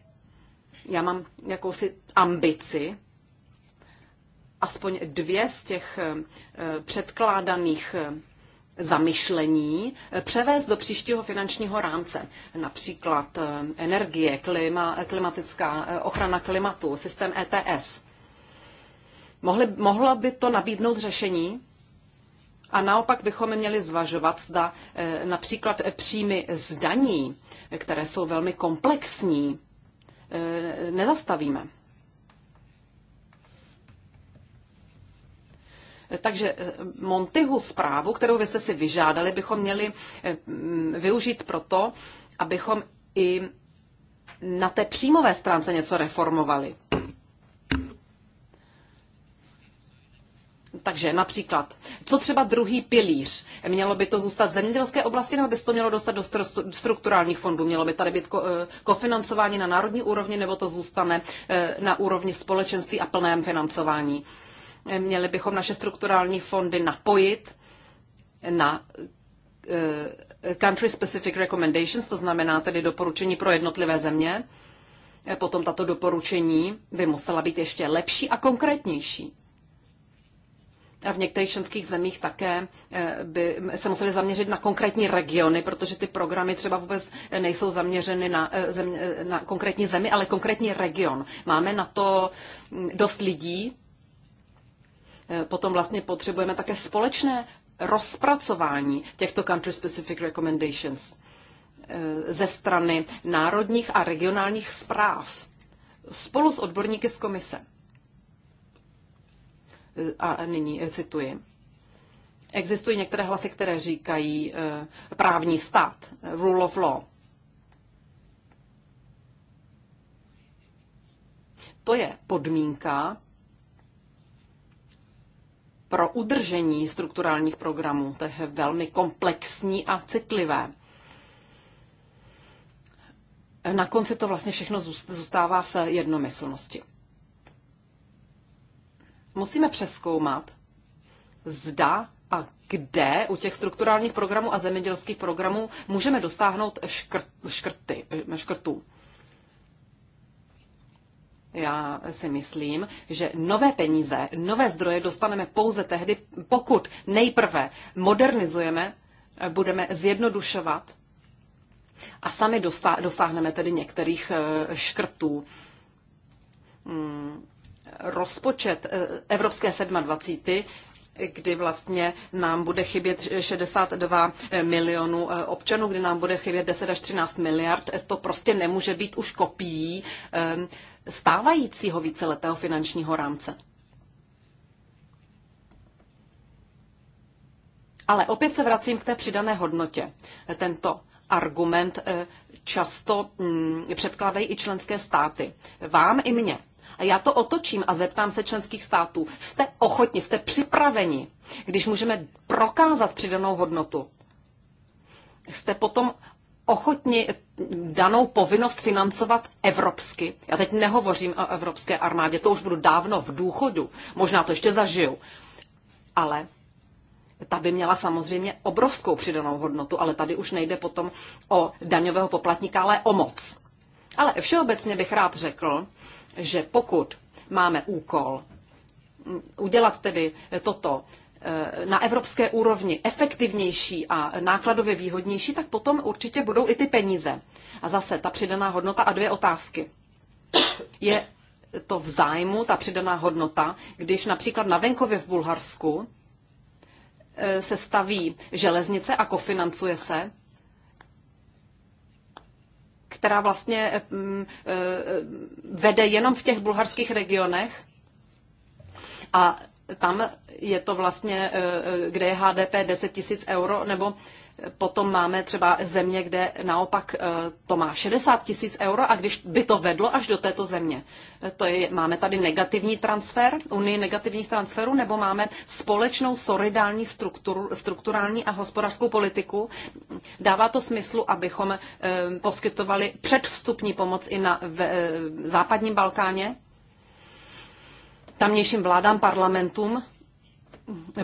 Speaker 3: Já mám jakousi ambici aspoň dvě z těch eh, předkládaných eh, zamyšlení eh, převést do příštího finančního rámce. Například energie, klima, klimatická ochrana klimatu, systém ETS. Mohli, mohla by to nabídnout řešení? A naopak bychom měli zvažovat, zda například příjmy z daní, které jsou velmi komplexní, nezastavíme. Takže eh, Montyhu zprávu, kterou vy jste si vyžádali, bychom měli eh, mm, využít proto, abychom i na té příjmové stránce něco reformovali. Takže například, co třeba druhý pilíř? Mělo by to zůstat v zemědělské oblasti, nebo by se to mělo dostat do strukturálních fondů? Mělo by tady být ko- eh, kofinancování na národní úrovni, nebo to zůstane na úrovni společenství a plném financování? Měli bychom naše strukturální fondy napojit na eh, country specific recommendations, to znamená tedy doporučení pro jednotlivé země. Eh, potom tato doporučení by musela být ještě lepší a konkrétnější. A v některých členských zemích také eh, by se museli zaměřit na konkrétní regiony, protože ty programy třeba vůbec nejsou zaměřeny na, země, na konkrétní zemi, ale konkrétní region. Máme na to hm, dost lidí, Eh, potom vlastně potřebujeme také společné rozpracování těchto country-specific recommendations eh, ze strany národních a regionálních zpráv spolu s odborníky z komise. Eh, a nyní cituji. Existují některé hlasy, které říkají právní stát, rule of law. To je podmínka pro udržení strukturálních programů. To je velmi komplexní a citlivé. Na konci to vlastně všechno zůstává v jednomyslnosti. Musíme přeskoumat, zda a kde u těch strukturálních programů a zemědělských programů můžeme dosáhnout škrt, škrty, škrtů. Já si myslím, že nové peníze, nové zdroje dostaneme pouze tehdy, pokud nejprve modernizujeme, budeme zjednodušovat a sami dosáhneme tedy některých eh, škrtů. Hmm, rozpočet eh, Evropské 27 kdy vlastně nám bude chybět 62 milionů eh, občanů, kdy nám bude chybět 10 až 13 miliard, to prostě nemůže být už kopií stávajícího víceletého finančního rámce. Ale opět se vracím k té přidané hodnotě. Tento argument eh, často mm, předkládají i členské státy. Vám i mně. A já to otočím a zeptám se členských států. Jste ochotni, jste připraveni, když můžeme prokázat přidanou hodnotu? Jste potom ochotni danou povinnost financovat evropsky. Já teď nehovořím o evropské armádě, to už budu dávno v důchodu, možná to ještě zažiju. Ale ta by měla samozřejmě obrovskou přidanou hodnotu, ale tady už nejde potom o daňového poplatníka, ale o moc. Ale všeobecně bych rád řekl, že pokud máme úkol udělat tedy toto Eh, na evropské úrovni efektivnější a nákladově výhodnější, tak potom určitě budou i ty peníze. A zase ta přidaná hodnota a dvě otázky. Je to v zájmu, ta přidaná hodnota, když například na venkově v Bulharsku eh, se staví železnice a kofinancuje se, která vlastně eh, mm, vede jenom v těch bulharských regionech. A tam je to vlastně, eh, eh, kde je HDP 10 tisíc euro, nebo potom máme třeba země, kde naopak eh, to má 60 tisíc euro a když by to vedlo až do této země. To je, máme tady negativní transfer, unii negativních transferů, nebo máme společnou solidární strukturu, strukturální a hospodářskou politiku. Dává to smyslu, abychom poskytovali předvstupní pomoc i na v, západním Balkáně? tamnějším vládám, parlamentům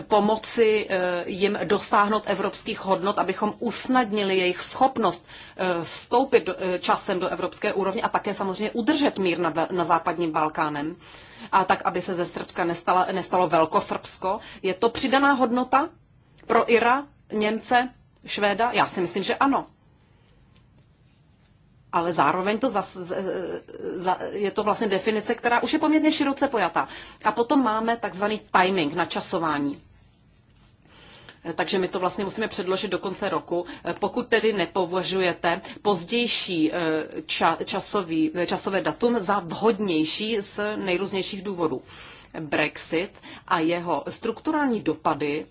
Speaker 3: pomoci eh, jim dosáhnout evropských hodnot, abychom usnadnili jejich schopnost eh, vstoupit eh, časem do evropské úrovně a také samozřejmě udržet mír na, na západním Balkánem. A tak, aby se ze Srbska nestala, nestalo Velkosrbsko. Je to přidaná hodnota pro Ira, Němce, Švéda? Já si myslím, že ano ale zároveň to zas, z, je to vlastně definice, která už je poměrně široce pojatá. A potom máme takzvaný timing na časování. Takže my to vlastně musíme předložit do konce roku. Pokud tedy nepovažujete pozdější eh, ča, časový, eh, časové datum za vhodnější z nejrůznějších důvodů. Brexit a jeho strukturální dopady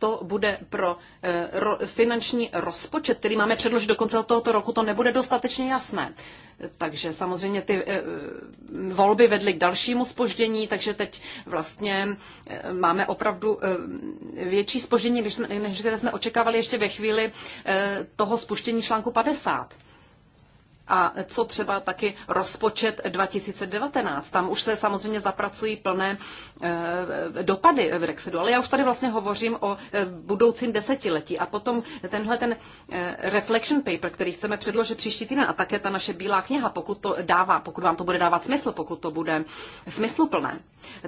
Speaker 3: to bude pro eh, finanční rozpočet, který máme předložit do konce tohoto roku, to nebude dostatečně jasné. Takže samozřejmě ty eh, volby vedly k dalšímu spoždění, takže teď vlastně eh, máme opravdu větší spoždění, než které jsme očekávali ještě ve chvíli toho spuštění článku 50 a co třeba taky rozpočet 2019. Tam už se samozřejmě zapracují plné eh, dopady Brexitu, ale já už tady vlastně hovořím o eh, budoucím desetiletí a potom tenhle ten eh, reflection paper, který chceme předložit příští týden a také ta naše bílá kniha, pokud to dává, pokud vám to bude dávat smysl, pokud to bude smysluplné,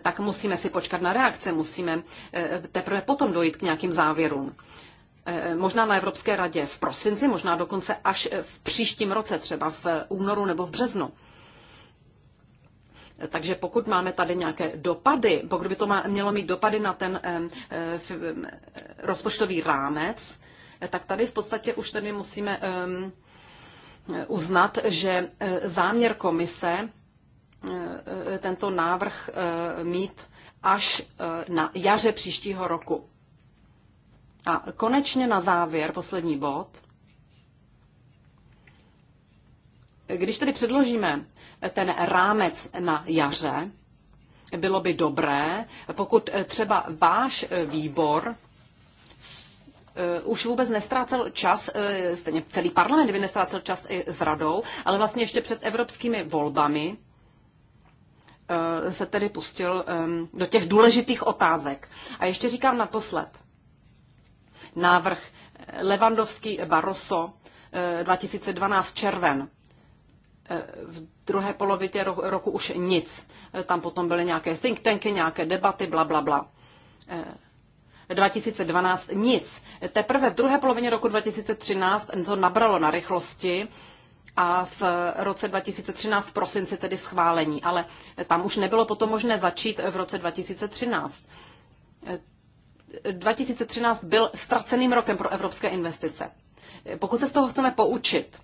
Speaker 3: tak musíme si počkat na reakce, musíme teprve potom dojít k nějakým závěrům. Eh, eh, možná na Evropské radě v prosinci, možná dokonce až eh, v příštím roce, třeba v únoru nebo v březnu. Takže pokud máme tady nějaké dopady, pokud by to mělo mít dopady na ten rozpočtový rámec, tak tady v podstatě už tedy musíme ehm, uznat, že záměr komise tento návrh mít až na jaře příštího roku. A konečně na závěr, poslední bod. Když tedy předložíme ten rámec na jaře, bylo by dobré, pokud třeba váš výbor eh, už vůbec nestrácel čas, eh, stejně celý parlament by nestrácel čas i s radou, ale vlastně ještě před evropskými volbami eh, se tedy pustil ehm, do těch důležitých otázek. A ještě říkám naposled, návrh Levandovský eh, Barroso 2012 eh, červen. Eh, v druhé polovitě roku už nic. Tam potom byly nějaké think tanky, nějaké debaty, bla, bla, bla. 2012 nic. Teprve v druhé polovině roku 2013 to nabralo na rychlosti a v roce 2013 v prosinci tedy schválení, ale tam už nebylo potom možné začít v roce 2013. 2013 byl ztraceným rokem pro evropské investice. Pokud se z toho chceme poučit,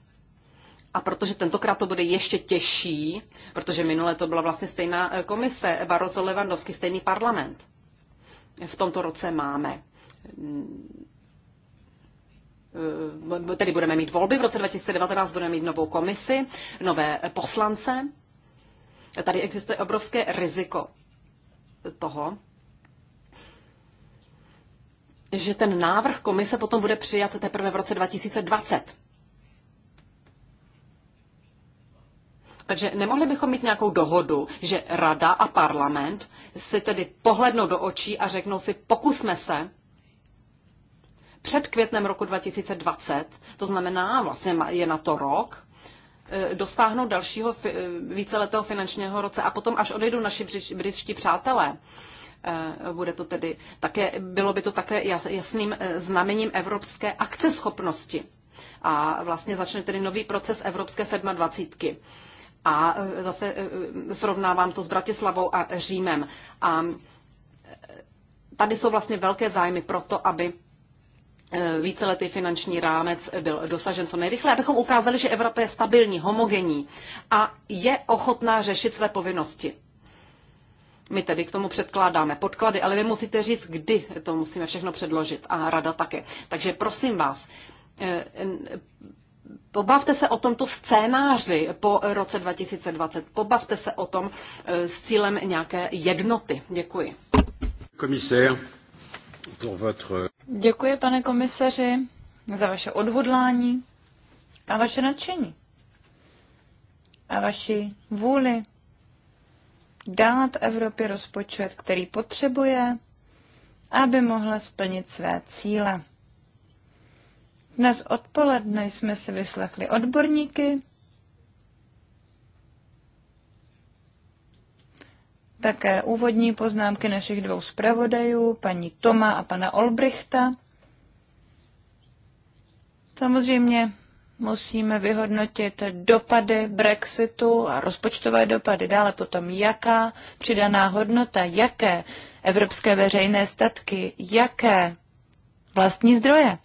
Speaker 3: a protože tentokrát to bude ještě těžší, protože minule to byla vlastně stejná eh, komise, Barroso Levandovský, stejný parlament. V tomto roce máme mm, eh, tedy budeme mít volby, v roce 2019 budeme mít novou komisi, nové poslance. Tady existuje obrovské riziko toho, že ten návrh komise potom bude přijat teprve v roce 2020. Takže nemohli bychom mít nějakou dohodu, že rada a parlament si tedy pohlednou do očí a řeknou si, pokusme se před květnem roku 2020, to znamená, vlastně je na to rok, eh, dosáhnout dalšího eh, víceletého finančního roce a potom až odejdou naši britští přátelé Eh, bude to tedy také, bylo by to také jasným eh, znamením evropské akceschopnosti. A vlastně začne tedy nový proces Evropské 27. A eh, zase srovnávám to s Bratislavou a Římem. A tady jsou vlastně velké zájmy pro to, aby víceletý finanční rámec byl dosažen co nejrychle, abychom ukázali, že Evropa je stabilní, homogenní a je ochotná řešit své povinnosti. My tedy k tomu předkládáme podklady, ale vy musíte říct, kdy to musíme všechno předložit a rada také. Takže prosím vás, eh, Pobavte se o tomto scénáři po roce 2020. Pobavte se o tom eh, s cílem nějaké jednoty. Děkuji.
Speaker 1: Komisér,
Speaker 2: pour votre... Děkuji, pane komisaři, za vaše odhodlání a vaše nadšení a vaši vůli dát Evropě rozpočet, který potřebuje, aby mohla splnit své cíle. Dnes odpoledne jsme si vyslechli odborníky, také úvodní poznámky našich dvou zpravodajů, paní Toma a pana Olbrichta. Samozřejmě musíme vyhodnotit dopady Brexitu a rozpočtové dopady, dále potom jaká přidaná hodnota, jaké evropské veřejné statky, jaké vlastní zdroje.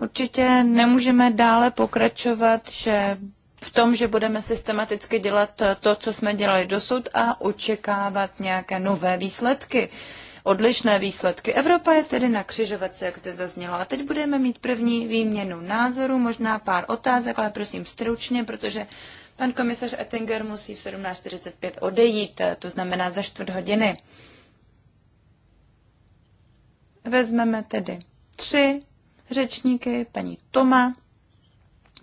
Speaker 2: Určitě nemůžeme dále pokračovat, že v tom, že budeme systematicky dělat to, co jsme dělali dosud a očekávat nějaké nové výsledky odlišné výsledky. Evropa je tedy na křižovatce, jak to zaznělo. A teď budeme mít první výměnu názorů, možná pár otázek, ale prosím stručně, protože pan komisař Ettinger musí v 17.45 odejít, to znamená za čtvrt hodiny. Vezmeme tedy tři řečníky, paní Toma.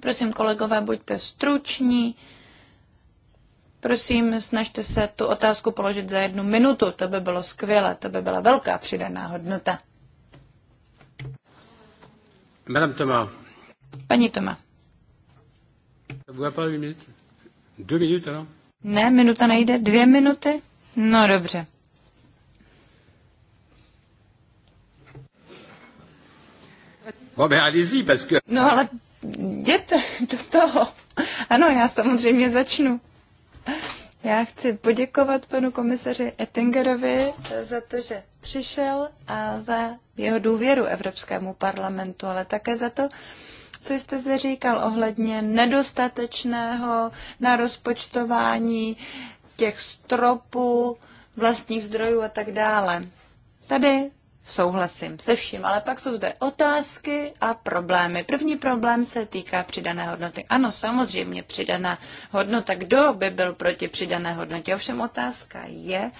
Speaker 2: Prosím, kolegové, buďte struční Prosím, snažte se tu otázku položit za jednu minutu, to by bylo skvělé, to by byla velká přidaná hodnota. Madame Thomas. Paní Toma.
Speaker 1: Dvě minuty, ano?
Speaker 2: Ne, minuta nejde. Dvě minuty? No dobře. No ale jděte do toho. Ano, já samozřejmě začnu. Já chci poděkovat panu komisaři Ettingerovi za to, že přišel a za jeho důvěru Evropskému parlamentu, ale také za to, co jste zde říkal ohledně nedostatečného na rozpočtování těch stropů, vlastních zdrojů a tak dále. Tady souhlasím se vším, ale pak jsou zde otázky a problémy. První problém se týká přidané hodnoty. Ano, samozřejmě přidaná hodnota. Kdo by byl proti přidané hodnotě? Ovšem otázka je,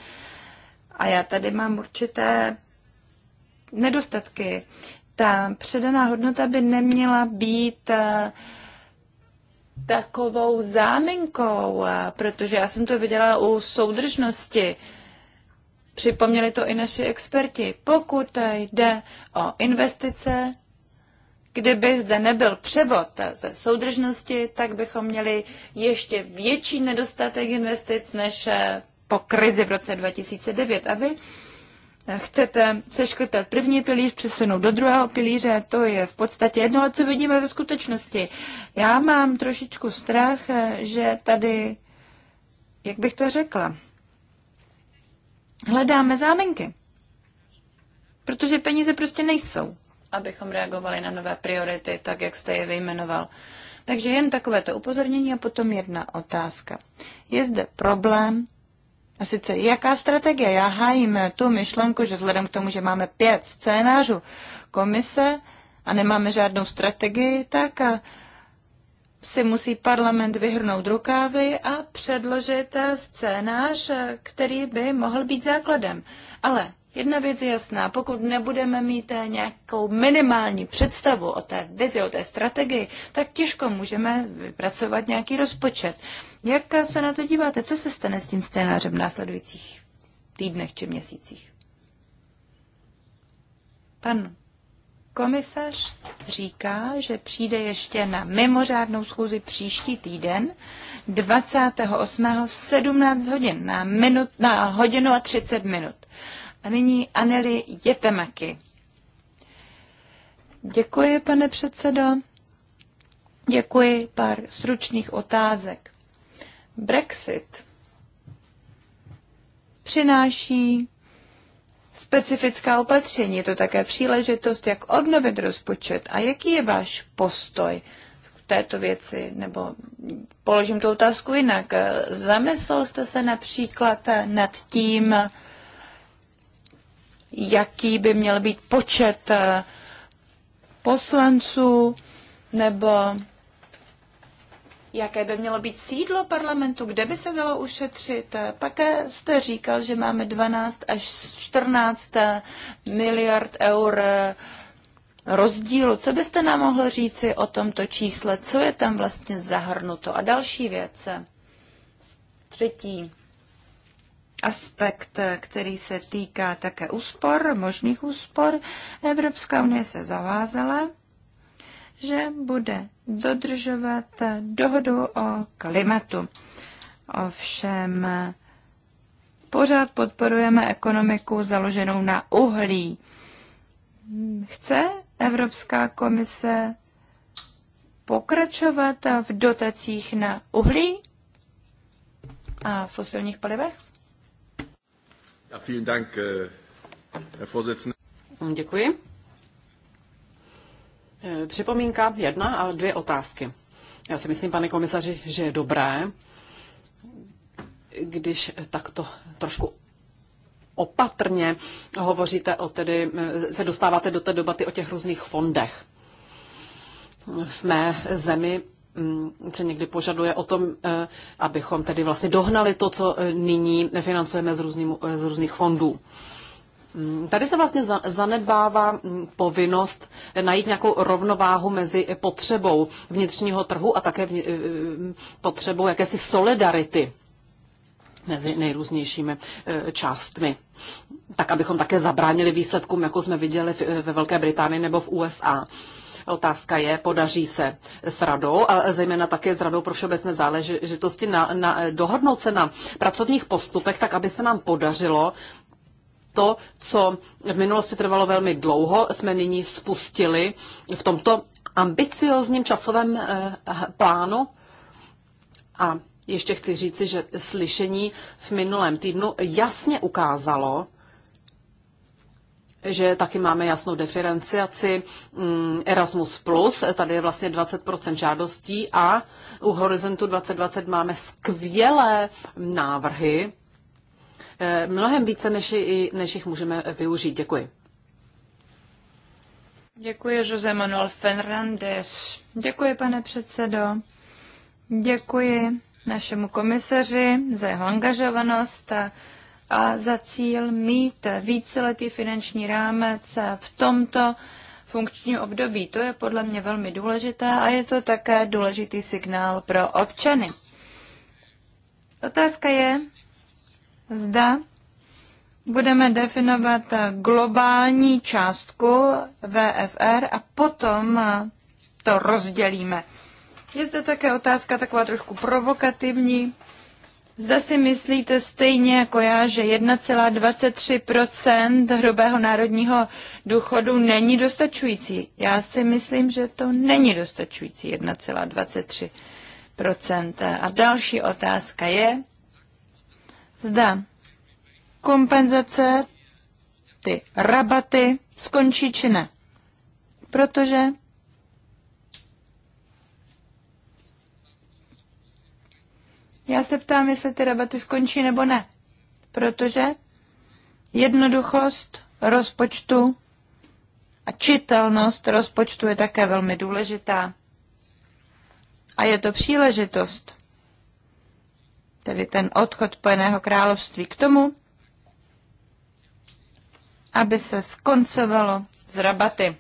Speaker 2: a já tady mám určité nedostatky. Ta přidaná hodnota by neměla být eh, takovou záminkou, eh, protože já jsem to viděla u soudržnosti Připomněli to i naši experti. Pokud jde o investice, kdyby zde nebyl převod ze soudržnosti, tak bychom měli ještě větší nedostatek investic než po krizi v roce 2009. A vy chcete seškrtat první pilíř, přesunout do druhého pilíře, to je v podstatě jedno, ale co vidíme ve skutečnosti. Já mám trošičku strach, že tady, jak bych to řekla, hledáme záminky. Protože peníze prostě nejsou, abychom reagovali na nové priority, tak jak jste je vyjmenoval. Takže jen takovéto upozornění a potom jedna otázka. Je zde problém, a sice jaká strategie? Já hájím tu myšlenku, že vzhledem k tomu, že máme pět scénářů komise a nemáme žádnou strategii, tak a si musí parlament vyhrnout rukávy a předložit scénář, který by mohl být základem. Ale jedna věc je jasná, pokud nebudeme mít nějakou minimální představu o té vizi, o té strategii, tak těžko můžeme vypracovat nějaký rozpočet. Jak se na to díváte? Co se stane s tím scénářem v následujících týdnech či měsících? Pan Komisař říká, že přijde ještě na mimořádnou schůzi příští týden 28. v 17 hodin na, minut, na hodinu a 30 minut. A nyní Anely Jetemaky. Děkuji, pane předsedo. Děkuji, pár stručných otázek. Brexit přináší specifická opatření. Je to také příležitost, jak obnovit rozpočet. A jaký je váš postoj k této věci? Nebo položím tu otázku jinak. Zamyslel jste se například nad tím, jaký by měl být počet poslanců nebo jaké by mělo být sídlo parlamentu, kde by se dalo ušetřit. Pak jste říkal, že máme 12 až 14 miliard eur rozdílu. Co byste nám mohl říci o tomto čísle? Co je tam vlastně zahrnuto? A další věc. Třetí aspekt, který se týká také úspor, možných úspor. Evropská unie se zavázala že bude dodržovat dohodu o klimatu. Ovšem pořád podporujeme ekonomiku založenou na uhlí. Chce Evropská komise pokračovat v dotacích na uhlí a fosilních palivech?
Speaker 1: Eh,
Speaker 3: Děkuji. Eh, připomínka jedna a dvě otázky. Já si myslím, pane komisaři, že je dobré, když takto trošku opatrně hovoříte o tedy, eh, se dostáváte do té debaty o těch různých fondech. V mé zemi mm, se někdy požaduje o tom, eh, abychom tedy vlastně dohnali to, co nyní financujeme z, různým, z různých fondů. Tady se vlastně zanedbává mm, povinnost najít nějakou rovnováhu mezi potřebou vnitřního trhu a také eh, eh, potřebou jakési solidarity mezi nejrůznějšími eh, částmi. Tak, abychom také zabránili výsledkům, jako jsme viděli ve Velké Británii nebo v USA. Otázka je, podaří se s radou a zejména také s radou pro všeobecné záležitosti na, na, dohodnout se na pracovních postupech, tak aby se nám podařilo to, co v minulosti trvalo velmi dlouho, jsme nyní spustili v tomto ambiciozním časovém eh, plánu. A ještě chci říci, že slyšení v minulém týdnu jasně ukázalo, že taky máme jasnou diferenciaci mm, Erasmus+, tady je vlastně 20% žádostí a u Horizontu 2020 máme skvělé návrhy, Eh, mnohem více, než, než jich můžeme eh, využít.
Speaker 2: Děkuji. Děkuji, Jose Manuel Fernandez. Děkuji, pane předsedo. Děkuji našemu komisaři za jeho angažovanost a, a za cíl mít víceletý finanční rámec v tomto funkčním období. To je podle mě velmi důležité a je to také důležitý signál pro občany. Otázka je, zda budeme definovat globální částku VFR a potom to rozdělíme. Je zde také otázka taková trošku provokativní. Zda si myslíte stejně jako já, že 1,23 hrubého národního důchodu není dostačující? Já si myslím, že to není dostačující 1,23 A další otázka je, zda kompenzace, ty rabaty skončí či ne. Protože já se ptám, jestli ty rabaty skončí nebo ne. Protože jednoduchost rozpočtu a čitelnost rozpočtu je také velmi důležitá. A je to příležitost tedy ten odchod Spojeného království k tomu, aby se skoncovalo z rabaty.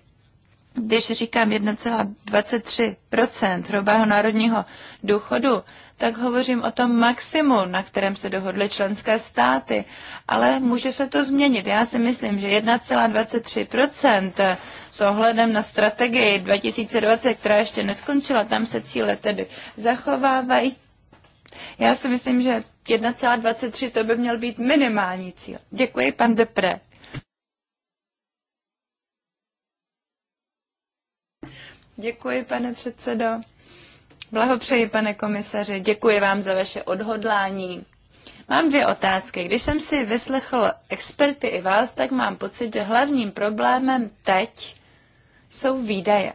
Speaker 2: Když říkám 1,23 hrubého národního důchodu, tak hovořím o tom maximu, na kterém se dohodly členské státy. Ale může se to změnit. Já si myslím, že 1,23 s ohledem na strategii 2020, která ještě neskončila, tam se cíle tedy zachovávají, já si myslím, že 1,23 to by měl být minimální cíl. Děkuji, pan Depre. Děkuji, pane předsedo. Blahopřeji, pane komisaři. Děkuji vám za vaše odhodlání. Mám dvě otázky. Když jsem si vyslechl experty i vás, tak mám pocit, že hlavním problémem teď jsou výdaje.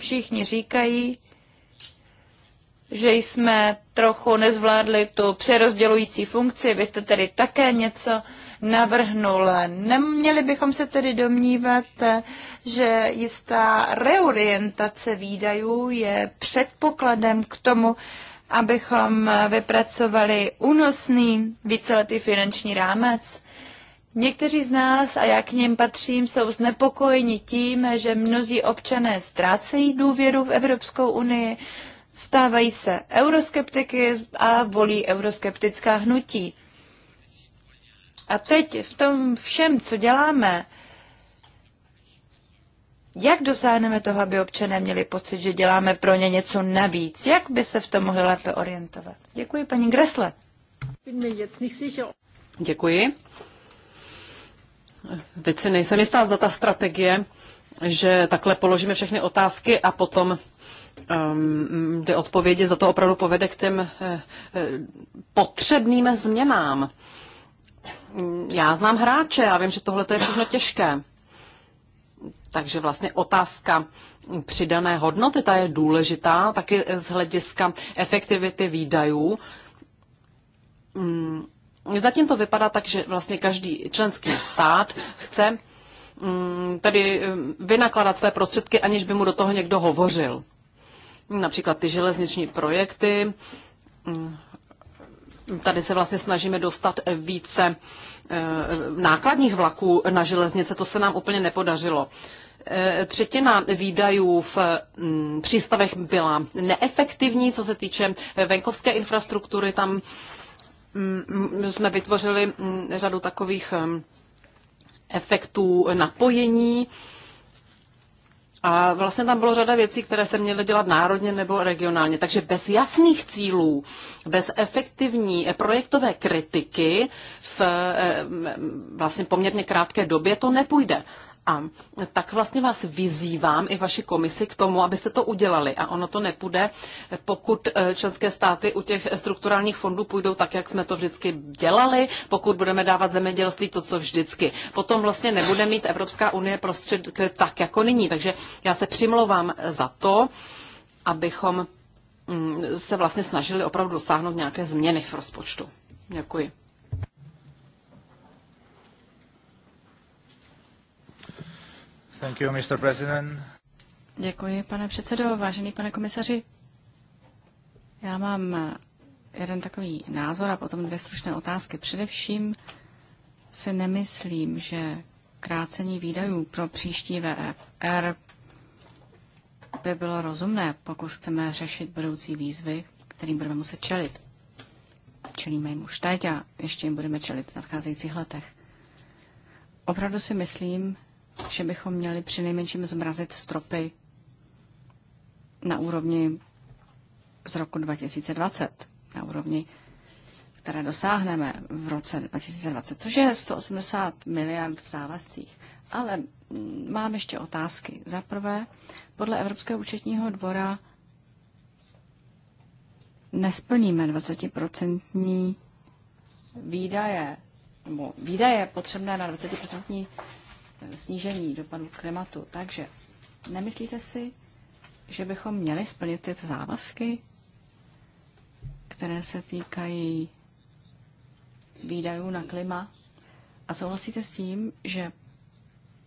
Speaker 2: Všichni říkají, že jsme trochu nezvládli tu přerozdělující funkci. Vy jste tedy také něco navrhnul. Neměli bychom se tedy domnívat, že jistá reorientace výdajů je předpokladem k tomu, abychom vypracovali únosný víceletý finanční rámec. Někteří z nás, a já k něm patřím, jsou znepokojeni tím, že mnozí občané ztrácejí důvěru v Evropskou unii, stávají se euroskeptiky a volí euroskeptická hnutí. A teď v tom všem, co děláme, jak dosáhneme toho, aby občané měli pocit, že děláme pro ně něco navíc? Jak by se v tom mohli lépe orientovat? Děkuji, paní Gresle.
Speaker 3: Děkuji. Teď si nejsem jistá, zda ta strategie, že takhle položíme všechny otázky a potom um, ty odpovědi za to opravdu povede k těm eh, eh, potřebným změnám. Já znám hráče, já vím, že tohle je všechno těžké. Takže vlastně otázka přidané hodnoty, ta je důležitá taky z hlediska efektivity výdajů. Mm, zatím to vypadá tak, že vlastně každý členský stát chce mm, tedy eh, vynakladat své prostředky, aniž by mu do toho někdo hovořil například ty železniční projekty. Tady se vlastně snažíme dostat více eh, nákladních vlaků na železnice, to se nám úplně nepodařilo. Eh, třetina výdajů v mm, přístavech byla neefektivní, co se týče eh, venkovské infrastruktury. Tam mm, jsme vytvořili mm, řadu takových efektů napojení a vlastně tam bylo řada věcí, které se měly dělat národně nebo regionálně. Takže bez jasných cílů, bez efektivní eh, projektové kritiky v eh, vlastně poměrně krátké době to nepůjde. A tak vlastně vás vyzývám i vaši komisi k tomu, abyste to udělali. A ono to nepůjde, pokud eh, členské státy u těch strukturálních fondů půjdou tak, jak jsme to vždycky dělali, pokud budeme dávat zemědělství to, co vždycky. Potom vlastně nebude mít Evropská unie prostředky tak, jako nyní. Takže já se přimlouvám za to, abychom mm, se vlastně snažili opravdu dosáhnout nějaké změny v rozpočtu. Děkuji.
Speaker 1: Thank you, Mr. President.
Speaker 4: Děkuji, pane předsedo. Vážený pane komisaři, já mám eh, jeden takový názor a potom dvě stručné otázky. Především si nemyslím, že krácení výdajů pro příští VFR e by bylo rozumné, pokud chceme řešit budoucí výzvy, kterým budeme muset čelit. Čelíme jim už teď a ještě jim budeme čelit v nadcházejících letech. Opravdu si myslím, že bychom měli přinejmenším zmrazit stropy na úrovni z roku 2020, na úrovni, které dosáhneme v roce 2020, což je 180 miliard v závazcích. Ale mm, mám ještě otázky. Za prvé, podle Evropského účetního dvora nesplníme 20% výdaje, nebo výdaje potřebné na 20% snížení dopadů klimatu. Takže nemyslíte si, že bychom měli splnit ty závazky, které se týkají výdajů na klima? A souhlasíte s tím, že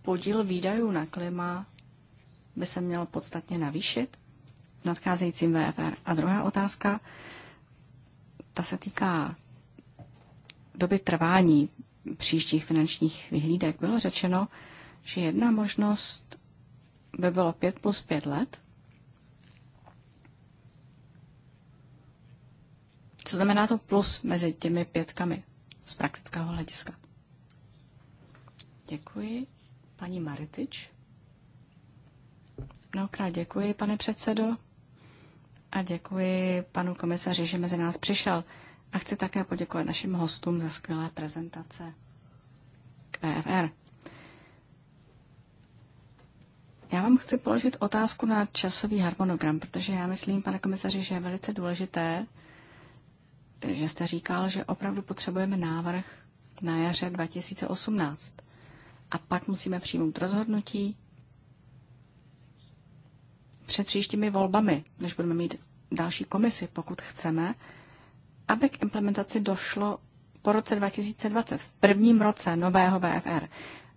Speaker 4: podíl výdajů na klima by se měl podstatně navýšit v nadcházejícím VFR? A druhá otázka, ta se týká doby trvání příštích finančních vyhlídek bylo řečeno, že jedna možnost by bylo 5 plus 5 let, Co znamená to plus mezi těmi pětkami z praktického hlediska? Děkuji. Paní Maritič. Mnohokrát děkuji, pane předsedo. A děkuji panu komisaři, že mezi nás přišel. A chci také poděkovat našim hostům za skvělé prezentace k EFR. Já vám chci položit otázku na časový harmonogram, protože já myslím, pane komisaři, že je velice důležité, že jste říkal, že opravdu potřebujeme návrh na jaře 2018. A pak musíme přijmout rozhodnutí před příštími volbami, než budeme mít další komisi, pokud chceme, aby k implementaci došlo po roce 2020, v prvním roce nového VFR.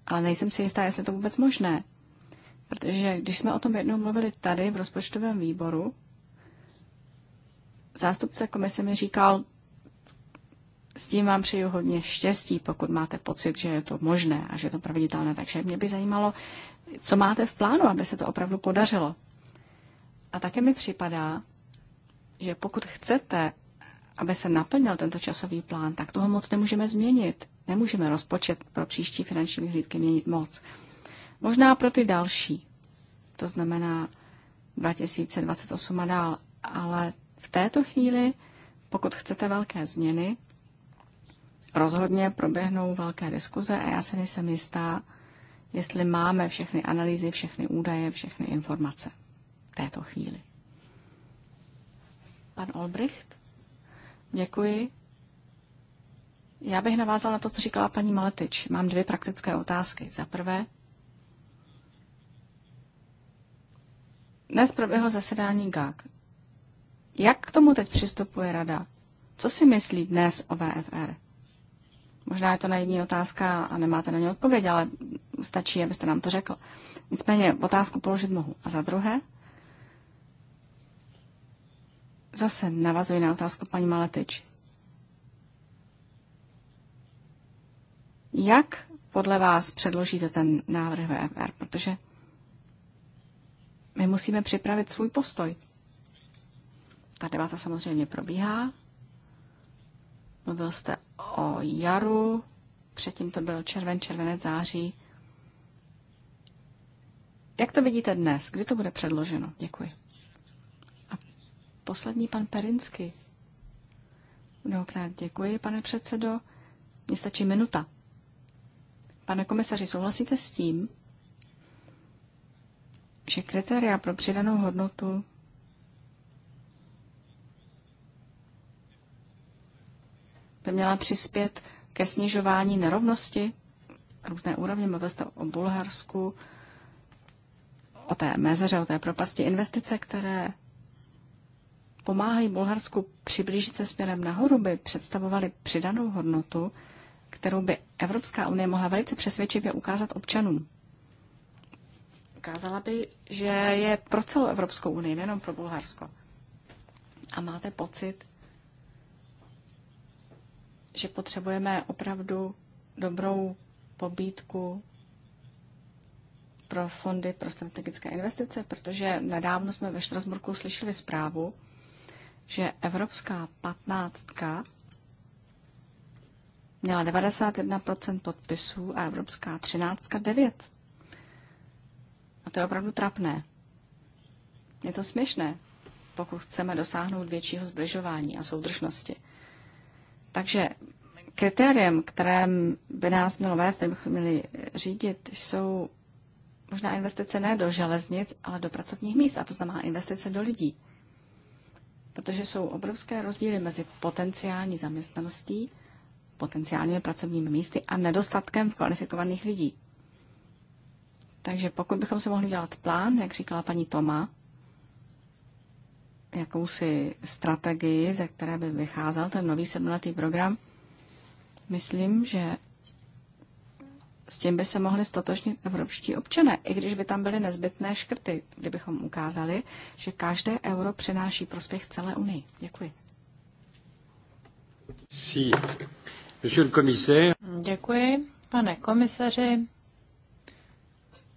Speaker 4: Ale nejsem si jistá, jestli to vůbec možné. Protože když jsme o tom jednou mluvili tady v rozpočtovém výboru, zástupce komise mi říkal, s tím vám přeju hodně štěstí, pokud máte pocit, že je to možné a že je to proveditelné. Takže mě by zajímalo, co máte v plánu, aby se to opravdu podařilo. A také mi připadá, že pokud chcete aby se naplnil tento časový plán, tak toho moc nemůžeme změnit. Nemůžeme rozpočet pro příští finanční vyhlídky měnit moc. Možná pro ty další, to znamená 2028 a dál, ale v této chvíli, pokud chcete velké změny, rozhodně proběhnou velké diskuze a já se nejsem jistá, jestli máme všechny analýzy, všechny údaje, všechny informace v této chvíli. Pan Olbricht? Děkuji. Já bych navázala na to, co říkala paní Maletič. Mám dvě praktické otázky. Za prvé, dnes proběhlo zasedání GAG. Jak k tomu teď přistupuje rada? Co si myslí dnes o VFR? Možná je to naivní otázka a nemáte na ně odpověď, ale stačí, abyste nám to řekl. Nicméně otázku položit mohu. A za druhé, Zase navazuji na otázku paní Maletič. Jak podle vás předložíte ten návrh VFR? Protože my musíme připravit svůj postoj. Ta debata samozřejmě probíhá. Mluvil jste o jaru, předtím to byl červen, červenec, září. Jak to vidíte dnes? Kdy to bude předloženo? Děkuji poslední pan Perinsky. Mnohokrát děkuji, pane předsedo. Mně stačí minuta. Pane komisaři, souhlasíte s tím, že kritéria pro přidanou hodnotu by měla přispět ke snižování nerovnosti různé úrovně. Mluvil jste o Bulharsku, o té mezeře, o té propasti investice, které pomáhají Bulharsku přiblížit se směrem nahoru, by představovaly přidanou hodnotu, kterou by Evropská unie mohla velice přesvědčivě ukázat občanům. Ukázala by, že je pro celou Evropskou unii, nejenom pro Bulharsko. A máte pocit, že potřebujeme opravdu dobrou pobídku pro fondy pro strategické investice, protože nedávno jsme ve Štrasburku slyšeli zprávu, že Evropská patnáctka měla 91% podpisů a Evropská třináctka 9. A to je opravdu trapné. Je to směšné, pokud chceme dosáhnout většího zbližování a soudržnosti. Takže kritériem, které by nás mělo vést, které bychom měli řídit, jsou možná investice ne do železnic, ale do pracovních míst, a to znamená investice do lidí protože jsou obrovské rozdíly mezi potenciální zaměstnaností, potenciálními pracovními místy a nedostatkem kvalifikovaných lidí. Takže pokud bychom se mohli dělat plán, jak říkala paní Toma, jakousi strategii, ze které by vycházel ten nový sedmletý program, myslím, že s tím by se mohli stotožnit evropští občané, i když by tam byly nezbytné škrty, kdybychom ukázali, že každé euro přináší prospěch celé Unii. Děkuji.
Speaker 2: Děkuji, pane komisaři.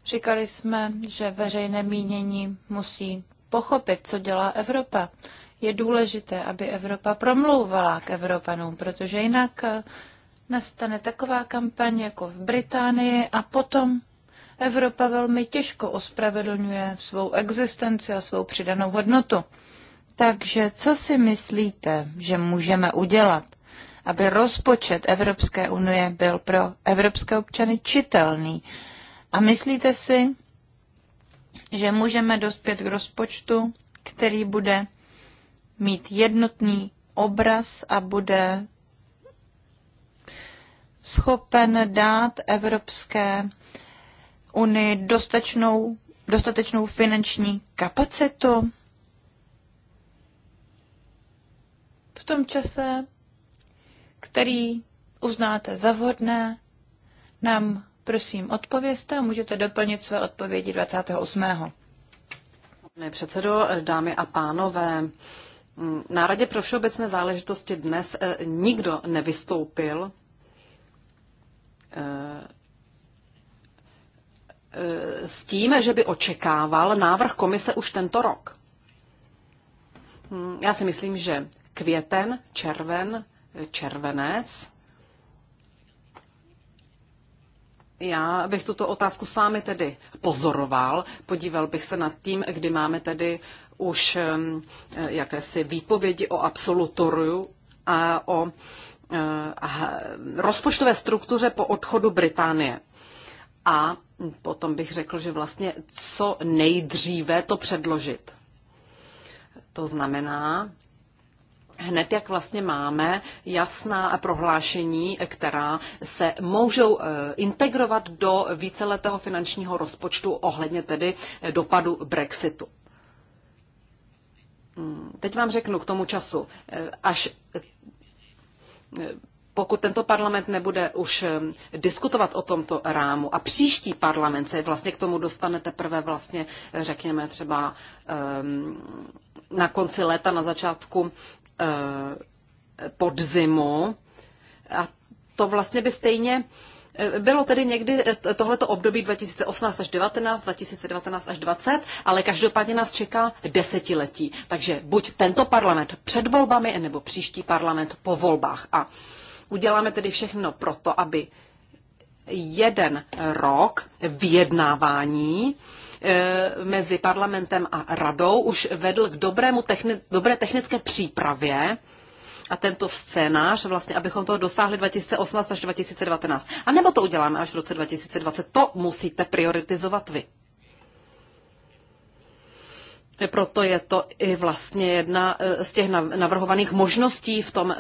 Speaker 2: Říkali jsme, že veřejné mínění musí pochopit, co dělá Evropa. Je důležité, aby Evropa promlouvala k Evropanům, protože jinak nastane taková kampaň jako v Británii a potom Evropa velmi těžko ospravedlňuje svou existenci a svou přidanou hodnotu. Takže co si myslíte, že můžeme udělat, aby rozpočet Evropské unie byl pro evropské občany čitelný? A myslíte si, že můžeme dospět k rozpočtu, který bude mít jednotný obraz a bude schopen dát Evropské unii dostatečnou, dostatečnou finanční kapacitu. V tom čase, který uznáte za vhodné, nám prosím odpověste a můžete doplnit své odpovědi 28.
Speaker 3: Pane předsedo, dámy a pánové, na Radě pro všeobecné záležitosti dnes e, nikdo nevystoupil s tím, že by očekával návrh komise už tento rok. Hmm, já si myslím, že květen, červen, červenec. Já bych tuto otázku s vámi tedy pozoroval, podíval bych se nad tím, kdy máme tedy už hmm, jakési výpovědi o absolutoriu a o Eh, rozpočtové struktuře po odchodu Británie. A potom bych řekl, že vlastně co nejdříve to předložit. To znamená, hned jak vlastně máme jasná prohlášení, která se můžou eh, integrovat do víceletého finančního rozpočtu ohledně tedy dopadu Brexitu. Hmm, teď vám řeknu k tomu času, eh, až pokud tento parlament nebude už eh, diskutovat o tomto rámu a příští parlament se vlastně k tomu dostane teprve vlastně, eh, řekněme třeba ehm, na konci léta, na začátku eh, podzimu, a to vlastně by stejně bylo tedy někdy eh, tohleto období 2018 až 19, 2019 až 20, ale každopádně nás čeká desetiletí. Takže buď tento parlament před volbami, nebo příští parlament po volbách. A uděláme tedy všechno proto, aby jeden rok vyjednávání eh, mezi parlamentem a radou už vedl k dobrému techni- dobré technické přípravě a tento scénář, vlastně, abychom toho dosáhli 2018 až 2019. A nebo to uděláme až v roce 2020. To musíte prioritizovat vy. Proto je to i vlastně jedna e, z těch navrhovaných možností v tom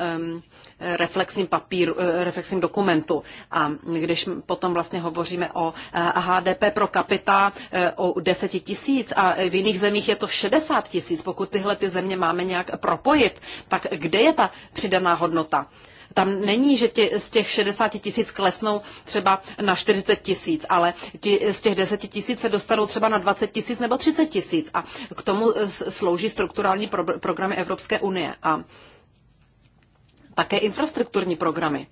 Speaker 3: reflexním papíru, e, reflexním dokumentu. A když potom vlastně hovoříme o e, HDP pro kapita o 10 tisíc a v jiných zemích je to 60 tisíc, pokud tyhle ty země máme nějak propojit, tak kde je ta přidaná hodnota? Tam není, že tě, z těch 60 tisíc klesnou třeba na 40 tisíc, ale ti, z těch 10 tisíc se dostanou třeba na 20 tisíc nebo 30 tisíc. A k tomu e, slouží strukturální pro, programy Evropské unie a také infrastrukturní programy.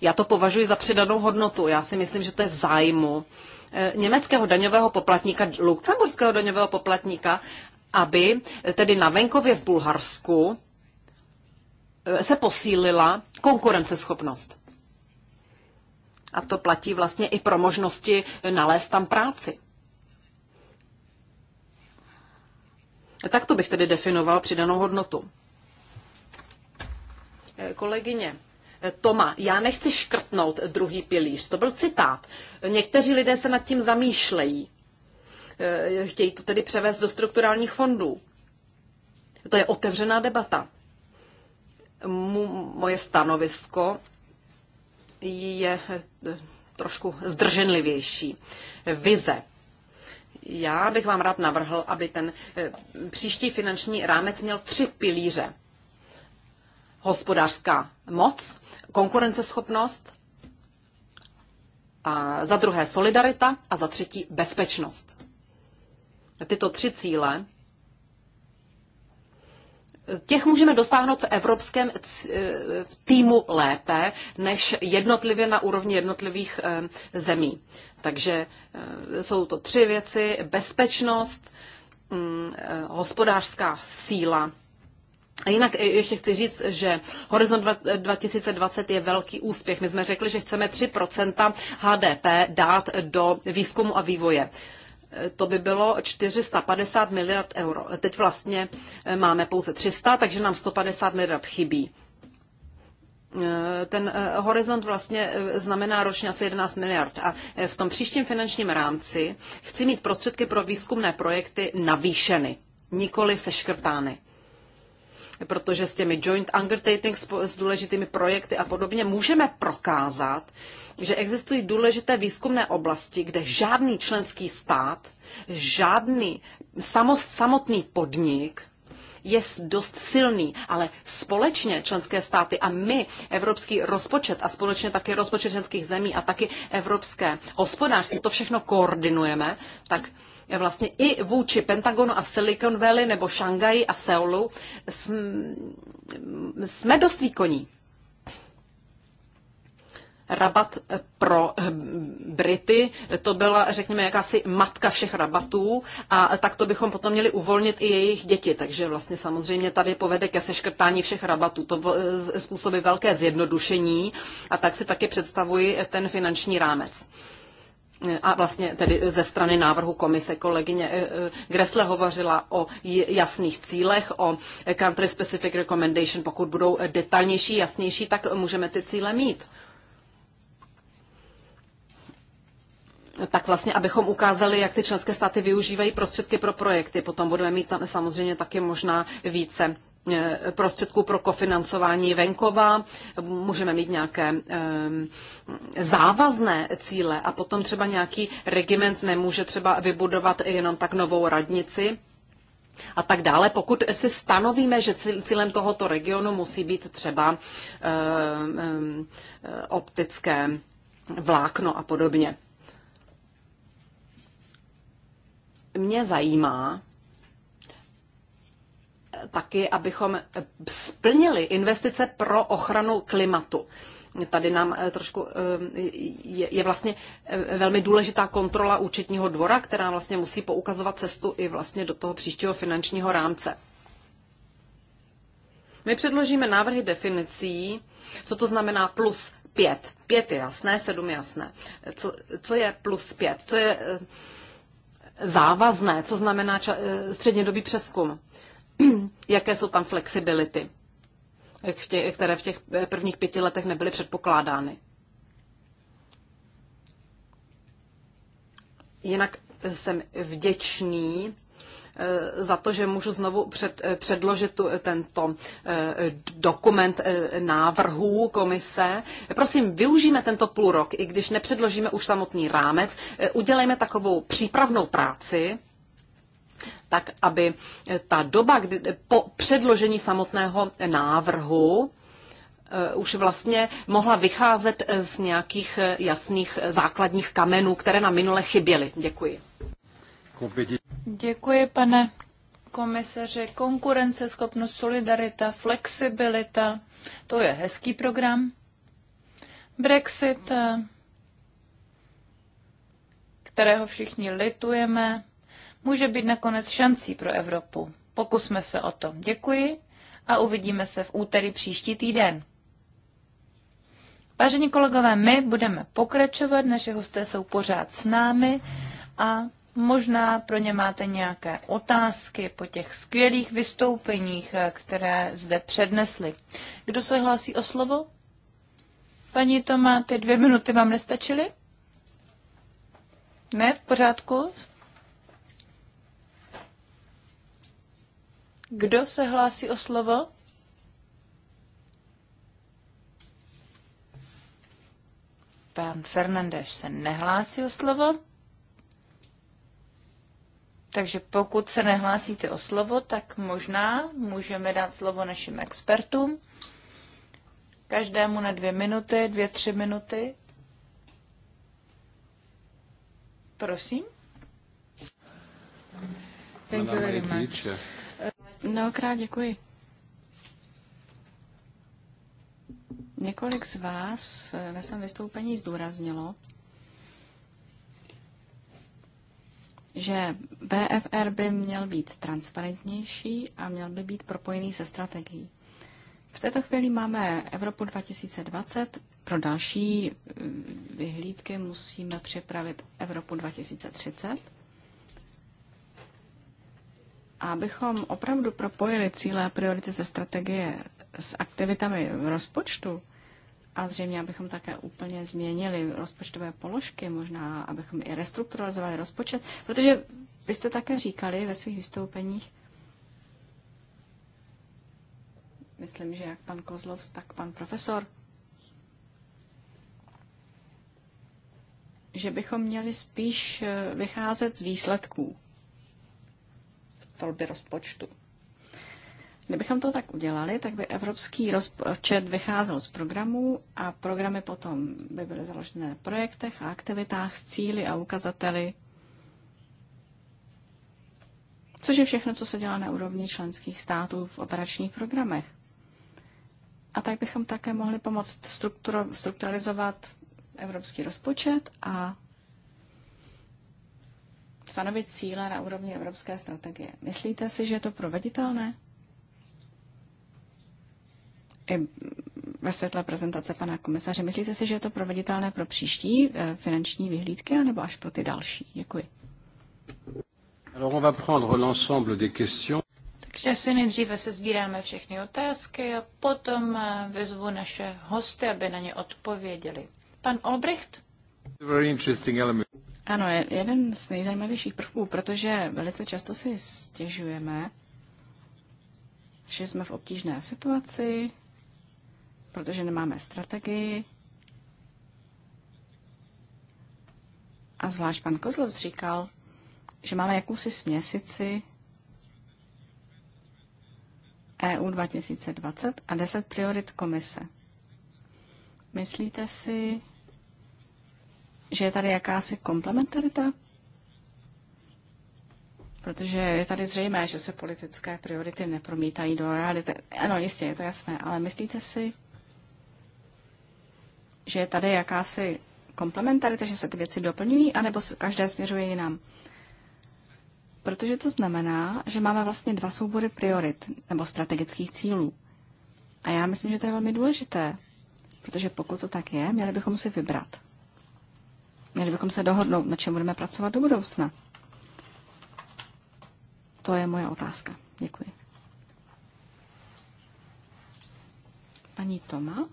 Speaker 3: Já to považuji za přidanou hodnotu. Já si myslím, že to je v zájmu e, německého daňového poplatníka, luxemburského daňového poplatníka, aby tedy na venkově v Bulharsku Eh, se posílila konkurenceschopnost. A to platí vlastně i pro možnosti nalézt tam práci. Tak to bych tedy definoval přidanou hodnotu. Eh, kolegyně, eh, Toma, já nechci škrtnout druhý pilíř. To byl citát. Někteří lidé se nad tím zamýšlejí. Chtějí to tedy převést do strukturálních fondů. To je otevřená debata moje stanovisko je eh, trošku zdrženlivější. Vize. Já bych vám rád navrhl, aby ten eh, příští finanční rámec měl tři pilíře. Hospodářská moc, konkurenceschopnost, a za druhé solidarita a za třetí bezpečnost. Tyto tři cíle těch můžeme dosáhnout v evropském e, týmu lépe, než jednotlivě na úrovni jednotlivých e, zemí. Takže e, jsou to tři věci. Bezpečnost, mm, hospodářská síla a jinak ještě chci říct, že Horizont 2020 je velký úspěch. My jsme řekli, že chceme 3 HDP dát do výzkumu a vývoje to by bylo 450 miliard euro. Teď vlastně eh, máme pouze 300, takže nám 150 miliard chybí. Eh, ten eh, horizont vlastně znamená ročně asi 11 miliard a v tom příštím finančním rámci chci mít prostředky pro výzkumné projekty navýšeny, nikoli seškrtány protože s těmi joint undertaking, s důležitými projekty a podobně můžeme prokázat, že existují důležité výzkumné oblasti, kde žádný členský stát, žádný samotný podnik je dost silný, ale společně členské státy a my, evropský rozpočet a společně také rozpočet členských zemí a taky evropské hospodářství, to všechno koordinujeme, tak Eh, vlastně i vůči Pentagonu a Silicon Valley nebo Šangaji a Seulu jsme dost výkonní. Rabat eh, pro eh, Brity, to byla, řekněme, jakási matka všech rabatů a tak to bychom potom měli uvolnit i jejich děti. Takže vlastně samozřejmě tady povede ke seškrtání všech rabatů. To způsobí velké zjednodušení a tak si taky představuji ten finanční rámec a vlastně tedy ze strany návrhu komise kolegyně eh, eh, Gressle hovořila o jasných cílech, o country specific recommendation. Pokud budou detailnější, jasnější, tak můžeme ty cíle mít. tak vlastně, abychom ukázali, jak ty členské státy využívají prostředky pro projekty. Potom budeme mít tam samozřejmě taky možná více Eh, prostředků pro kofinancování venkova, můžeme mít nějaké závazné cíle a potom třeba nějaký regiment nemůže třeba vybudovat jenom tak novou radnici, a tak dále. Pokud si stanovíme, že cílem tohoto regionu musí být třeba optické vlákno a podobně. Mě zajímá, taky, abychom splnili investice pro ochranu klimatu. Tady nám eh, trošku eh, je, je vlastně eh, velmi důležitá kontrola účetního dvora, která vlastně musí poukazovat cestu i vlastně do toho příštího finančního rámce. My předložíme návrhy definicí, co to znamená plus pět. Pět je jasné, sedm je jasné. Co, co je plus pět? Co je závazné? Co znamená ča- střednědobý přeskum? jaké jsou tam flexibility, které v těch prvních pěti letech nebyly předpokládány. Jinak jsem vděčný eh, za to, že můžu znovu před, eh, předložit tu, eh, tento dokument návrhů komise. Prosím, využijeme tento rok, i když nepředložíme už samotný rámec, udělejme takovou přípravnou práci, tak aby ta doba kdy, po předložení samotného návrhu eh, už vlastně mohla vycházet eh, z nějakých eh, jasných základních kamenů, které na minule chyběly. Děkuji.
Speaker 2: Děkuji, pane komisaři. Konkurenceschopnost, solidarita, flexibilita, to je hezký program. Brexit, kterého všichni litujeme, může být nakonec šancí pro Evropu. Pokusme se o to. Děkuji a uvidíme se v úterý příští týden. Vážení kolegové, my budeme pokračovat, naše hosté jsou pořád s námi a možná pro ně máte nějaké otázky po těch skvělých vystoupeních, které zde přednesli. Kdo se hlásí o slovo? Paní to máte dvě minuty vám nestačily? Ne, v pořádku? Kdo se hlásí o slovo? Pan Fernandeš se nehlásí o slovo. Takže pokud se nehlásíte o slovo, tak možná můžeme dát slovo našim expertům. Každému na dvě minuty, dvě, tři minuty. Prosím.
Speaker 4: Thank you very much. Mnohokrát děkuji. Několik z vás eh, ve svém vystoupení zdůraznilo, že BFR by měl být transparentnější a měl by být propojený se strategií. V této chvíli máme Evropu 2020. Pro další eh, vyhlídky musíme připravit Evropu 2030 abychom opravdu propojili cíle a priority ze strategie s aktivitami v rozpočtu, a zřejmě, abychom také úplně změnili rozpočtové položky, možná abychom i restrukturalizovali rozpočet, protože vy jste také říkali ve svých vystoupeních, myslím, že jak pan Kozlov, tak pan profesor, že bychom měli spíš eh, vycházet z výsledků stolby rozpočtu. Kdybychom to tak udělali, tak by evropský rozpočet vycházel z programů a programy potom by byly založené na projektech a aktivitách s cíly a ukazateli, což je všechno, co se dělá na úrovni členských států v operačních programech. A tak bychom také mohli pomoct strukturalizovat evropský rozpočet a stanovit cíle na úrovni evropské strategie. Myslíte si, že je to proveditelné? I ve světle prezentace pana komisaře. Myslíte si, že je to proveditelné pro příští eh, finanční vyhlídky, anebo až pro ty další? Děkuji.
Speaker 1: Alors on va prendre l'ensemble des questions.
Speaker 2: Takže si nejdříve se sbíráme všechny otázky a potom eh, vyzvu naše hosty, aby na ně odpověděli. Pan Olbricht? Ano, je
Speaker 4: jeden z nejzajímavějších prvků,
Speaker 2: protože velice
Speaker 4: často si stěžujeme, že jsme v obtížné situaci, protože nemáme strategii. A zvlášť pan Kozlov říkal, že máme jakousi směsici EU 2020 a 10 priorit komise. Myslíte si, že je tady jakási komplementarita? Protože je tady zřejmé, že se politické priority nepromítají do reality. Ano, jistě, je to jasné, ale myslíte si, že je tady jakási komplementarita, že se ty věci doplňují, anebo každé směřuje jinam? Protože to znamená, že máme vlastně dva soubory priorit nebo strategických cílů. A já myslím, že to je velmi důležité, protože pokud to tak je, měli bychom si vybrat. Měli bychom se dohodnout, na čem budeme pracovat do budoucna. To je moje otázka. Děkuji.
Speaker 2: Paní Toma?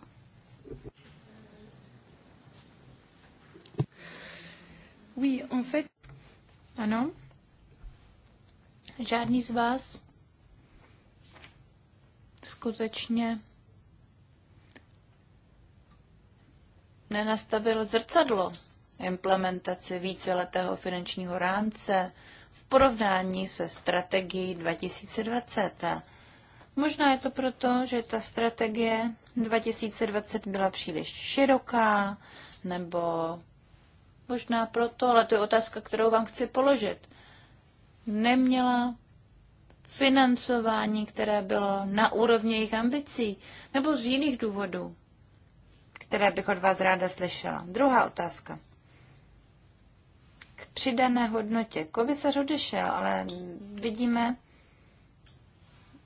Speaker 2: Oui, en fait... Ano. Žádný z vás skutečně nenastavil zrcadlo implementaci víceletého finančního rámce v porovnání se strategií 2020. Možná je to proto, že ta strategie 2020 byla příliš široká, nebo možná proto, ale to je otázka, kterou vám chci položit. Neměla financování, které bylo na úrovni jejich ambicí, nebo z jiných důvodů, které bych od vás ráda slyšela. Druhá otázka k přidané hodnotě. se odešel, ale vidíme,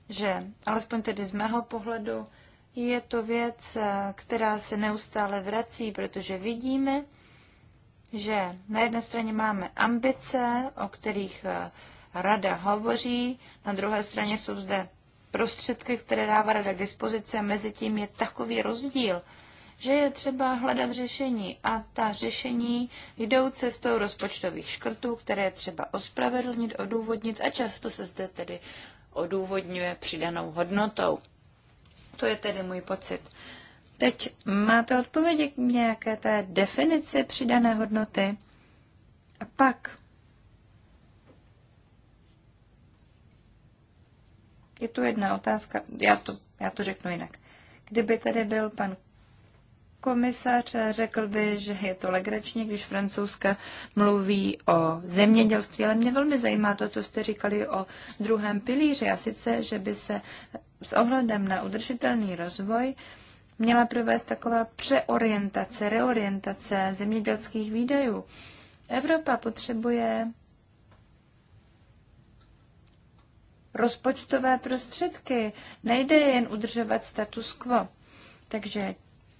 Speaker 2: že alespoň tedy z mého pohledu je to věc, která se neustále vrací, protože vidíme, že na jedné straně máme ambice, o kterých eh, rada hovoří, na druhé straně jsou zde prostředky, které dává rada k dispozici a mezi tím je takový rozdíl, že je třeba hledat řešení a ta řešení jdou cestou rozpočtových škrtů, které je třeba ospravedlnit, odůvodnit a často se zde tedy odůvodňuje přidanou hodnotou. To je tedy můj pocit. Teď máte odpovědi k nějaké té definici přidané hodnoty? A pak je tu jedna otázka, já to, já to řeknu jinak. Kdyby tady byl pan komisař, řekl by, že je to legrační, když francouzska mluví o zemědělství, ale mě velmi zajímá to, co jste říkali o druhém pilíři a sice, že by se s ohledem na udržitelný rozvoj měla provést taková přeorientace, reorientace zemědělských výdajů. Evropa potřebuje rozpočtové prostředky. Nejde jen udržovat status quo. Takže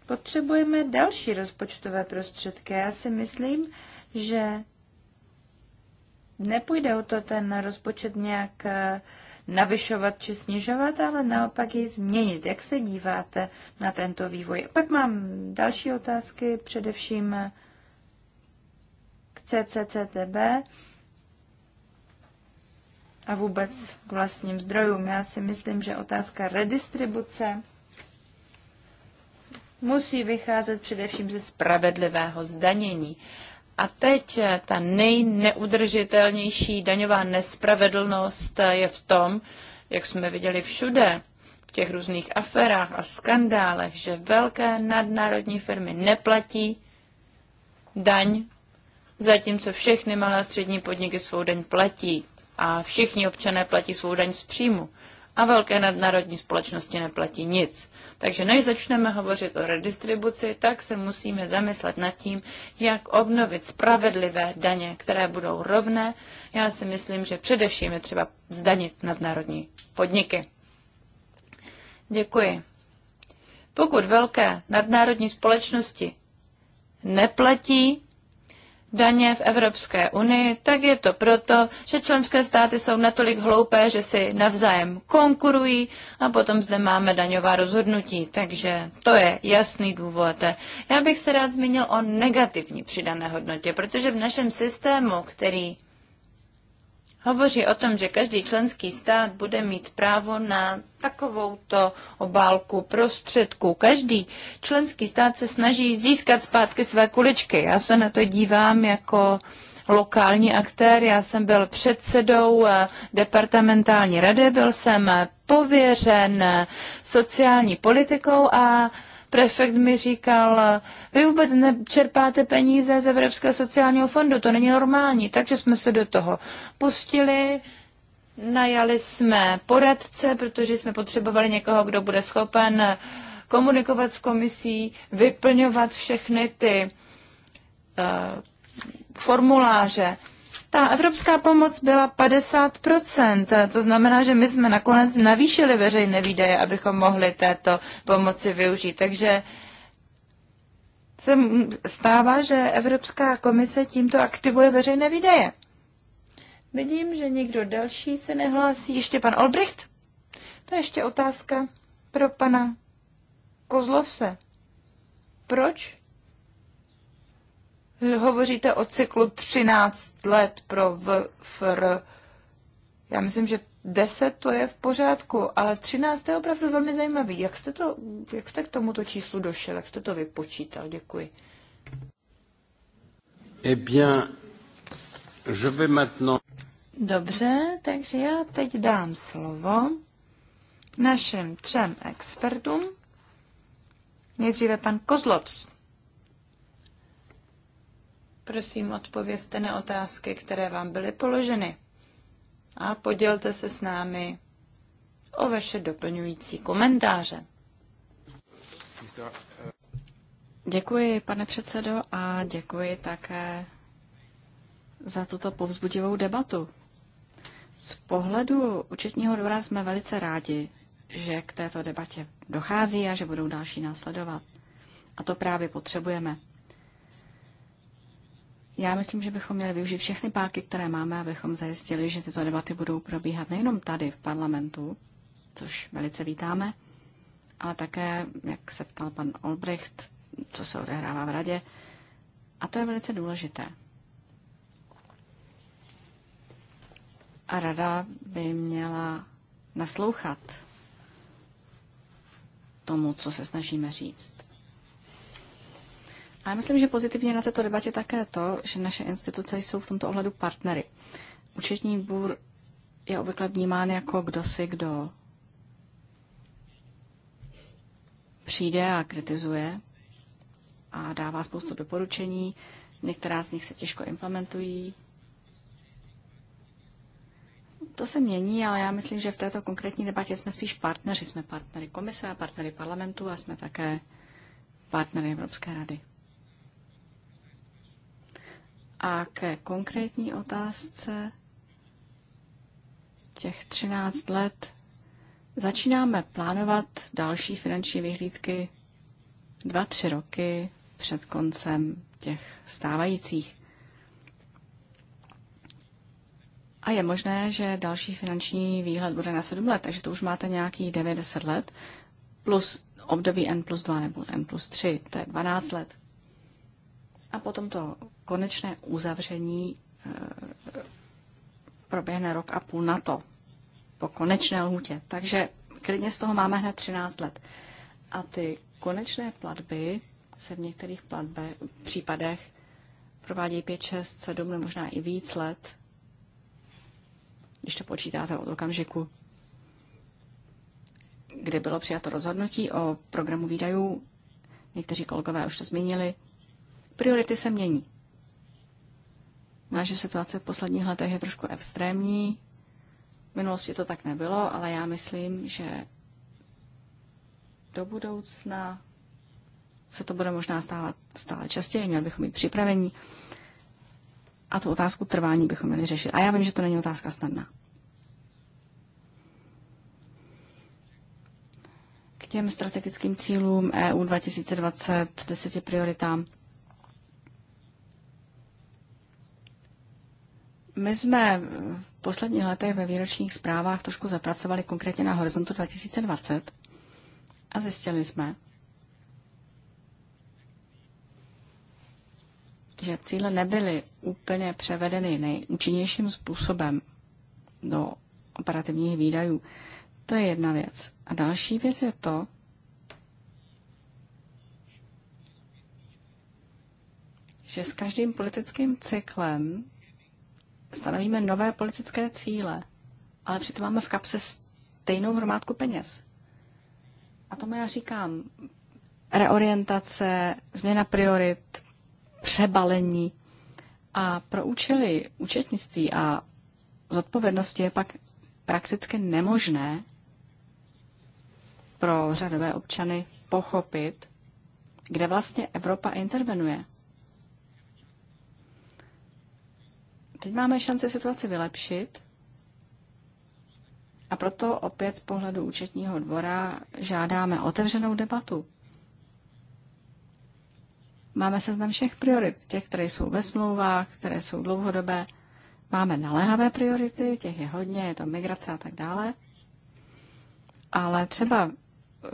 Speaker 2: potřebujeme další rozpočtové prostředky. Já si myslím, že nepůjde o to ten rozpočet nějak eh, navyšovat či snižovat, ale naopak ji změnit. Jak se díváte na tento vývoj? Pak mám další otázky, především eh, k CCCTB a vůbec k vlastním zdrojům. Já si myslím, že otázka redistribuce musí vycházet především ze spravedlivého zdanění. A teď eh, ta nejneudržitelnější daňová nespravedlnost eh, je v tom, jak jsme viděli všude, v těch různých aferách a skandálech, že velké nadnárodní firmy neplatí daň, zatímco všechny malé a střední podniky svou daň platí a všichni občané platí svou daň z příjmu a velké nadnárodní společnosti neplatí nic. Takže než začneme hovořit o redistribuci, tak se musíme zamyslet nad tím, jak obnovit spravedlivé daně, které budou rovné. Já si myslím, že především je třeba zdanit nadnárodní podniky. Děkuji. Pokud velké nadnárodní společnosti neplatí daně v Evropské unii, tak je to proto, že členské státy jsou natolik hloupé, že si navzájem konkurují a potom zde máme daňová rozhodnutí. Takže to je jasný důvod. Já bych se rád zmínil o negativní přidané hodnotě, protože v našem systému, který hovoří o tom, že každý členský stát bude mít právo na takovouto obálku prostředků. Každý členský stát se snaží získat zpátky své kuličky. Já se na to dívám jako lokální aktér. Já jsem byl předsedou eh, departamentální rady, byl jsem eh, pověřen eh, sociální politikou a prefekt mi říkal, vy vůbec nečerpáte peníze z Evropského sociálního fondu, to není normální, takže jsme se do toho pustili. Najali jsme poradce, protože jsme potřebovali někoho, kdo bude schopen komunikovat s komisí, vyplňovat všechny ty uh, formuláře. Ta evropská pomoc byla 50%, to znamená, že my jsme nakonec navýšili veřejné výdaje, abychom mohli této pomoci využít. Takže se stává, že Evropská komise tímto aktivuje veřejné výdaje. Vidím, že někdo další se nehlásí. Ještě pan Olbricht? To je ještě otázka pro pana Kozlovse. Proč hovoříte o cyklu 13 let pro VFR. Já myslím, že 10 to je v pořádku, ale 13 je opravdu velmi zajímavý. Jak jste, to, jak jste k tomuto číslu došel? Jak jste to vypočítal? Děkuji.
Speaker 1: Eh bien, je vais maintenant...
Speaker 2: Dobře, takže já teď dám slovo našim třem expertům. Nejdříve pan Kozlovský. Prosím, odpovězte na otázky, které vám byly položeny a podělte se s námi o vaše doplňující komentáře.
Speaker 4: Děkuji, pane předsedo, a děkuji také za tuto povzbudivou debatu. Z pohledu účetního dvora jsme velice rádi, že k této debatě dochází a že budou další následovat. A to právě potřebujeme. Já myslím, že bychom měli využít všechny páky, které máme, abychom zajistili, že tyto debaty budou probíhat nejenom tady v parlamentu, což velice vítáme, ale také, jak se ptal pan Olbricht, co se odehrává v radě. A to je velice důležité. A rada by měla naslouchat tomu, co se snažíme říct. A já myslím, že pozitivně na této debatě také to, že naše instituce jsou v tomto ohledu partnery. Účetní bůr je obvykle vnímán jako kdosi, kdo přijde a kritizuje a dává spoustu doporučení. Některá z nich se těžko implementují. To se mění, ale já myslím, že v této konkrétní debatě jsme spíš partneři. Jsme partnery komise a partnery parlamentu a jsme také partnery Evropské rady. A ke konkrétní otázce těch 13 let začínáme plánovat další finanční vyhlídky dva, tři roky před koncem těch stávajících. A je možné, že další finanční výhled bude na 7 let, takže to už máte nějakých 90 let, plus období N plus 2 nebo N plus 3, to je 12 let. A potom to konečné uzavření eh, proběhne rok a půl na to, po konečné lhůtě. Takže klidně z toho máme hned 13 let. A ty konečné platby se v některých platbe, případech provádějí 5, 6, 7 nebo možná i víc let, když to počítáte od okamžiku, kdy bylo přijato rozhodnutí o programu výdajů, někteří kolegové už to zmínili, priority se mění naše situace v posledních letech je trošku extrémní. V minulosti to tak nebylo, ale já myslím, že do budoucna se to bude možná stávat stále častěji, měli bychom být připravení. A tu otázku trvání bychom měli řešit. A já vím, že to není otázka snadná. K těm strategickým cílům EU 2020, deseti prioritám – My jsme v posledních letech ve výročních zprávách trošku zapracovali konkrétně na horizontu 2020 a zjistili jsme, že cíle nebyly úplně převedeny nejúčinnějším způsobem do operativních výdajů. To je jedna věc. A další věc je to, že s každým politickým cyklem stanovíme nové politické cíle, ale přitom máme v kapse stejnou hromádku peněz. A tomu já říkám reorientace, změna priorit, přebalení. A pro účely účetnictví a zodpovědnosti je pak prakticky nemožné pro řadové občany pochopit, kde vlastně Evropa intervenuje. Teď máme šanci situaci vylepšit a proto opět z pohledu účetního dvora žádáme otevřenou debatu. Máme seznam všech priorit, těch, které jsou ve smlouvách, které jsou dlouhodobé. Máme naléhavé priority, těch je hodně, je to migrace a tak dále. Ale třeba eh,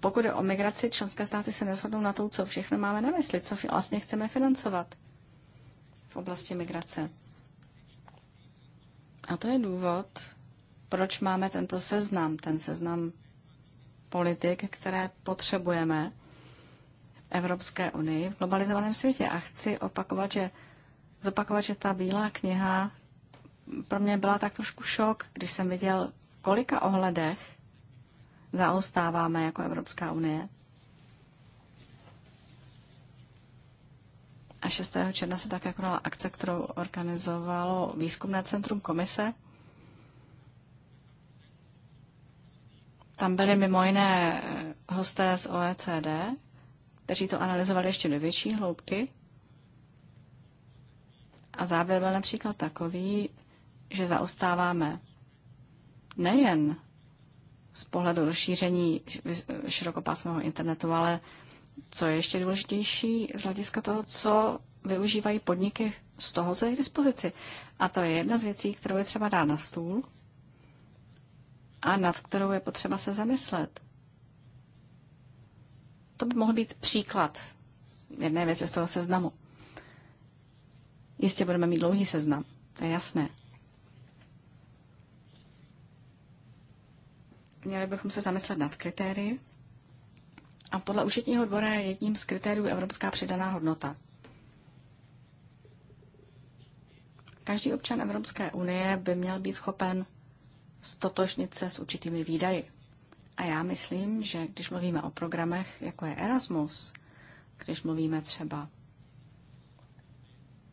Speaker 4: pokud je o migraci, členské státy se neshodnou na to, co všechno máme na mysli, co vlastně chceme financovat v oblasti migrace. A to je důvod, proč máme tento seznam, ten seznam politik, které potřebujeme v Evropské unii, v globalizovaném světě. A chci opakovat, že, zopakovat, že ta bílá kniha pro mě byla tak trošku šok, když jsem viděl, kolika ohledech zaostáváme jako Evropská unie. A 6. června se také konala akce, kterou organizovalo výzkumné centrum komise. Tam byli mimo jiné eh, hosté z OECD, kteří to analyzovali ještě do větší hloubky. A závěr byl například takový, že zaostáváme nejen z pohledu rozšíření širokopásmového internetu, ale co je ještě důležitější z hlediska toho, co využívají podniky z toho, co je k dispozici. A to je jedna z věcí, kterou je třeba dát na stůl a nad kterou je potřeba se zamyslet. To by mohl být příklad jedné věci z toho seznamu. Jistě budeme mít dlouhý seznam, to je jasné. Měli bychom se zamyslet nad kritérii, a podle účetního dvora je jedním z kritérií evropská přidaná hodnota. Každý občan Evropské unie by měl být schopen stotožnit se s určitými výdaji. A já myslím, že když mluvíme o programech, jako je Erasmus, když mluvíme třeba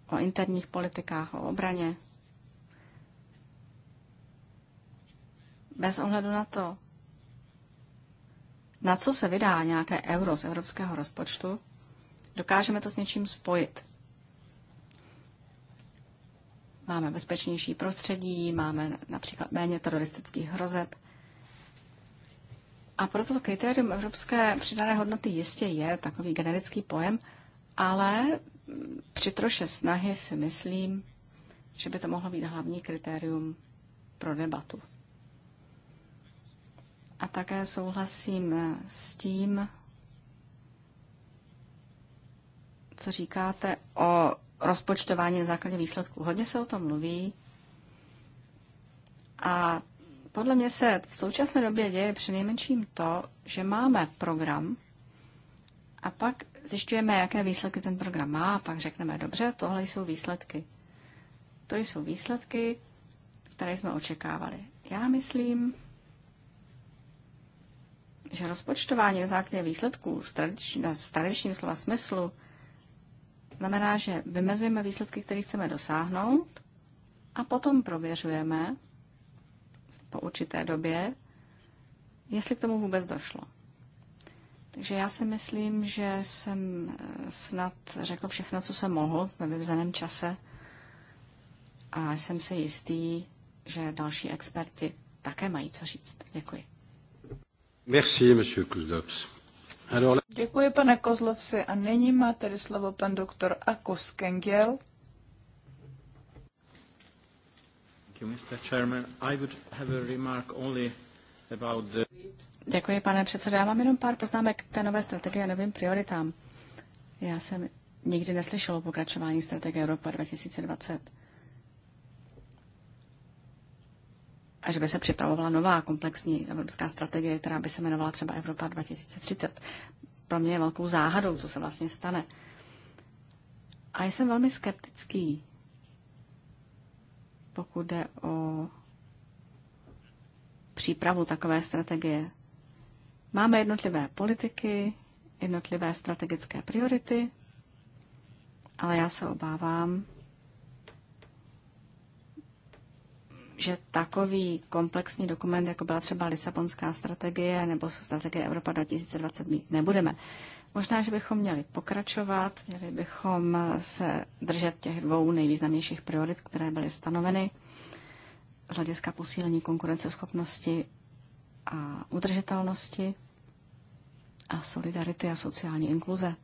Speaker 4: o interních politikách, o obraně, bez ohledu na to, na co se vydá nějaké euro z evropského rozpočtu, dokážeme to s něčím spojit. Máme bezpečnější prostředí, máme například méně teroristických hrozeb. A proto to kritérium evropské přidané hodnoty jistě je takový generický pojem, ale při troše snahy si myslím, že by to mohlo být hlavní kritérium pro debatu. A také souhlasím eh, s tím, co říkáte o rozpočtování na základě výsledků. Hodně se o tom mluví a podle mě se v současné době děje přinejmenším to, že máme program a pak zjišťujeme, jaké výsledky ten program má a pak řekneme, dobře, tohle jsou výsledky. To jsou výsledky, které jsme očekávali. Já myslím, že rozpočtování na základě výsledků v, tradiční, v tradičním slova smyslu znamená, že vymezujeme výsledky, které chceme dosáhnout a potom prověřujeme po určité době, jestli k tomu vůbec došlo. Takže já si myslím, že jsem eh, snad řekl všechno, co jsem mohl ve vyvzeném čase a jsem si jistý, že další
Speaker 2: experti také mají co říct. Děkuji. Děkuji, pane Kozlovsi. A nyní má tedy slovo pan doktor Akus Kengel.
Speaker 4: Děkuji, pane předsedo. Já mám jenom pár poznámek k té nové strategii a novým prioritám. Já jsem nikdy neslyšel o pokračování strategie Evropa 2020. a že by se připravovala nová komplexní evropská strategie, která by se jmenovala třeba Evropa 2030. Pro mě je velkou záhadou, co se vlastně stane. A jsem velmi skeptický, pokud jde o přípravu takové strategie. Máme jednotlivé politiky, jednotlivé strategické priority, ale já se obávám, že takový komplexní dokument, jako byla třeba Lisabonská strategie nebo strategie Evropa 2020, mít nebudeme. Možná, že bychom měli pokračovat, měli bychom se držet těch dvou nejvýznamnějších priorit, které byly stanoveny z hlediska posílení konkurenceschopnosti a udržitelnosti a solidarity a sociální inkluze.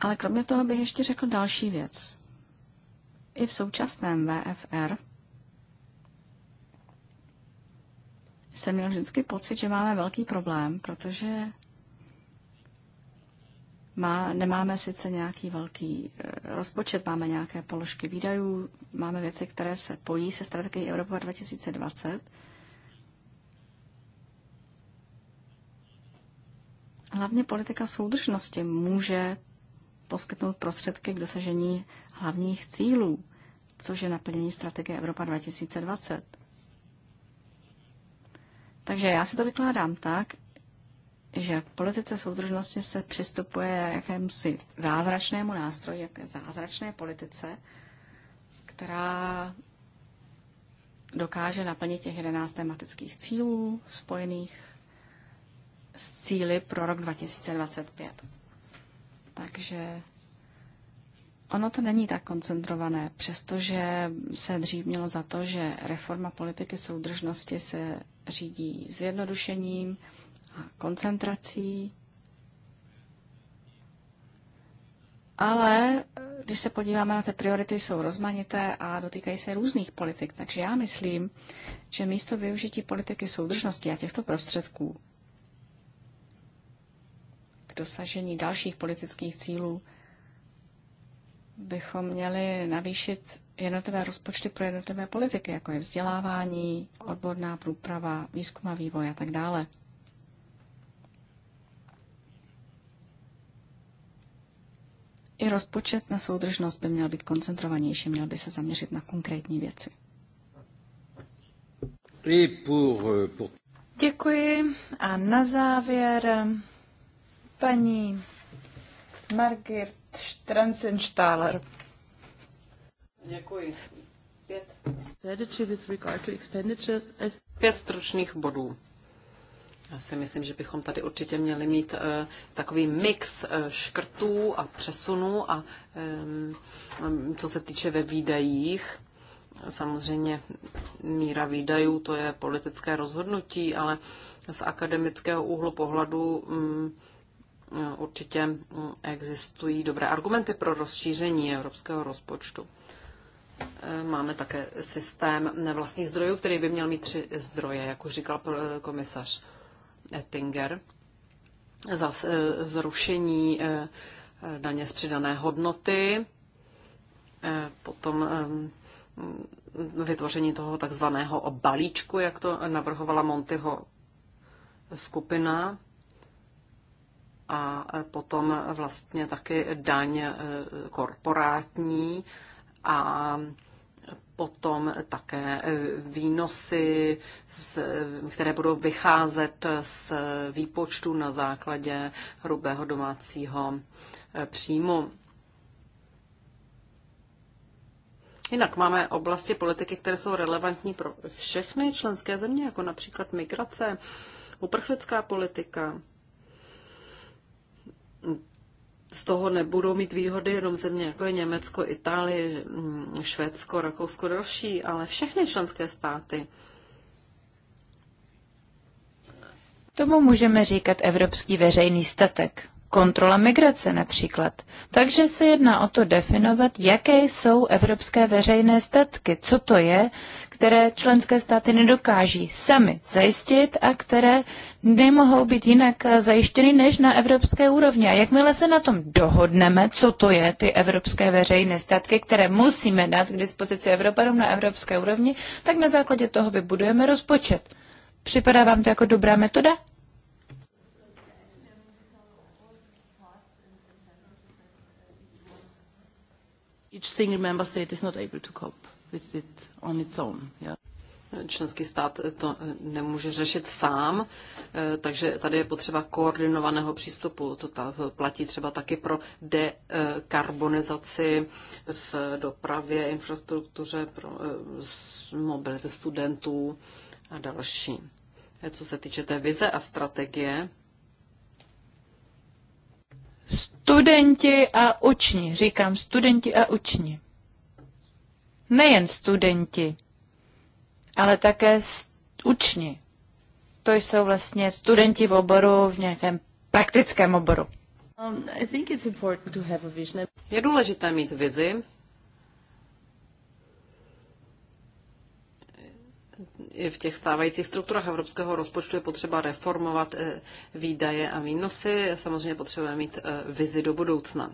Speaker 4: Ale kromě toho bych ještě řekl další věc. I v současném VFR jsem měl vždycky pocit, že máme velký problém, protože má, nemáme sice nějaký velký eh, rozpočet, máme nějaké položky výdajů, máme věci, které se pojí se strategií Evropa 2020. Hlavně politika soudržnosti může poskytnout prostředky k dosažení hlavních cílů, což je naplnění strategie Evropa 2020. Takže já si to vykládám tak, že k politice soudržnosti se přistupuje jakémusi zázračnému nástroji, jaké zázračné politice, která dokáže naplnit těch 11 tematických cílů spojených s cíly pro rok 2025. Takže Ono to není tak koncentrované, přestože se dřív mělo za to, že reforma politiky soudržnosti se řídí zjednodušením a koncentrací. Ale když se podíváme na ty priority, jsou rozmanité a dotýkají se různých politik. Takže já myslím, že místo využití politiky soudržnosti a těchto prostředků k dosažení dalších politických cílů bychom měli navýšit jednotlivé rozpočty pro jednotlivé politiky, jako je vzdělávání, odborná průprava, výzkum a vývoj a tak dále. I rozpočet na soudržnost by měl být koncentrovanější, měl by se
Speaker 2: zaměřit na konkrétní věci.
Speaker 1: Euh,
Speaker 2: Děkuji a na závěr paní Margit Trenzenstahler.
Speaker 3: Děkuji. Pět.
Speaker 2: stručných
Speaker 3: bodů. Já si myslím, že bychom tady určitě měli mít uh, takový mix uh, škrtů a přesunů a um, co se týče ve výdajích, samozřejmě míra výdajů, to je politické rozhodnutí, ale z akademického úhlu pohledu um, určitě existují dobré argumenty pro rozšíření evropského rozpočtu. Máme také systém nevlastních zdrojů, který by měl mít tři zdroje, jako říkal komisař Ettinger. Za eh, zrušení eh, daně z přidané hodnoty, eh, potom vytvoření toho takzvaného balíčku, jak to navrhovala Montyho skupina, a potom vlastně taky daň e, korporátní a potom také výnosy, které budou vycházet z výpočtu na základě hrubého domácího e, příjmu. Jinak máme oblasti politiky, které jsou relevantní pro všechny členské země, jako například migrace, uprchlická politika, z toho nebudou mít výhody jenom země, jako je Německo, Itálie, mm, Švédsko, Rakousko, další, ale všechny členské státy.
Speaker 2: Tomu můžeme říkat evropský veřejný statek kontrola migrace například. Takže se jedná o to definovat, jaké jsou evropské veřejné statky, co to je, které členské státy nedokáží sami zajistit a které nemohou být jinak eh, zajištěny než na evropské úrovni. A jakmile se na tom dohodneme, co to je ty evropské veřejné statky, které musíme dát k dispozici Evropanům na evropské úrovni, tak na základě toho vybudujeme rozpočet. Připadá vám to jako dobrá metoda?
Speaker 3: Členský stát to eh, nemůže řešit sám, eh, takže tady je potřeba koordinovaného přístupu. To eh, platí třeba taky pro dekarbonizaci v dopravě, infrastruktuře, pro mobilitu studentů a další. Co se týče té vize a strategie,
Speaker 2: studenti a učni. Říkám studenti a učni. Nejen studenti, ale také učni. To jsou vlastně studenti v oboru, v nějakém praktickém oboru. Um,
Speaker 3: Je důležité mít vizi, v těch stávajících strukturách evropského rozpočtu je potřeba reformovat eh, výdaje a výnosy. Samozřejmě potřebujeme mít eh, vizi do budoucna.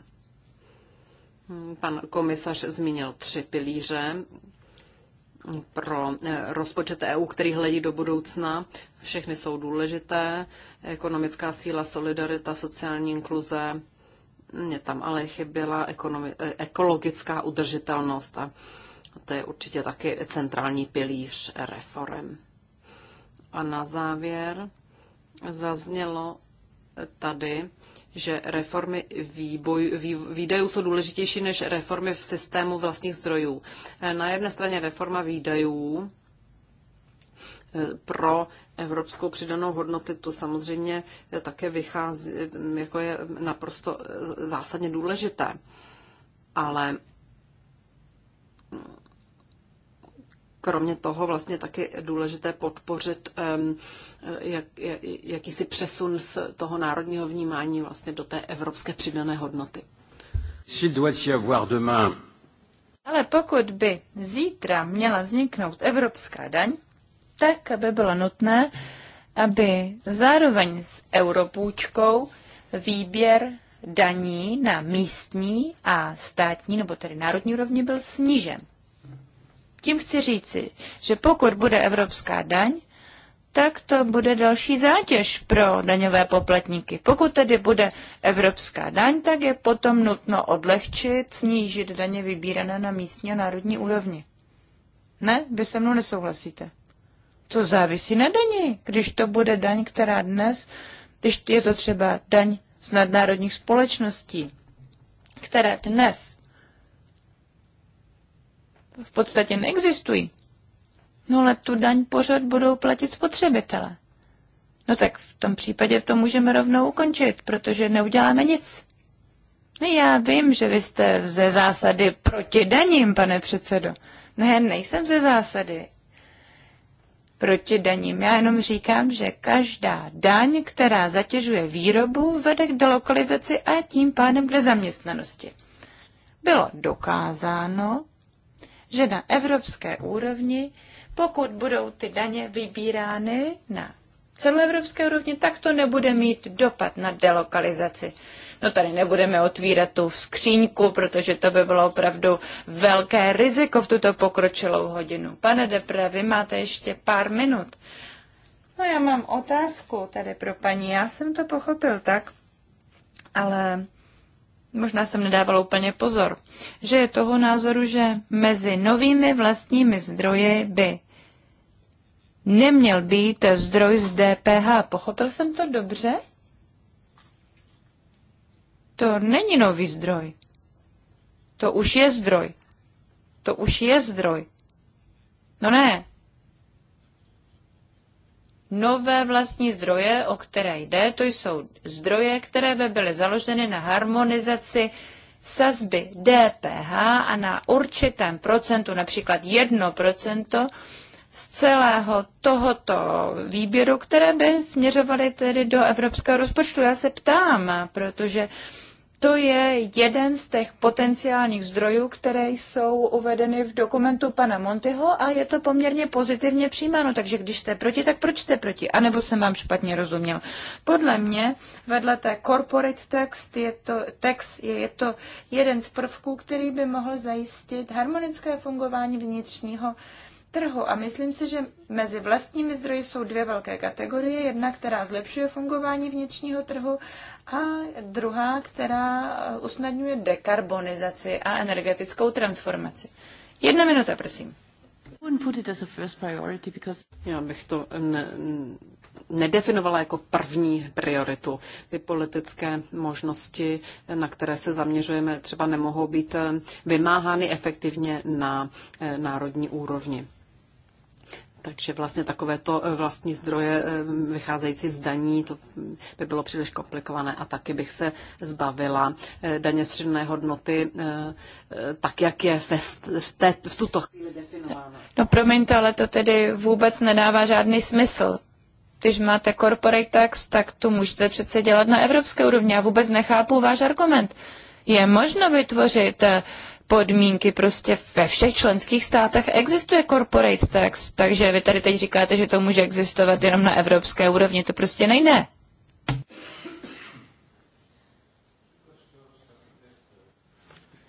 Speaker 3: Hmm, pan komisař zmínil tři pilíře pro eh, rozpočet EU, který hledí do budoucna. Všechny jsou důležité. Ekonomická síla, solidarita, sociální inkluze. Mně tam ale chyběla ekologická udržitelnost. A to je určitě taky centrální pilíř reform. A na závěr zaznělo tady, že reformy výboj, vý, výdajů jsou důležitější než reformy v systému vlastních zdrojů. Na jedné straně reforma výdajů eh, pro evropskou přidanou hodnotu, to samozřejmě také vychází, jako je naprosto eh, zásadně důležité. Ale kromě toho vlastně taky důležité podpořit um, jak, jak, jakýsi přesun z toho národního vnímání vlastně do té evropské
Speaker 2: přidané hodnoty. Ale pokud by zítra měla vzniknout evropská daň, tak by bylo nutné, aby zároveň s europůčkou výběr daní na místní a státní, nebo tedy národní úrovni byl snížen. Tím chci říci, že pokud bude evropská daň, tak to bude další zátěž pro daňové poplatníky. Pokud tedy bude evropská daň, tak je potom nutno odlehčit, snížit daně vybírané na místní a národní úrovni. Ne, vy se mnou nesouhlasíte. To závisí na daní, když to bude daň, která dnes, když je to třeba daň z nadnárodních společností, které dnes v podstatě neexistují. No ale tu daň pořád budou platit spotřebitele. No tak v tom případě to můžeme rovnou ukončit, protože neuděláme nic. No já vím, že vy jste ze zásady proti daním, pane předsedo. Ne, no nejsem ze zásady proti daním. Já jenom říkám, že každá daň, která zatěžuje výrobu, vede k delokalizaci a tím pádem k zaměstnanosti. Bylo dokázáno, že na evropské úrovni, pokud budou ty daně vybírány na celoevropské úrovni, tak to nebude mít dopad na delokalizaci. No tady nebudeme otvírat tu skříňku, protože to by bylo opravdu velké riziko v tuto pokročilou hodinu. Pane Depre, vy máte ještě pár minut. No já mám otázku tady pro paní. Já jsem to pochopil tak, ale možná jsem nedávala úplně pozor, že je toho názoru, že mezi novými vlastními zdroji by neměl být zdroj z DPH. Pochopil jsem to dobře? To není nový zdroj. To už je zdroj. To už je zdroj. No ne, nové vlastní zdroje, o které jde, to jsou zdroje, které by byly založeny na harmonizaci sazby DPH a na určitém procentu, například 1% z celého tohoto výběru, které by směřovaly tedy do evropského rozpočtu. Já se ptám, protože to je jeden z těch potenciálních zdrojů, které jsou uvedeny v dokumentu pana Montyho a je to poměrně pozitivně přijímáno. Takže když jste proti, tak proč jste proti? A nebo jsem vám špatně rozuměl. Podle mě vedle té corporate text je to, text je, je to jeden z prvků, který by mohl zajistit harmonické fungování vnitřního trhu. A myslím si, že mezi vlastními zdroji jsou dvě velké kategorie. Jedna, která zlepšuje fungování vnitřního trhu a druhá, která eh, usnadňuje dekarbonizaci a energetickou transformaci. Jedna minuta, prosím.
Speaker 3: Já bych to ne, nedefinovala jako první prioritu. Ty politické možnosti, na které se zaměřujeme, třeba nemohou být eh, vymáhány efektivně na eh, národní úrovni. Takže vlastně takovéto eh, vlastní zdroje eh, vycházející z daní, to by bylo příliš komplikované a taky bych se zbavila eh, daně přidané hodnoty tak, jak je v, té, v tuto chvíli definována.
Speaker 2: No promiňte, ale to tedy vůbec nedává žádný smysl. Když máte corporate tax, tak to můžete přece dělat na evropské úrovni. Já vůbec nechápu váš argument je možno vytvořit eh, podmínky prostě ve všech členských státech existuje corporate tax, takže vy tady teď říkáte, že to může existovat jenom na evropské úrovni, to prostě nejde.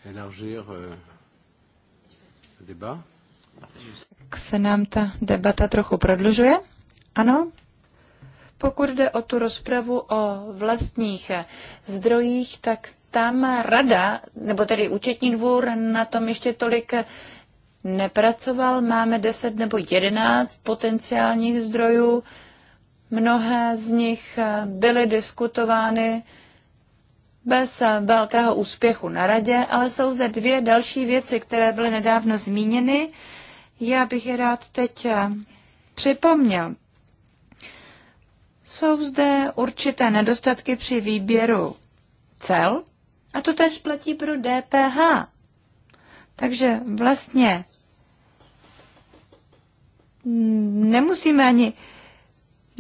Speaker 1: Euh,
Speaker 2: tak se nám ta debata trochu prodlužuje? Ano? Pokud jde o tu rozpravu o vlastních eh, zdrojích, tak tam rada, nebo tedy účetní dvůr na tom ještě tolik nepracoval. Máme 10 nebo 11 potenciálních zdrojů. Mnohé z nich byly diskutovány bez velkého úspěchu na radě, ale jsou zde dvě další věci, které byly nedávno zmíněny. Já bych je rád teď připomněl. Jsou zde určité nedostatky při výběru cel a to tež platí pro DPH. Takže vlastně nemusíme ani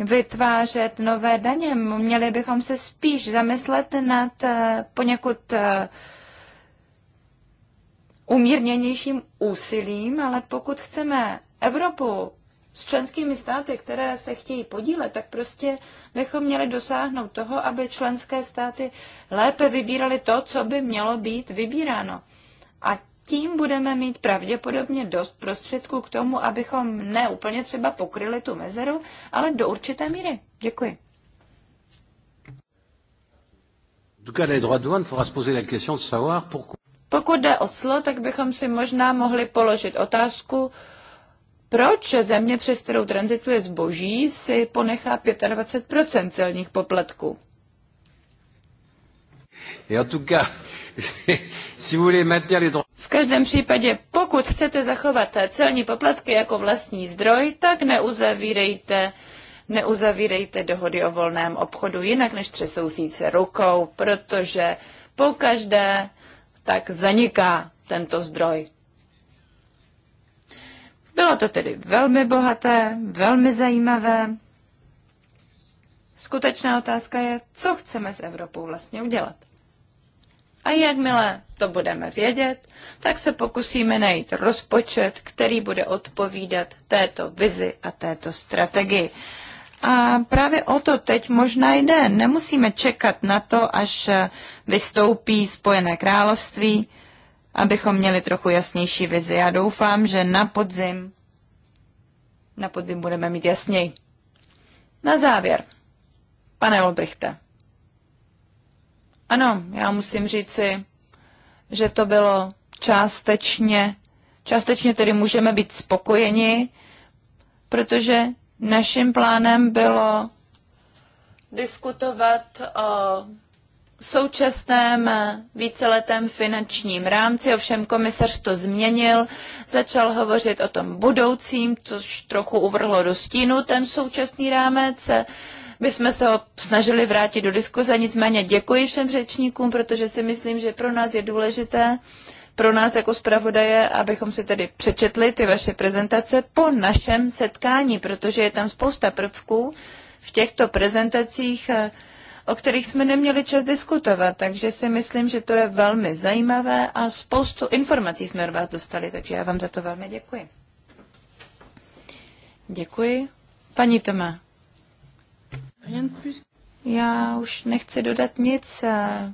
Speaker 2: vytvářet nové daně. Měli bychom se spíš zamyslet nad eh, poněkud eh, umírněnějším úsilím, ale pokud chceme Evropu s členskými státy, které se chtějí podílet, tak prostě bychom měli dosáhnout toho, aby členské státy lépe vybírali to, co by mělo být vybíráno. A tím budeme mít pravděpodobně dost prostředků k tomu, abychom ne úplně třeba pokryli tu mezeru, ale do určité míry. Děkuji. Pokud jde o clo, tak bychom si možná mohli položit otázku, proč země, přes kterou transituje zboží, si ponechá 25 celních poplatků? V každém případě, pokud chcete zachovat celní poplatky jako vlastní zdroj, tak neuzavírejte, neuzavírejte dohody o volném obchodu jinak než třesoucí se rukou, protože po každé tak zaniká tento zdroj. Bylo to tedy velmi bohaté, velmi zajímavé. Skutečná otázka je, co chceme s Evropou vlastně udělat. A jakmile to budeme vědět, tak se pokusíme najít rozpočet, který bude odpovídat této vizi a této strategii. A právě o to teď možná jde. Nemusíme čekat na to, až vystoupí Spojené království abychom měli trochu jasnější vizi. Já doufám, že na podzim, na podzim budeme mít jasněji. Na závěr, pane Olbrichte. Ano, já musím říci, že to bylo částečně, částečně tedy můžeme být spokojeni, protože naším plánem bylo diskutovat o v současném eh, víceletém finančním rámci, ovšem komisař to změnil, začal hovořit o tom budoucím, což trochu uvrhlo do stínu ten současný rámec. My jsme se ho snažili vrátit do diskuze, nicméně děkuji všem řečníkům, protože si myslím, že pro nás je důležité, pro nás jako zpravodaje, abychom si tedy přečetli ty vaše prezentace po našem setkání, protože je tam spousta prvků v těchto prezentacích, eh, o kterých jsme neměli čas diskutovat, takže si myslím, že to je velmi zajímavé a spoustu informací jsme od vás dostali, takže já vám za to velmi děkuji. Děkuji. Paní Tomá. Já už nechci dodat nic eh,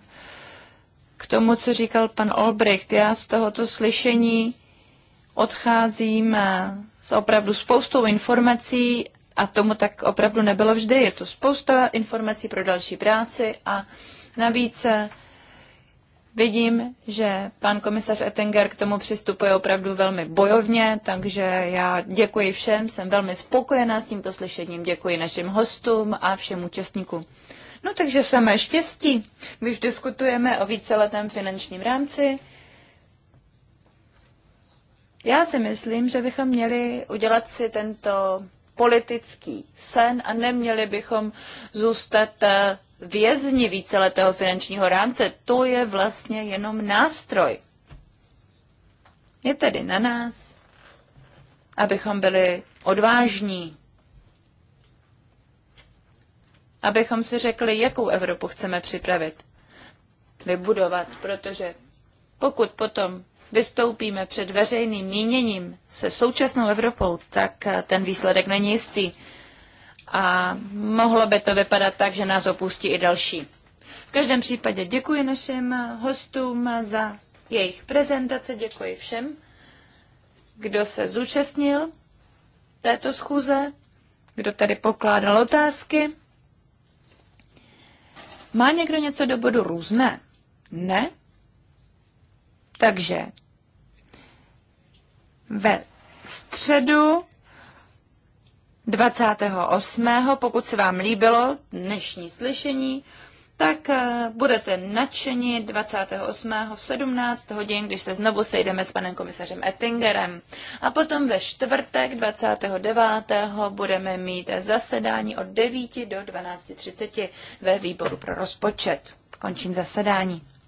Speaker 2: k tomu, co říkal pan Olbricht. Já z tohoto slyšení odcházím eh, s opravdu spoustou informací a tomu tak opravdu nebylo vždy. Je tu spousta informací pro další práci a navíc eh, vidím, že pan komisař Ettinger k tomu přistupuje opravdu velmi bojovně, takže já děkuji všem, jsem velmi spokojená s tímto slyšením, děkuji našim hostům a všem účastníkům. No takže samé štěstí, když diskutujeme o víceletém finančním rámci. Já si myslím, že bychom měli udělat si tento politický sen a neměli bychom zůstat eh, vězni víceletého finančního rámce. To je vlastně jenom nástroj. Je tedy na nás, abychom byli odvážní, abychom si řekli, jakou Evropu chceme připravit, vybudovat, protože pokud potom vystoupíme před veřejným míněním se současnou Evropou, tak ten výsledek není jistý. A mohlo by to vypadat tak, že nás opustí i další. V každém případě děkuji našim hostům za jejich prezentace, děkuji všem, kdo se zúčastnil této schůze, kdo tady pokládal otázky. Má někdo něco do bodu různé? Ne? Takže ve středu 28. pokud se vám líbilo dnešní slyšení, tak eh, budete nadšeni 28. v 17 hodin, když se znovu sejdeme s panem komisařem Ettingerem. A potom ve čtvrtek 29. budeme mít zasedání od 9 do 12.30 ve výboru pro rozpočet. Končím zasedání.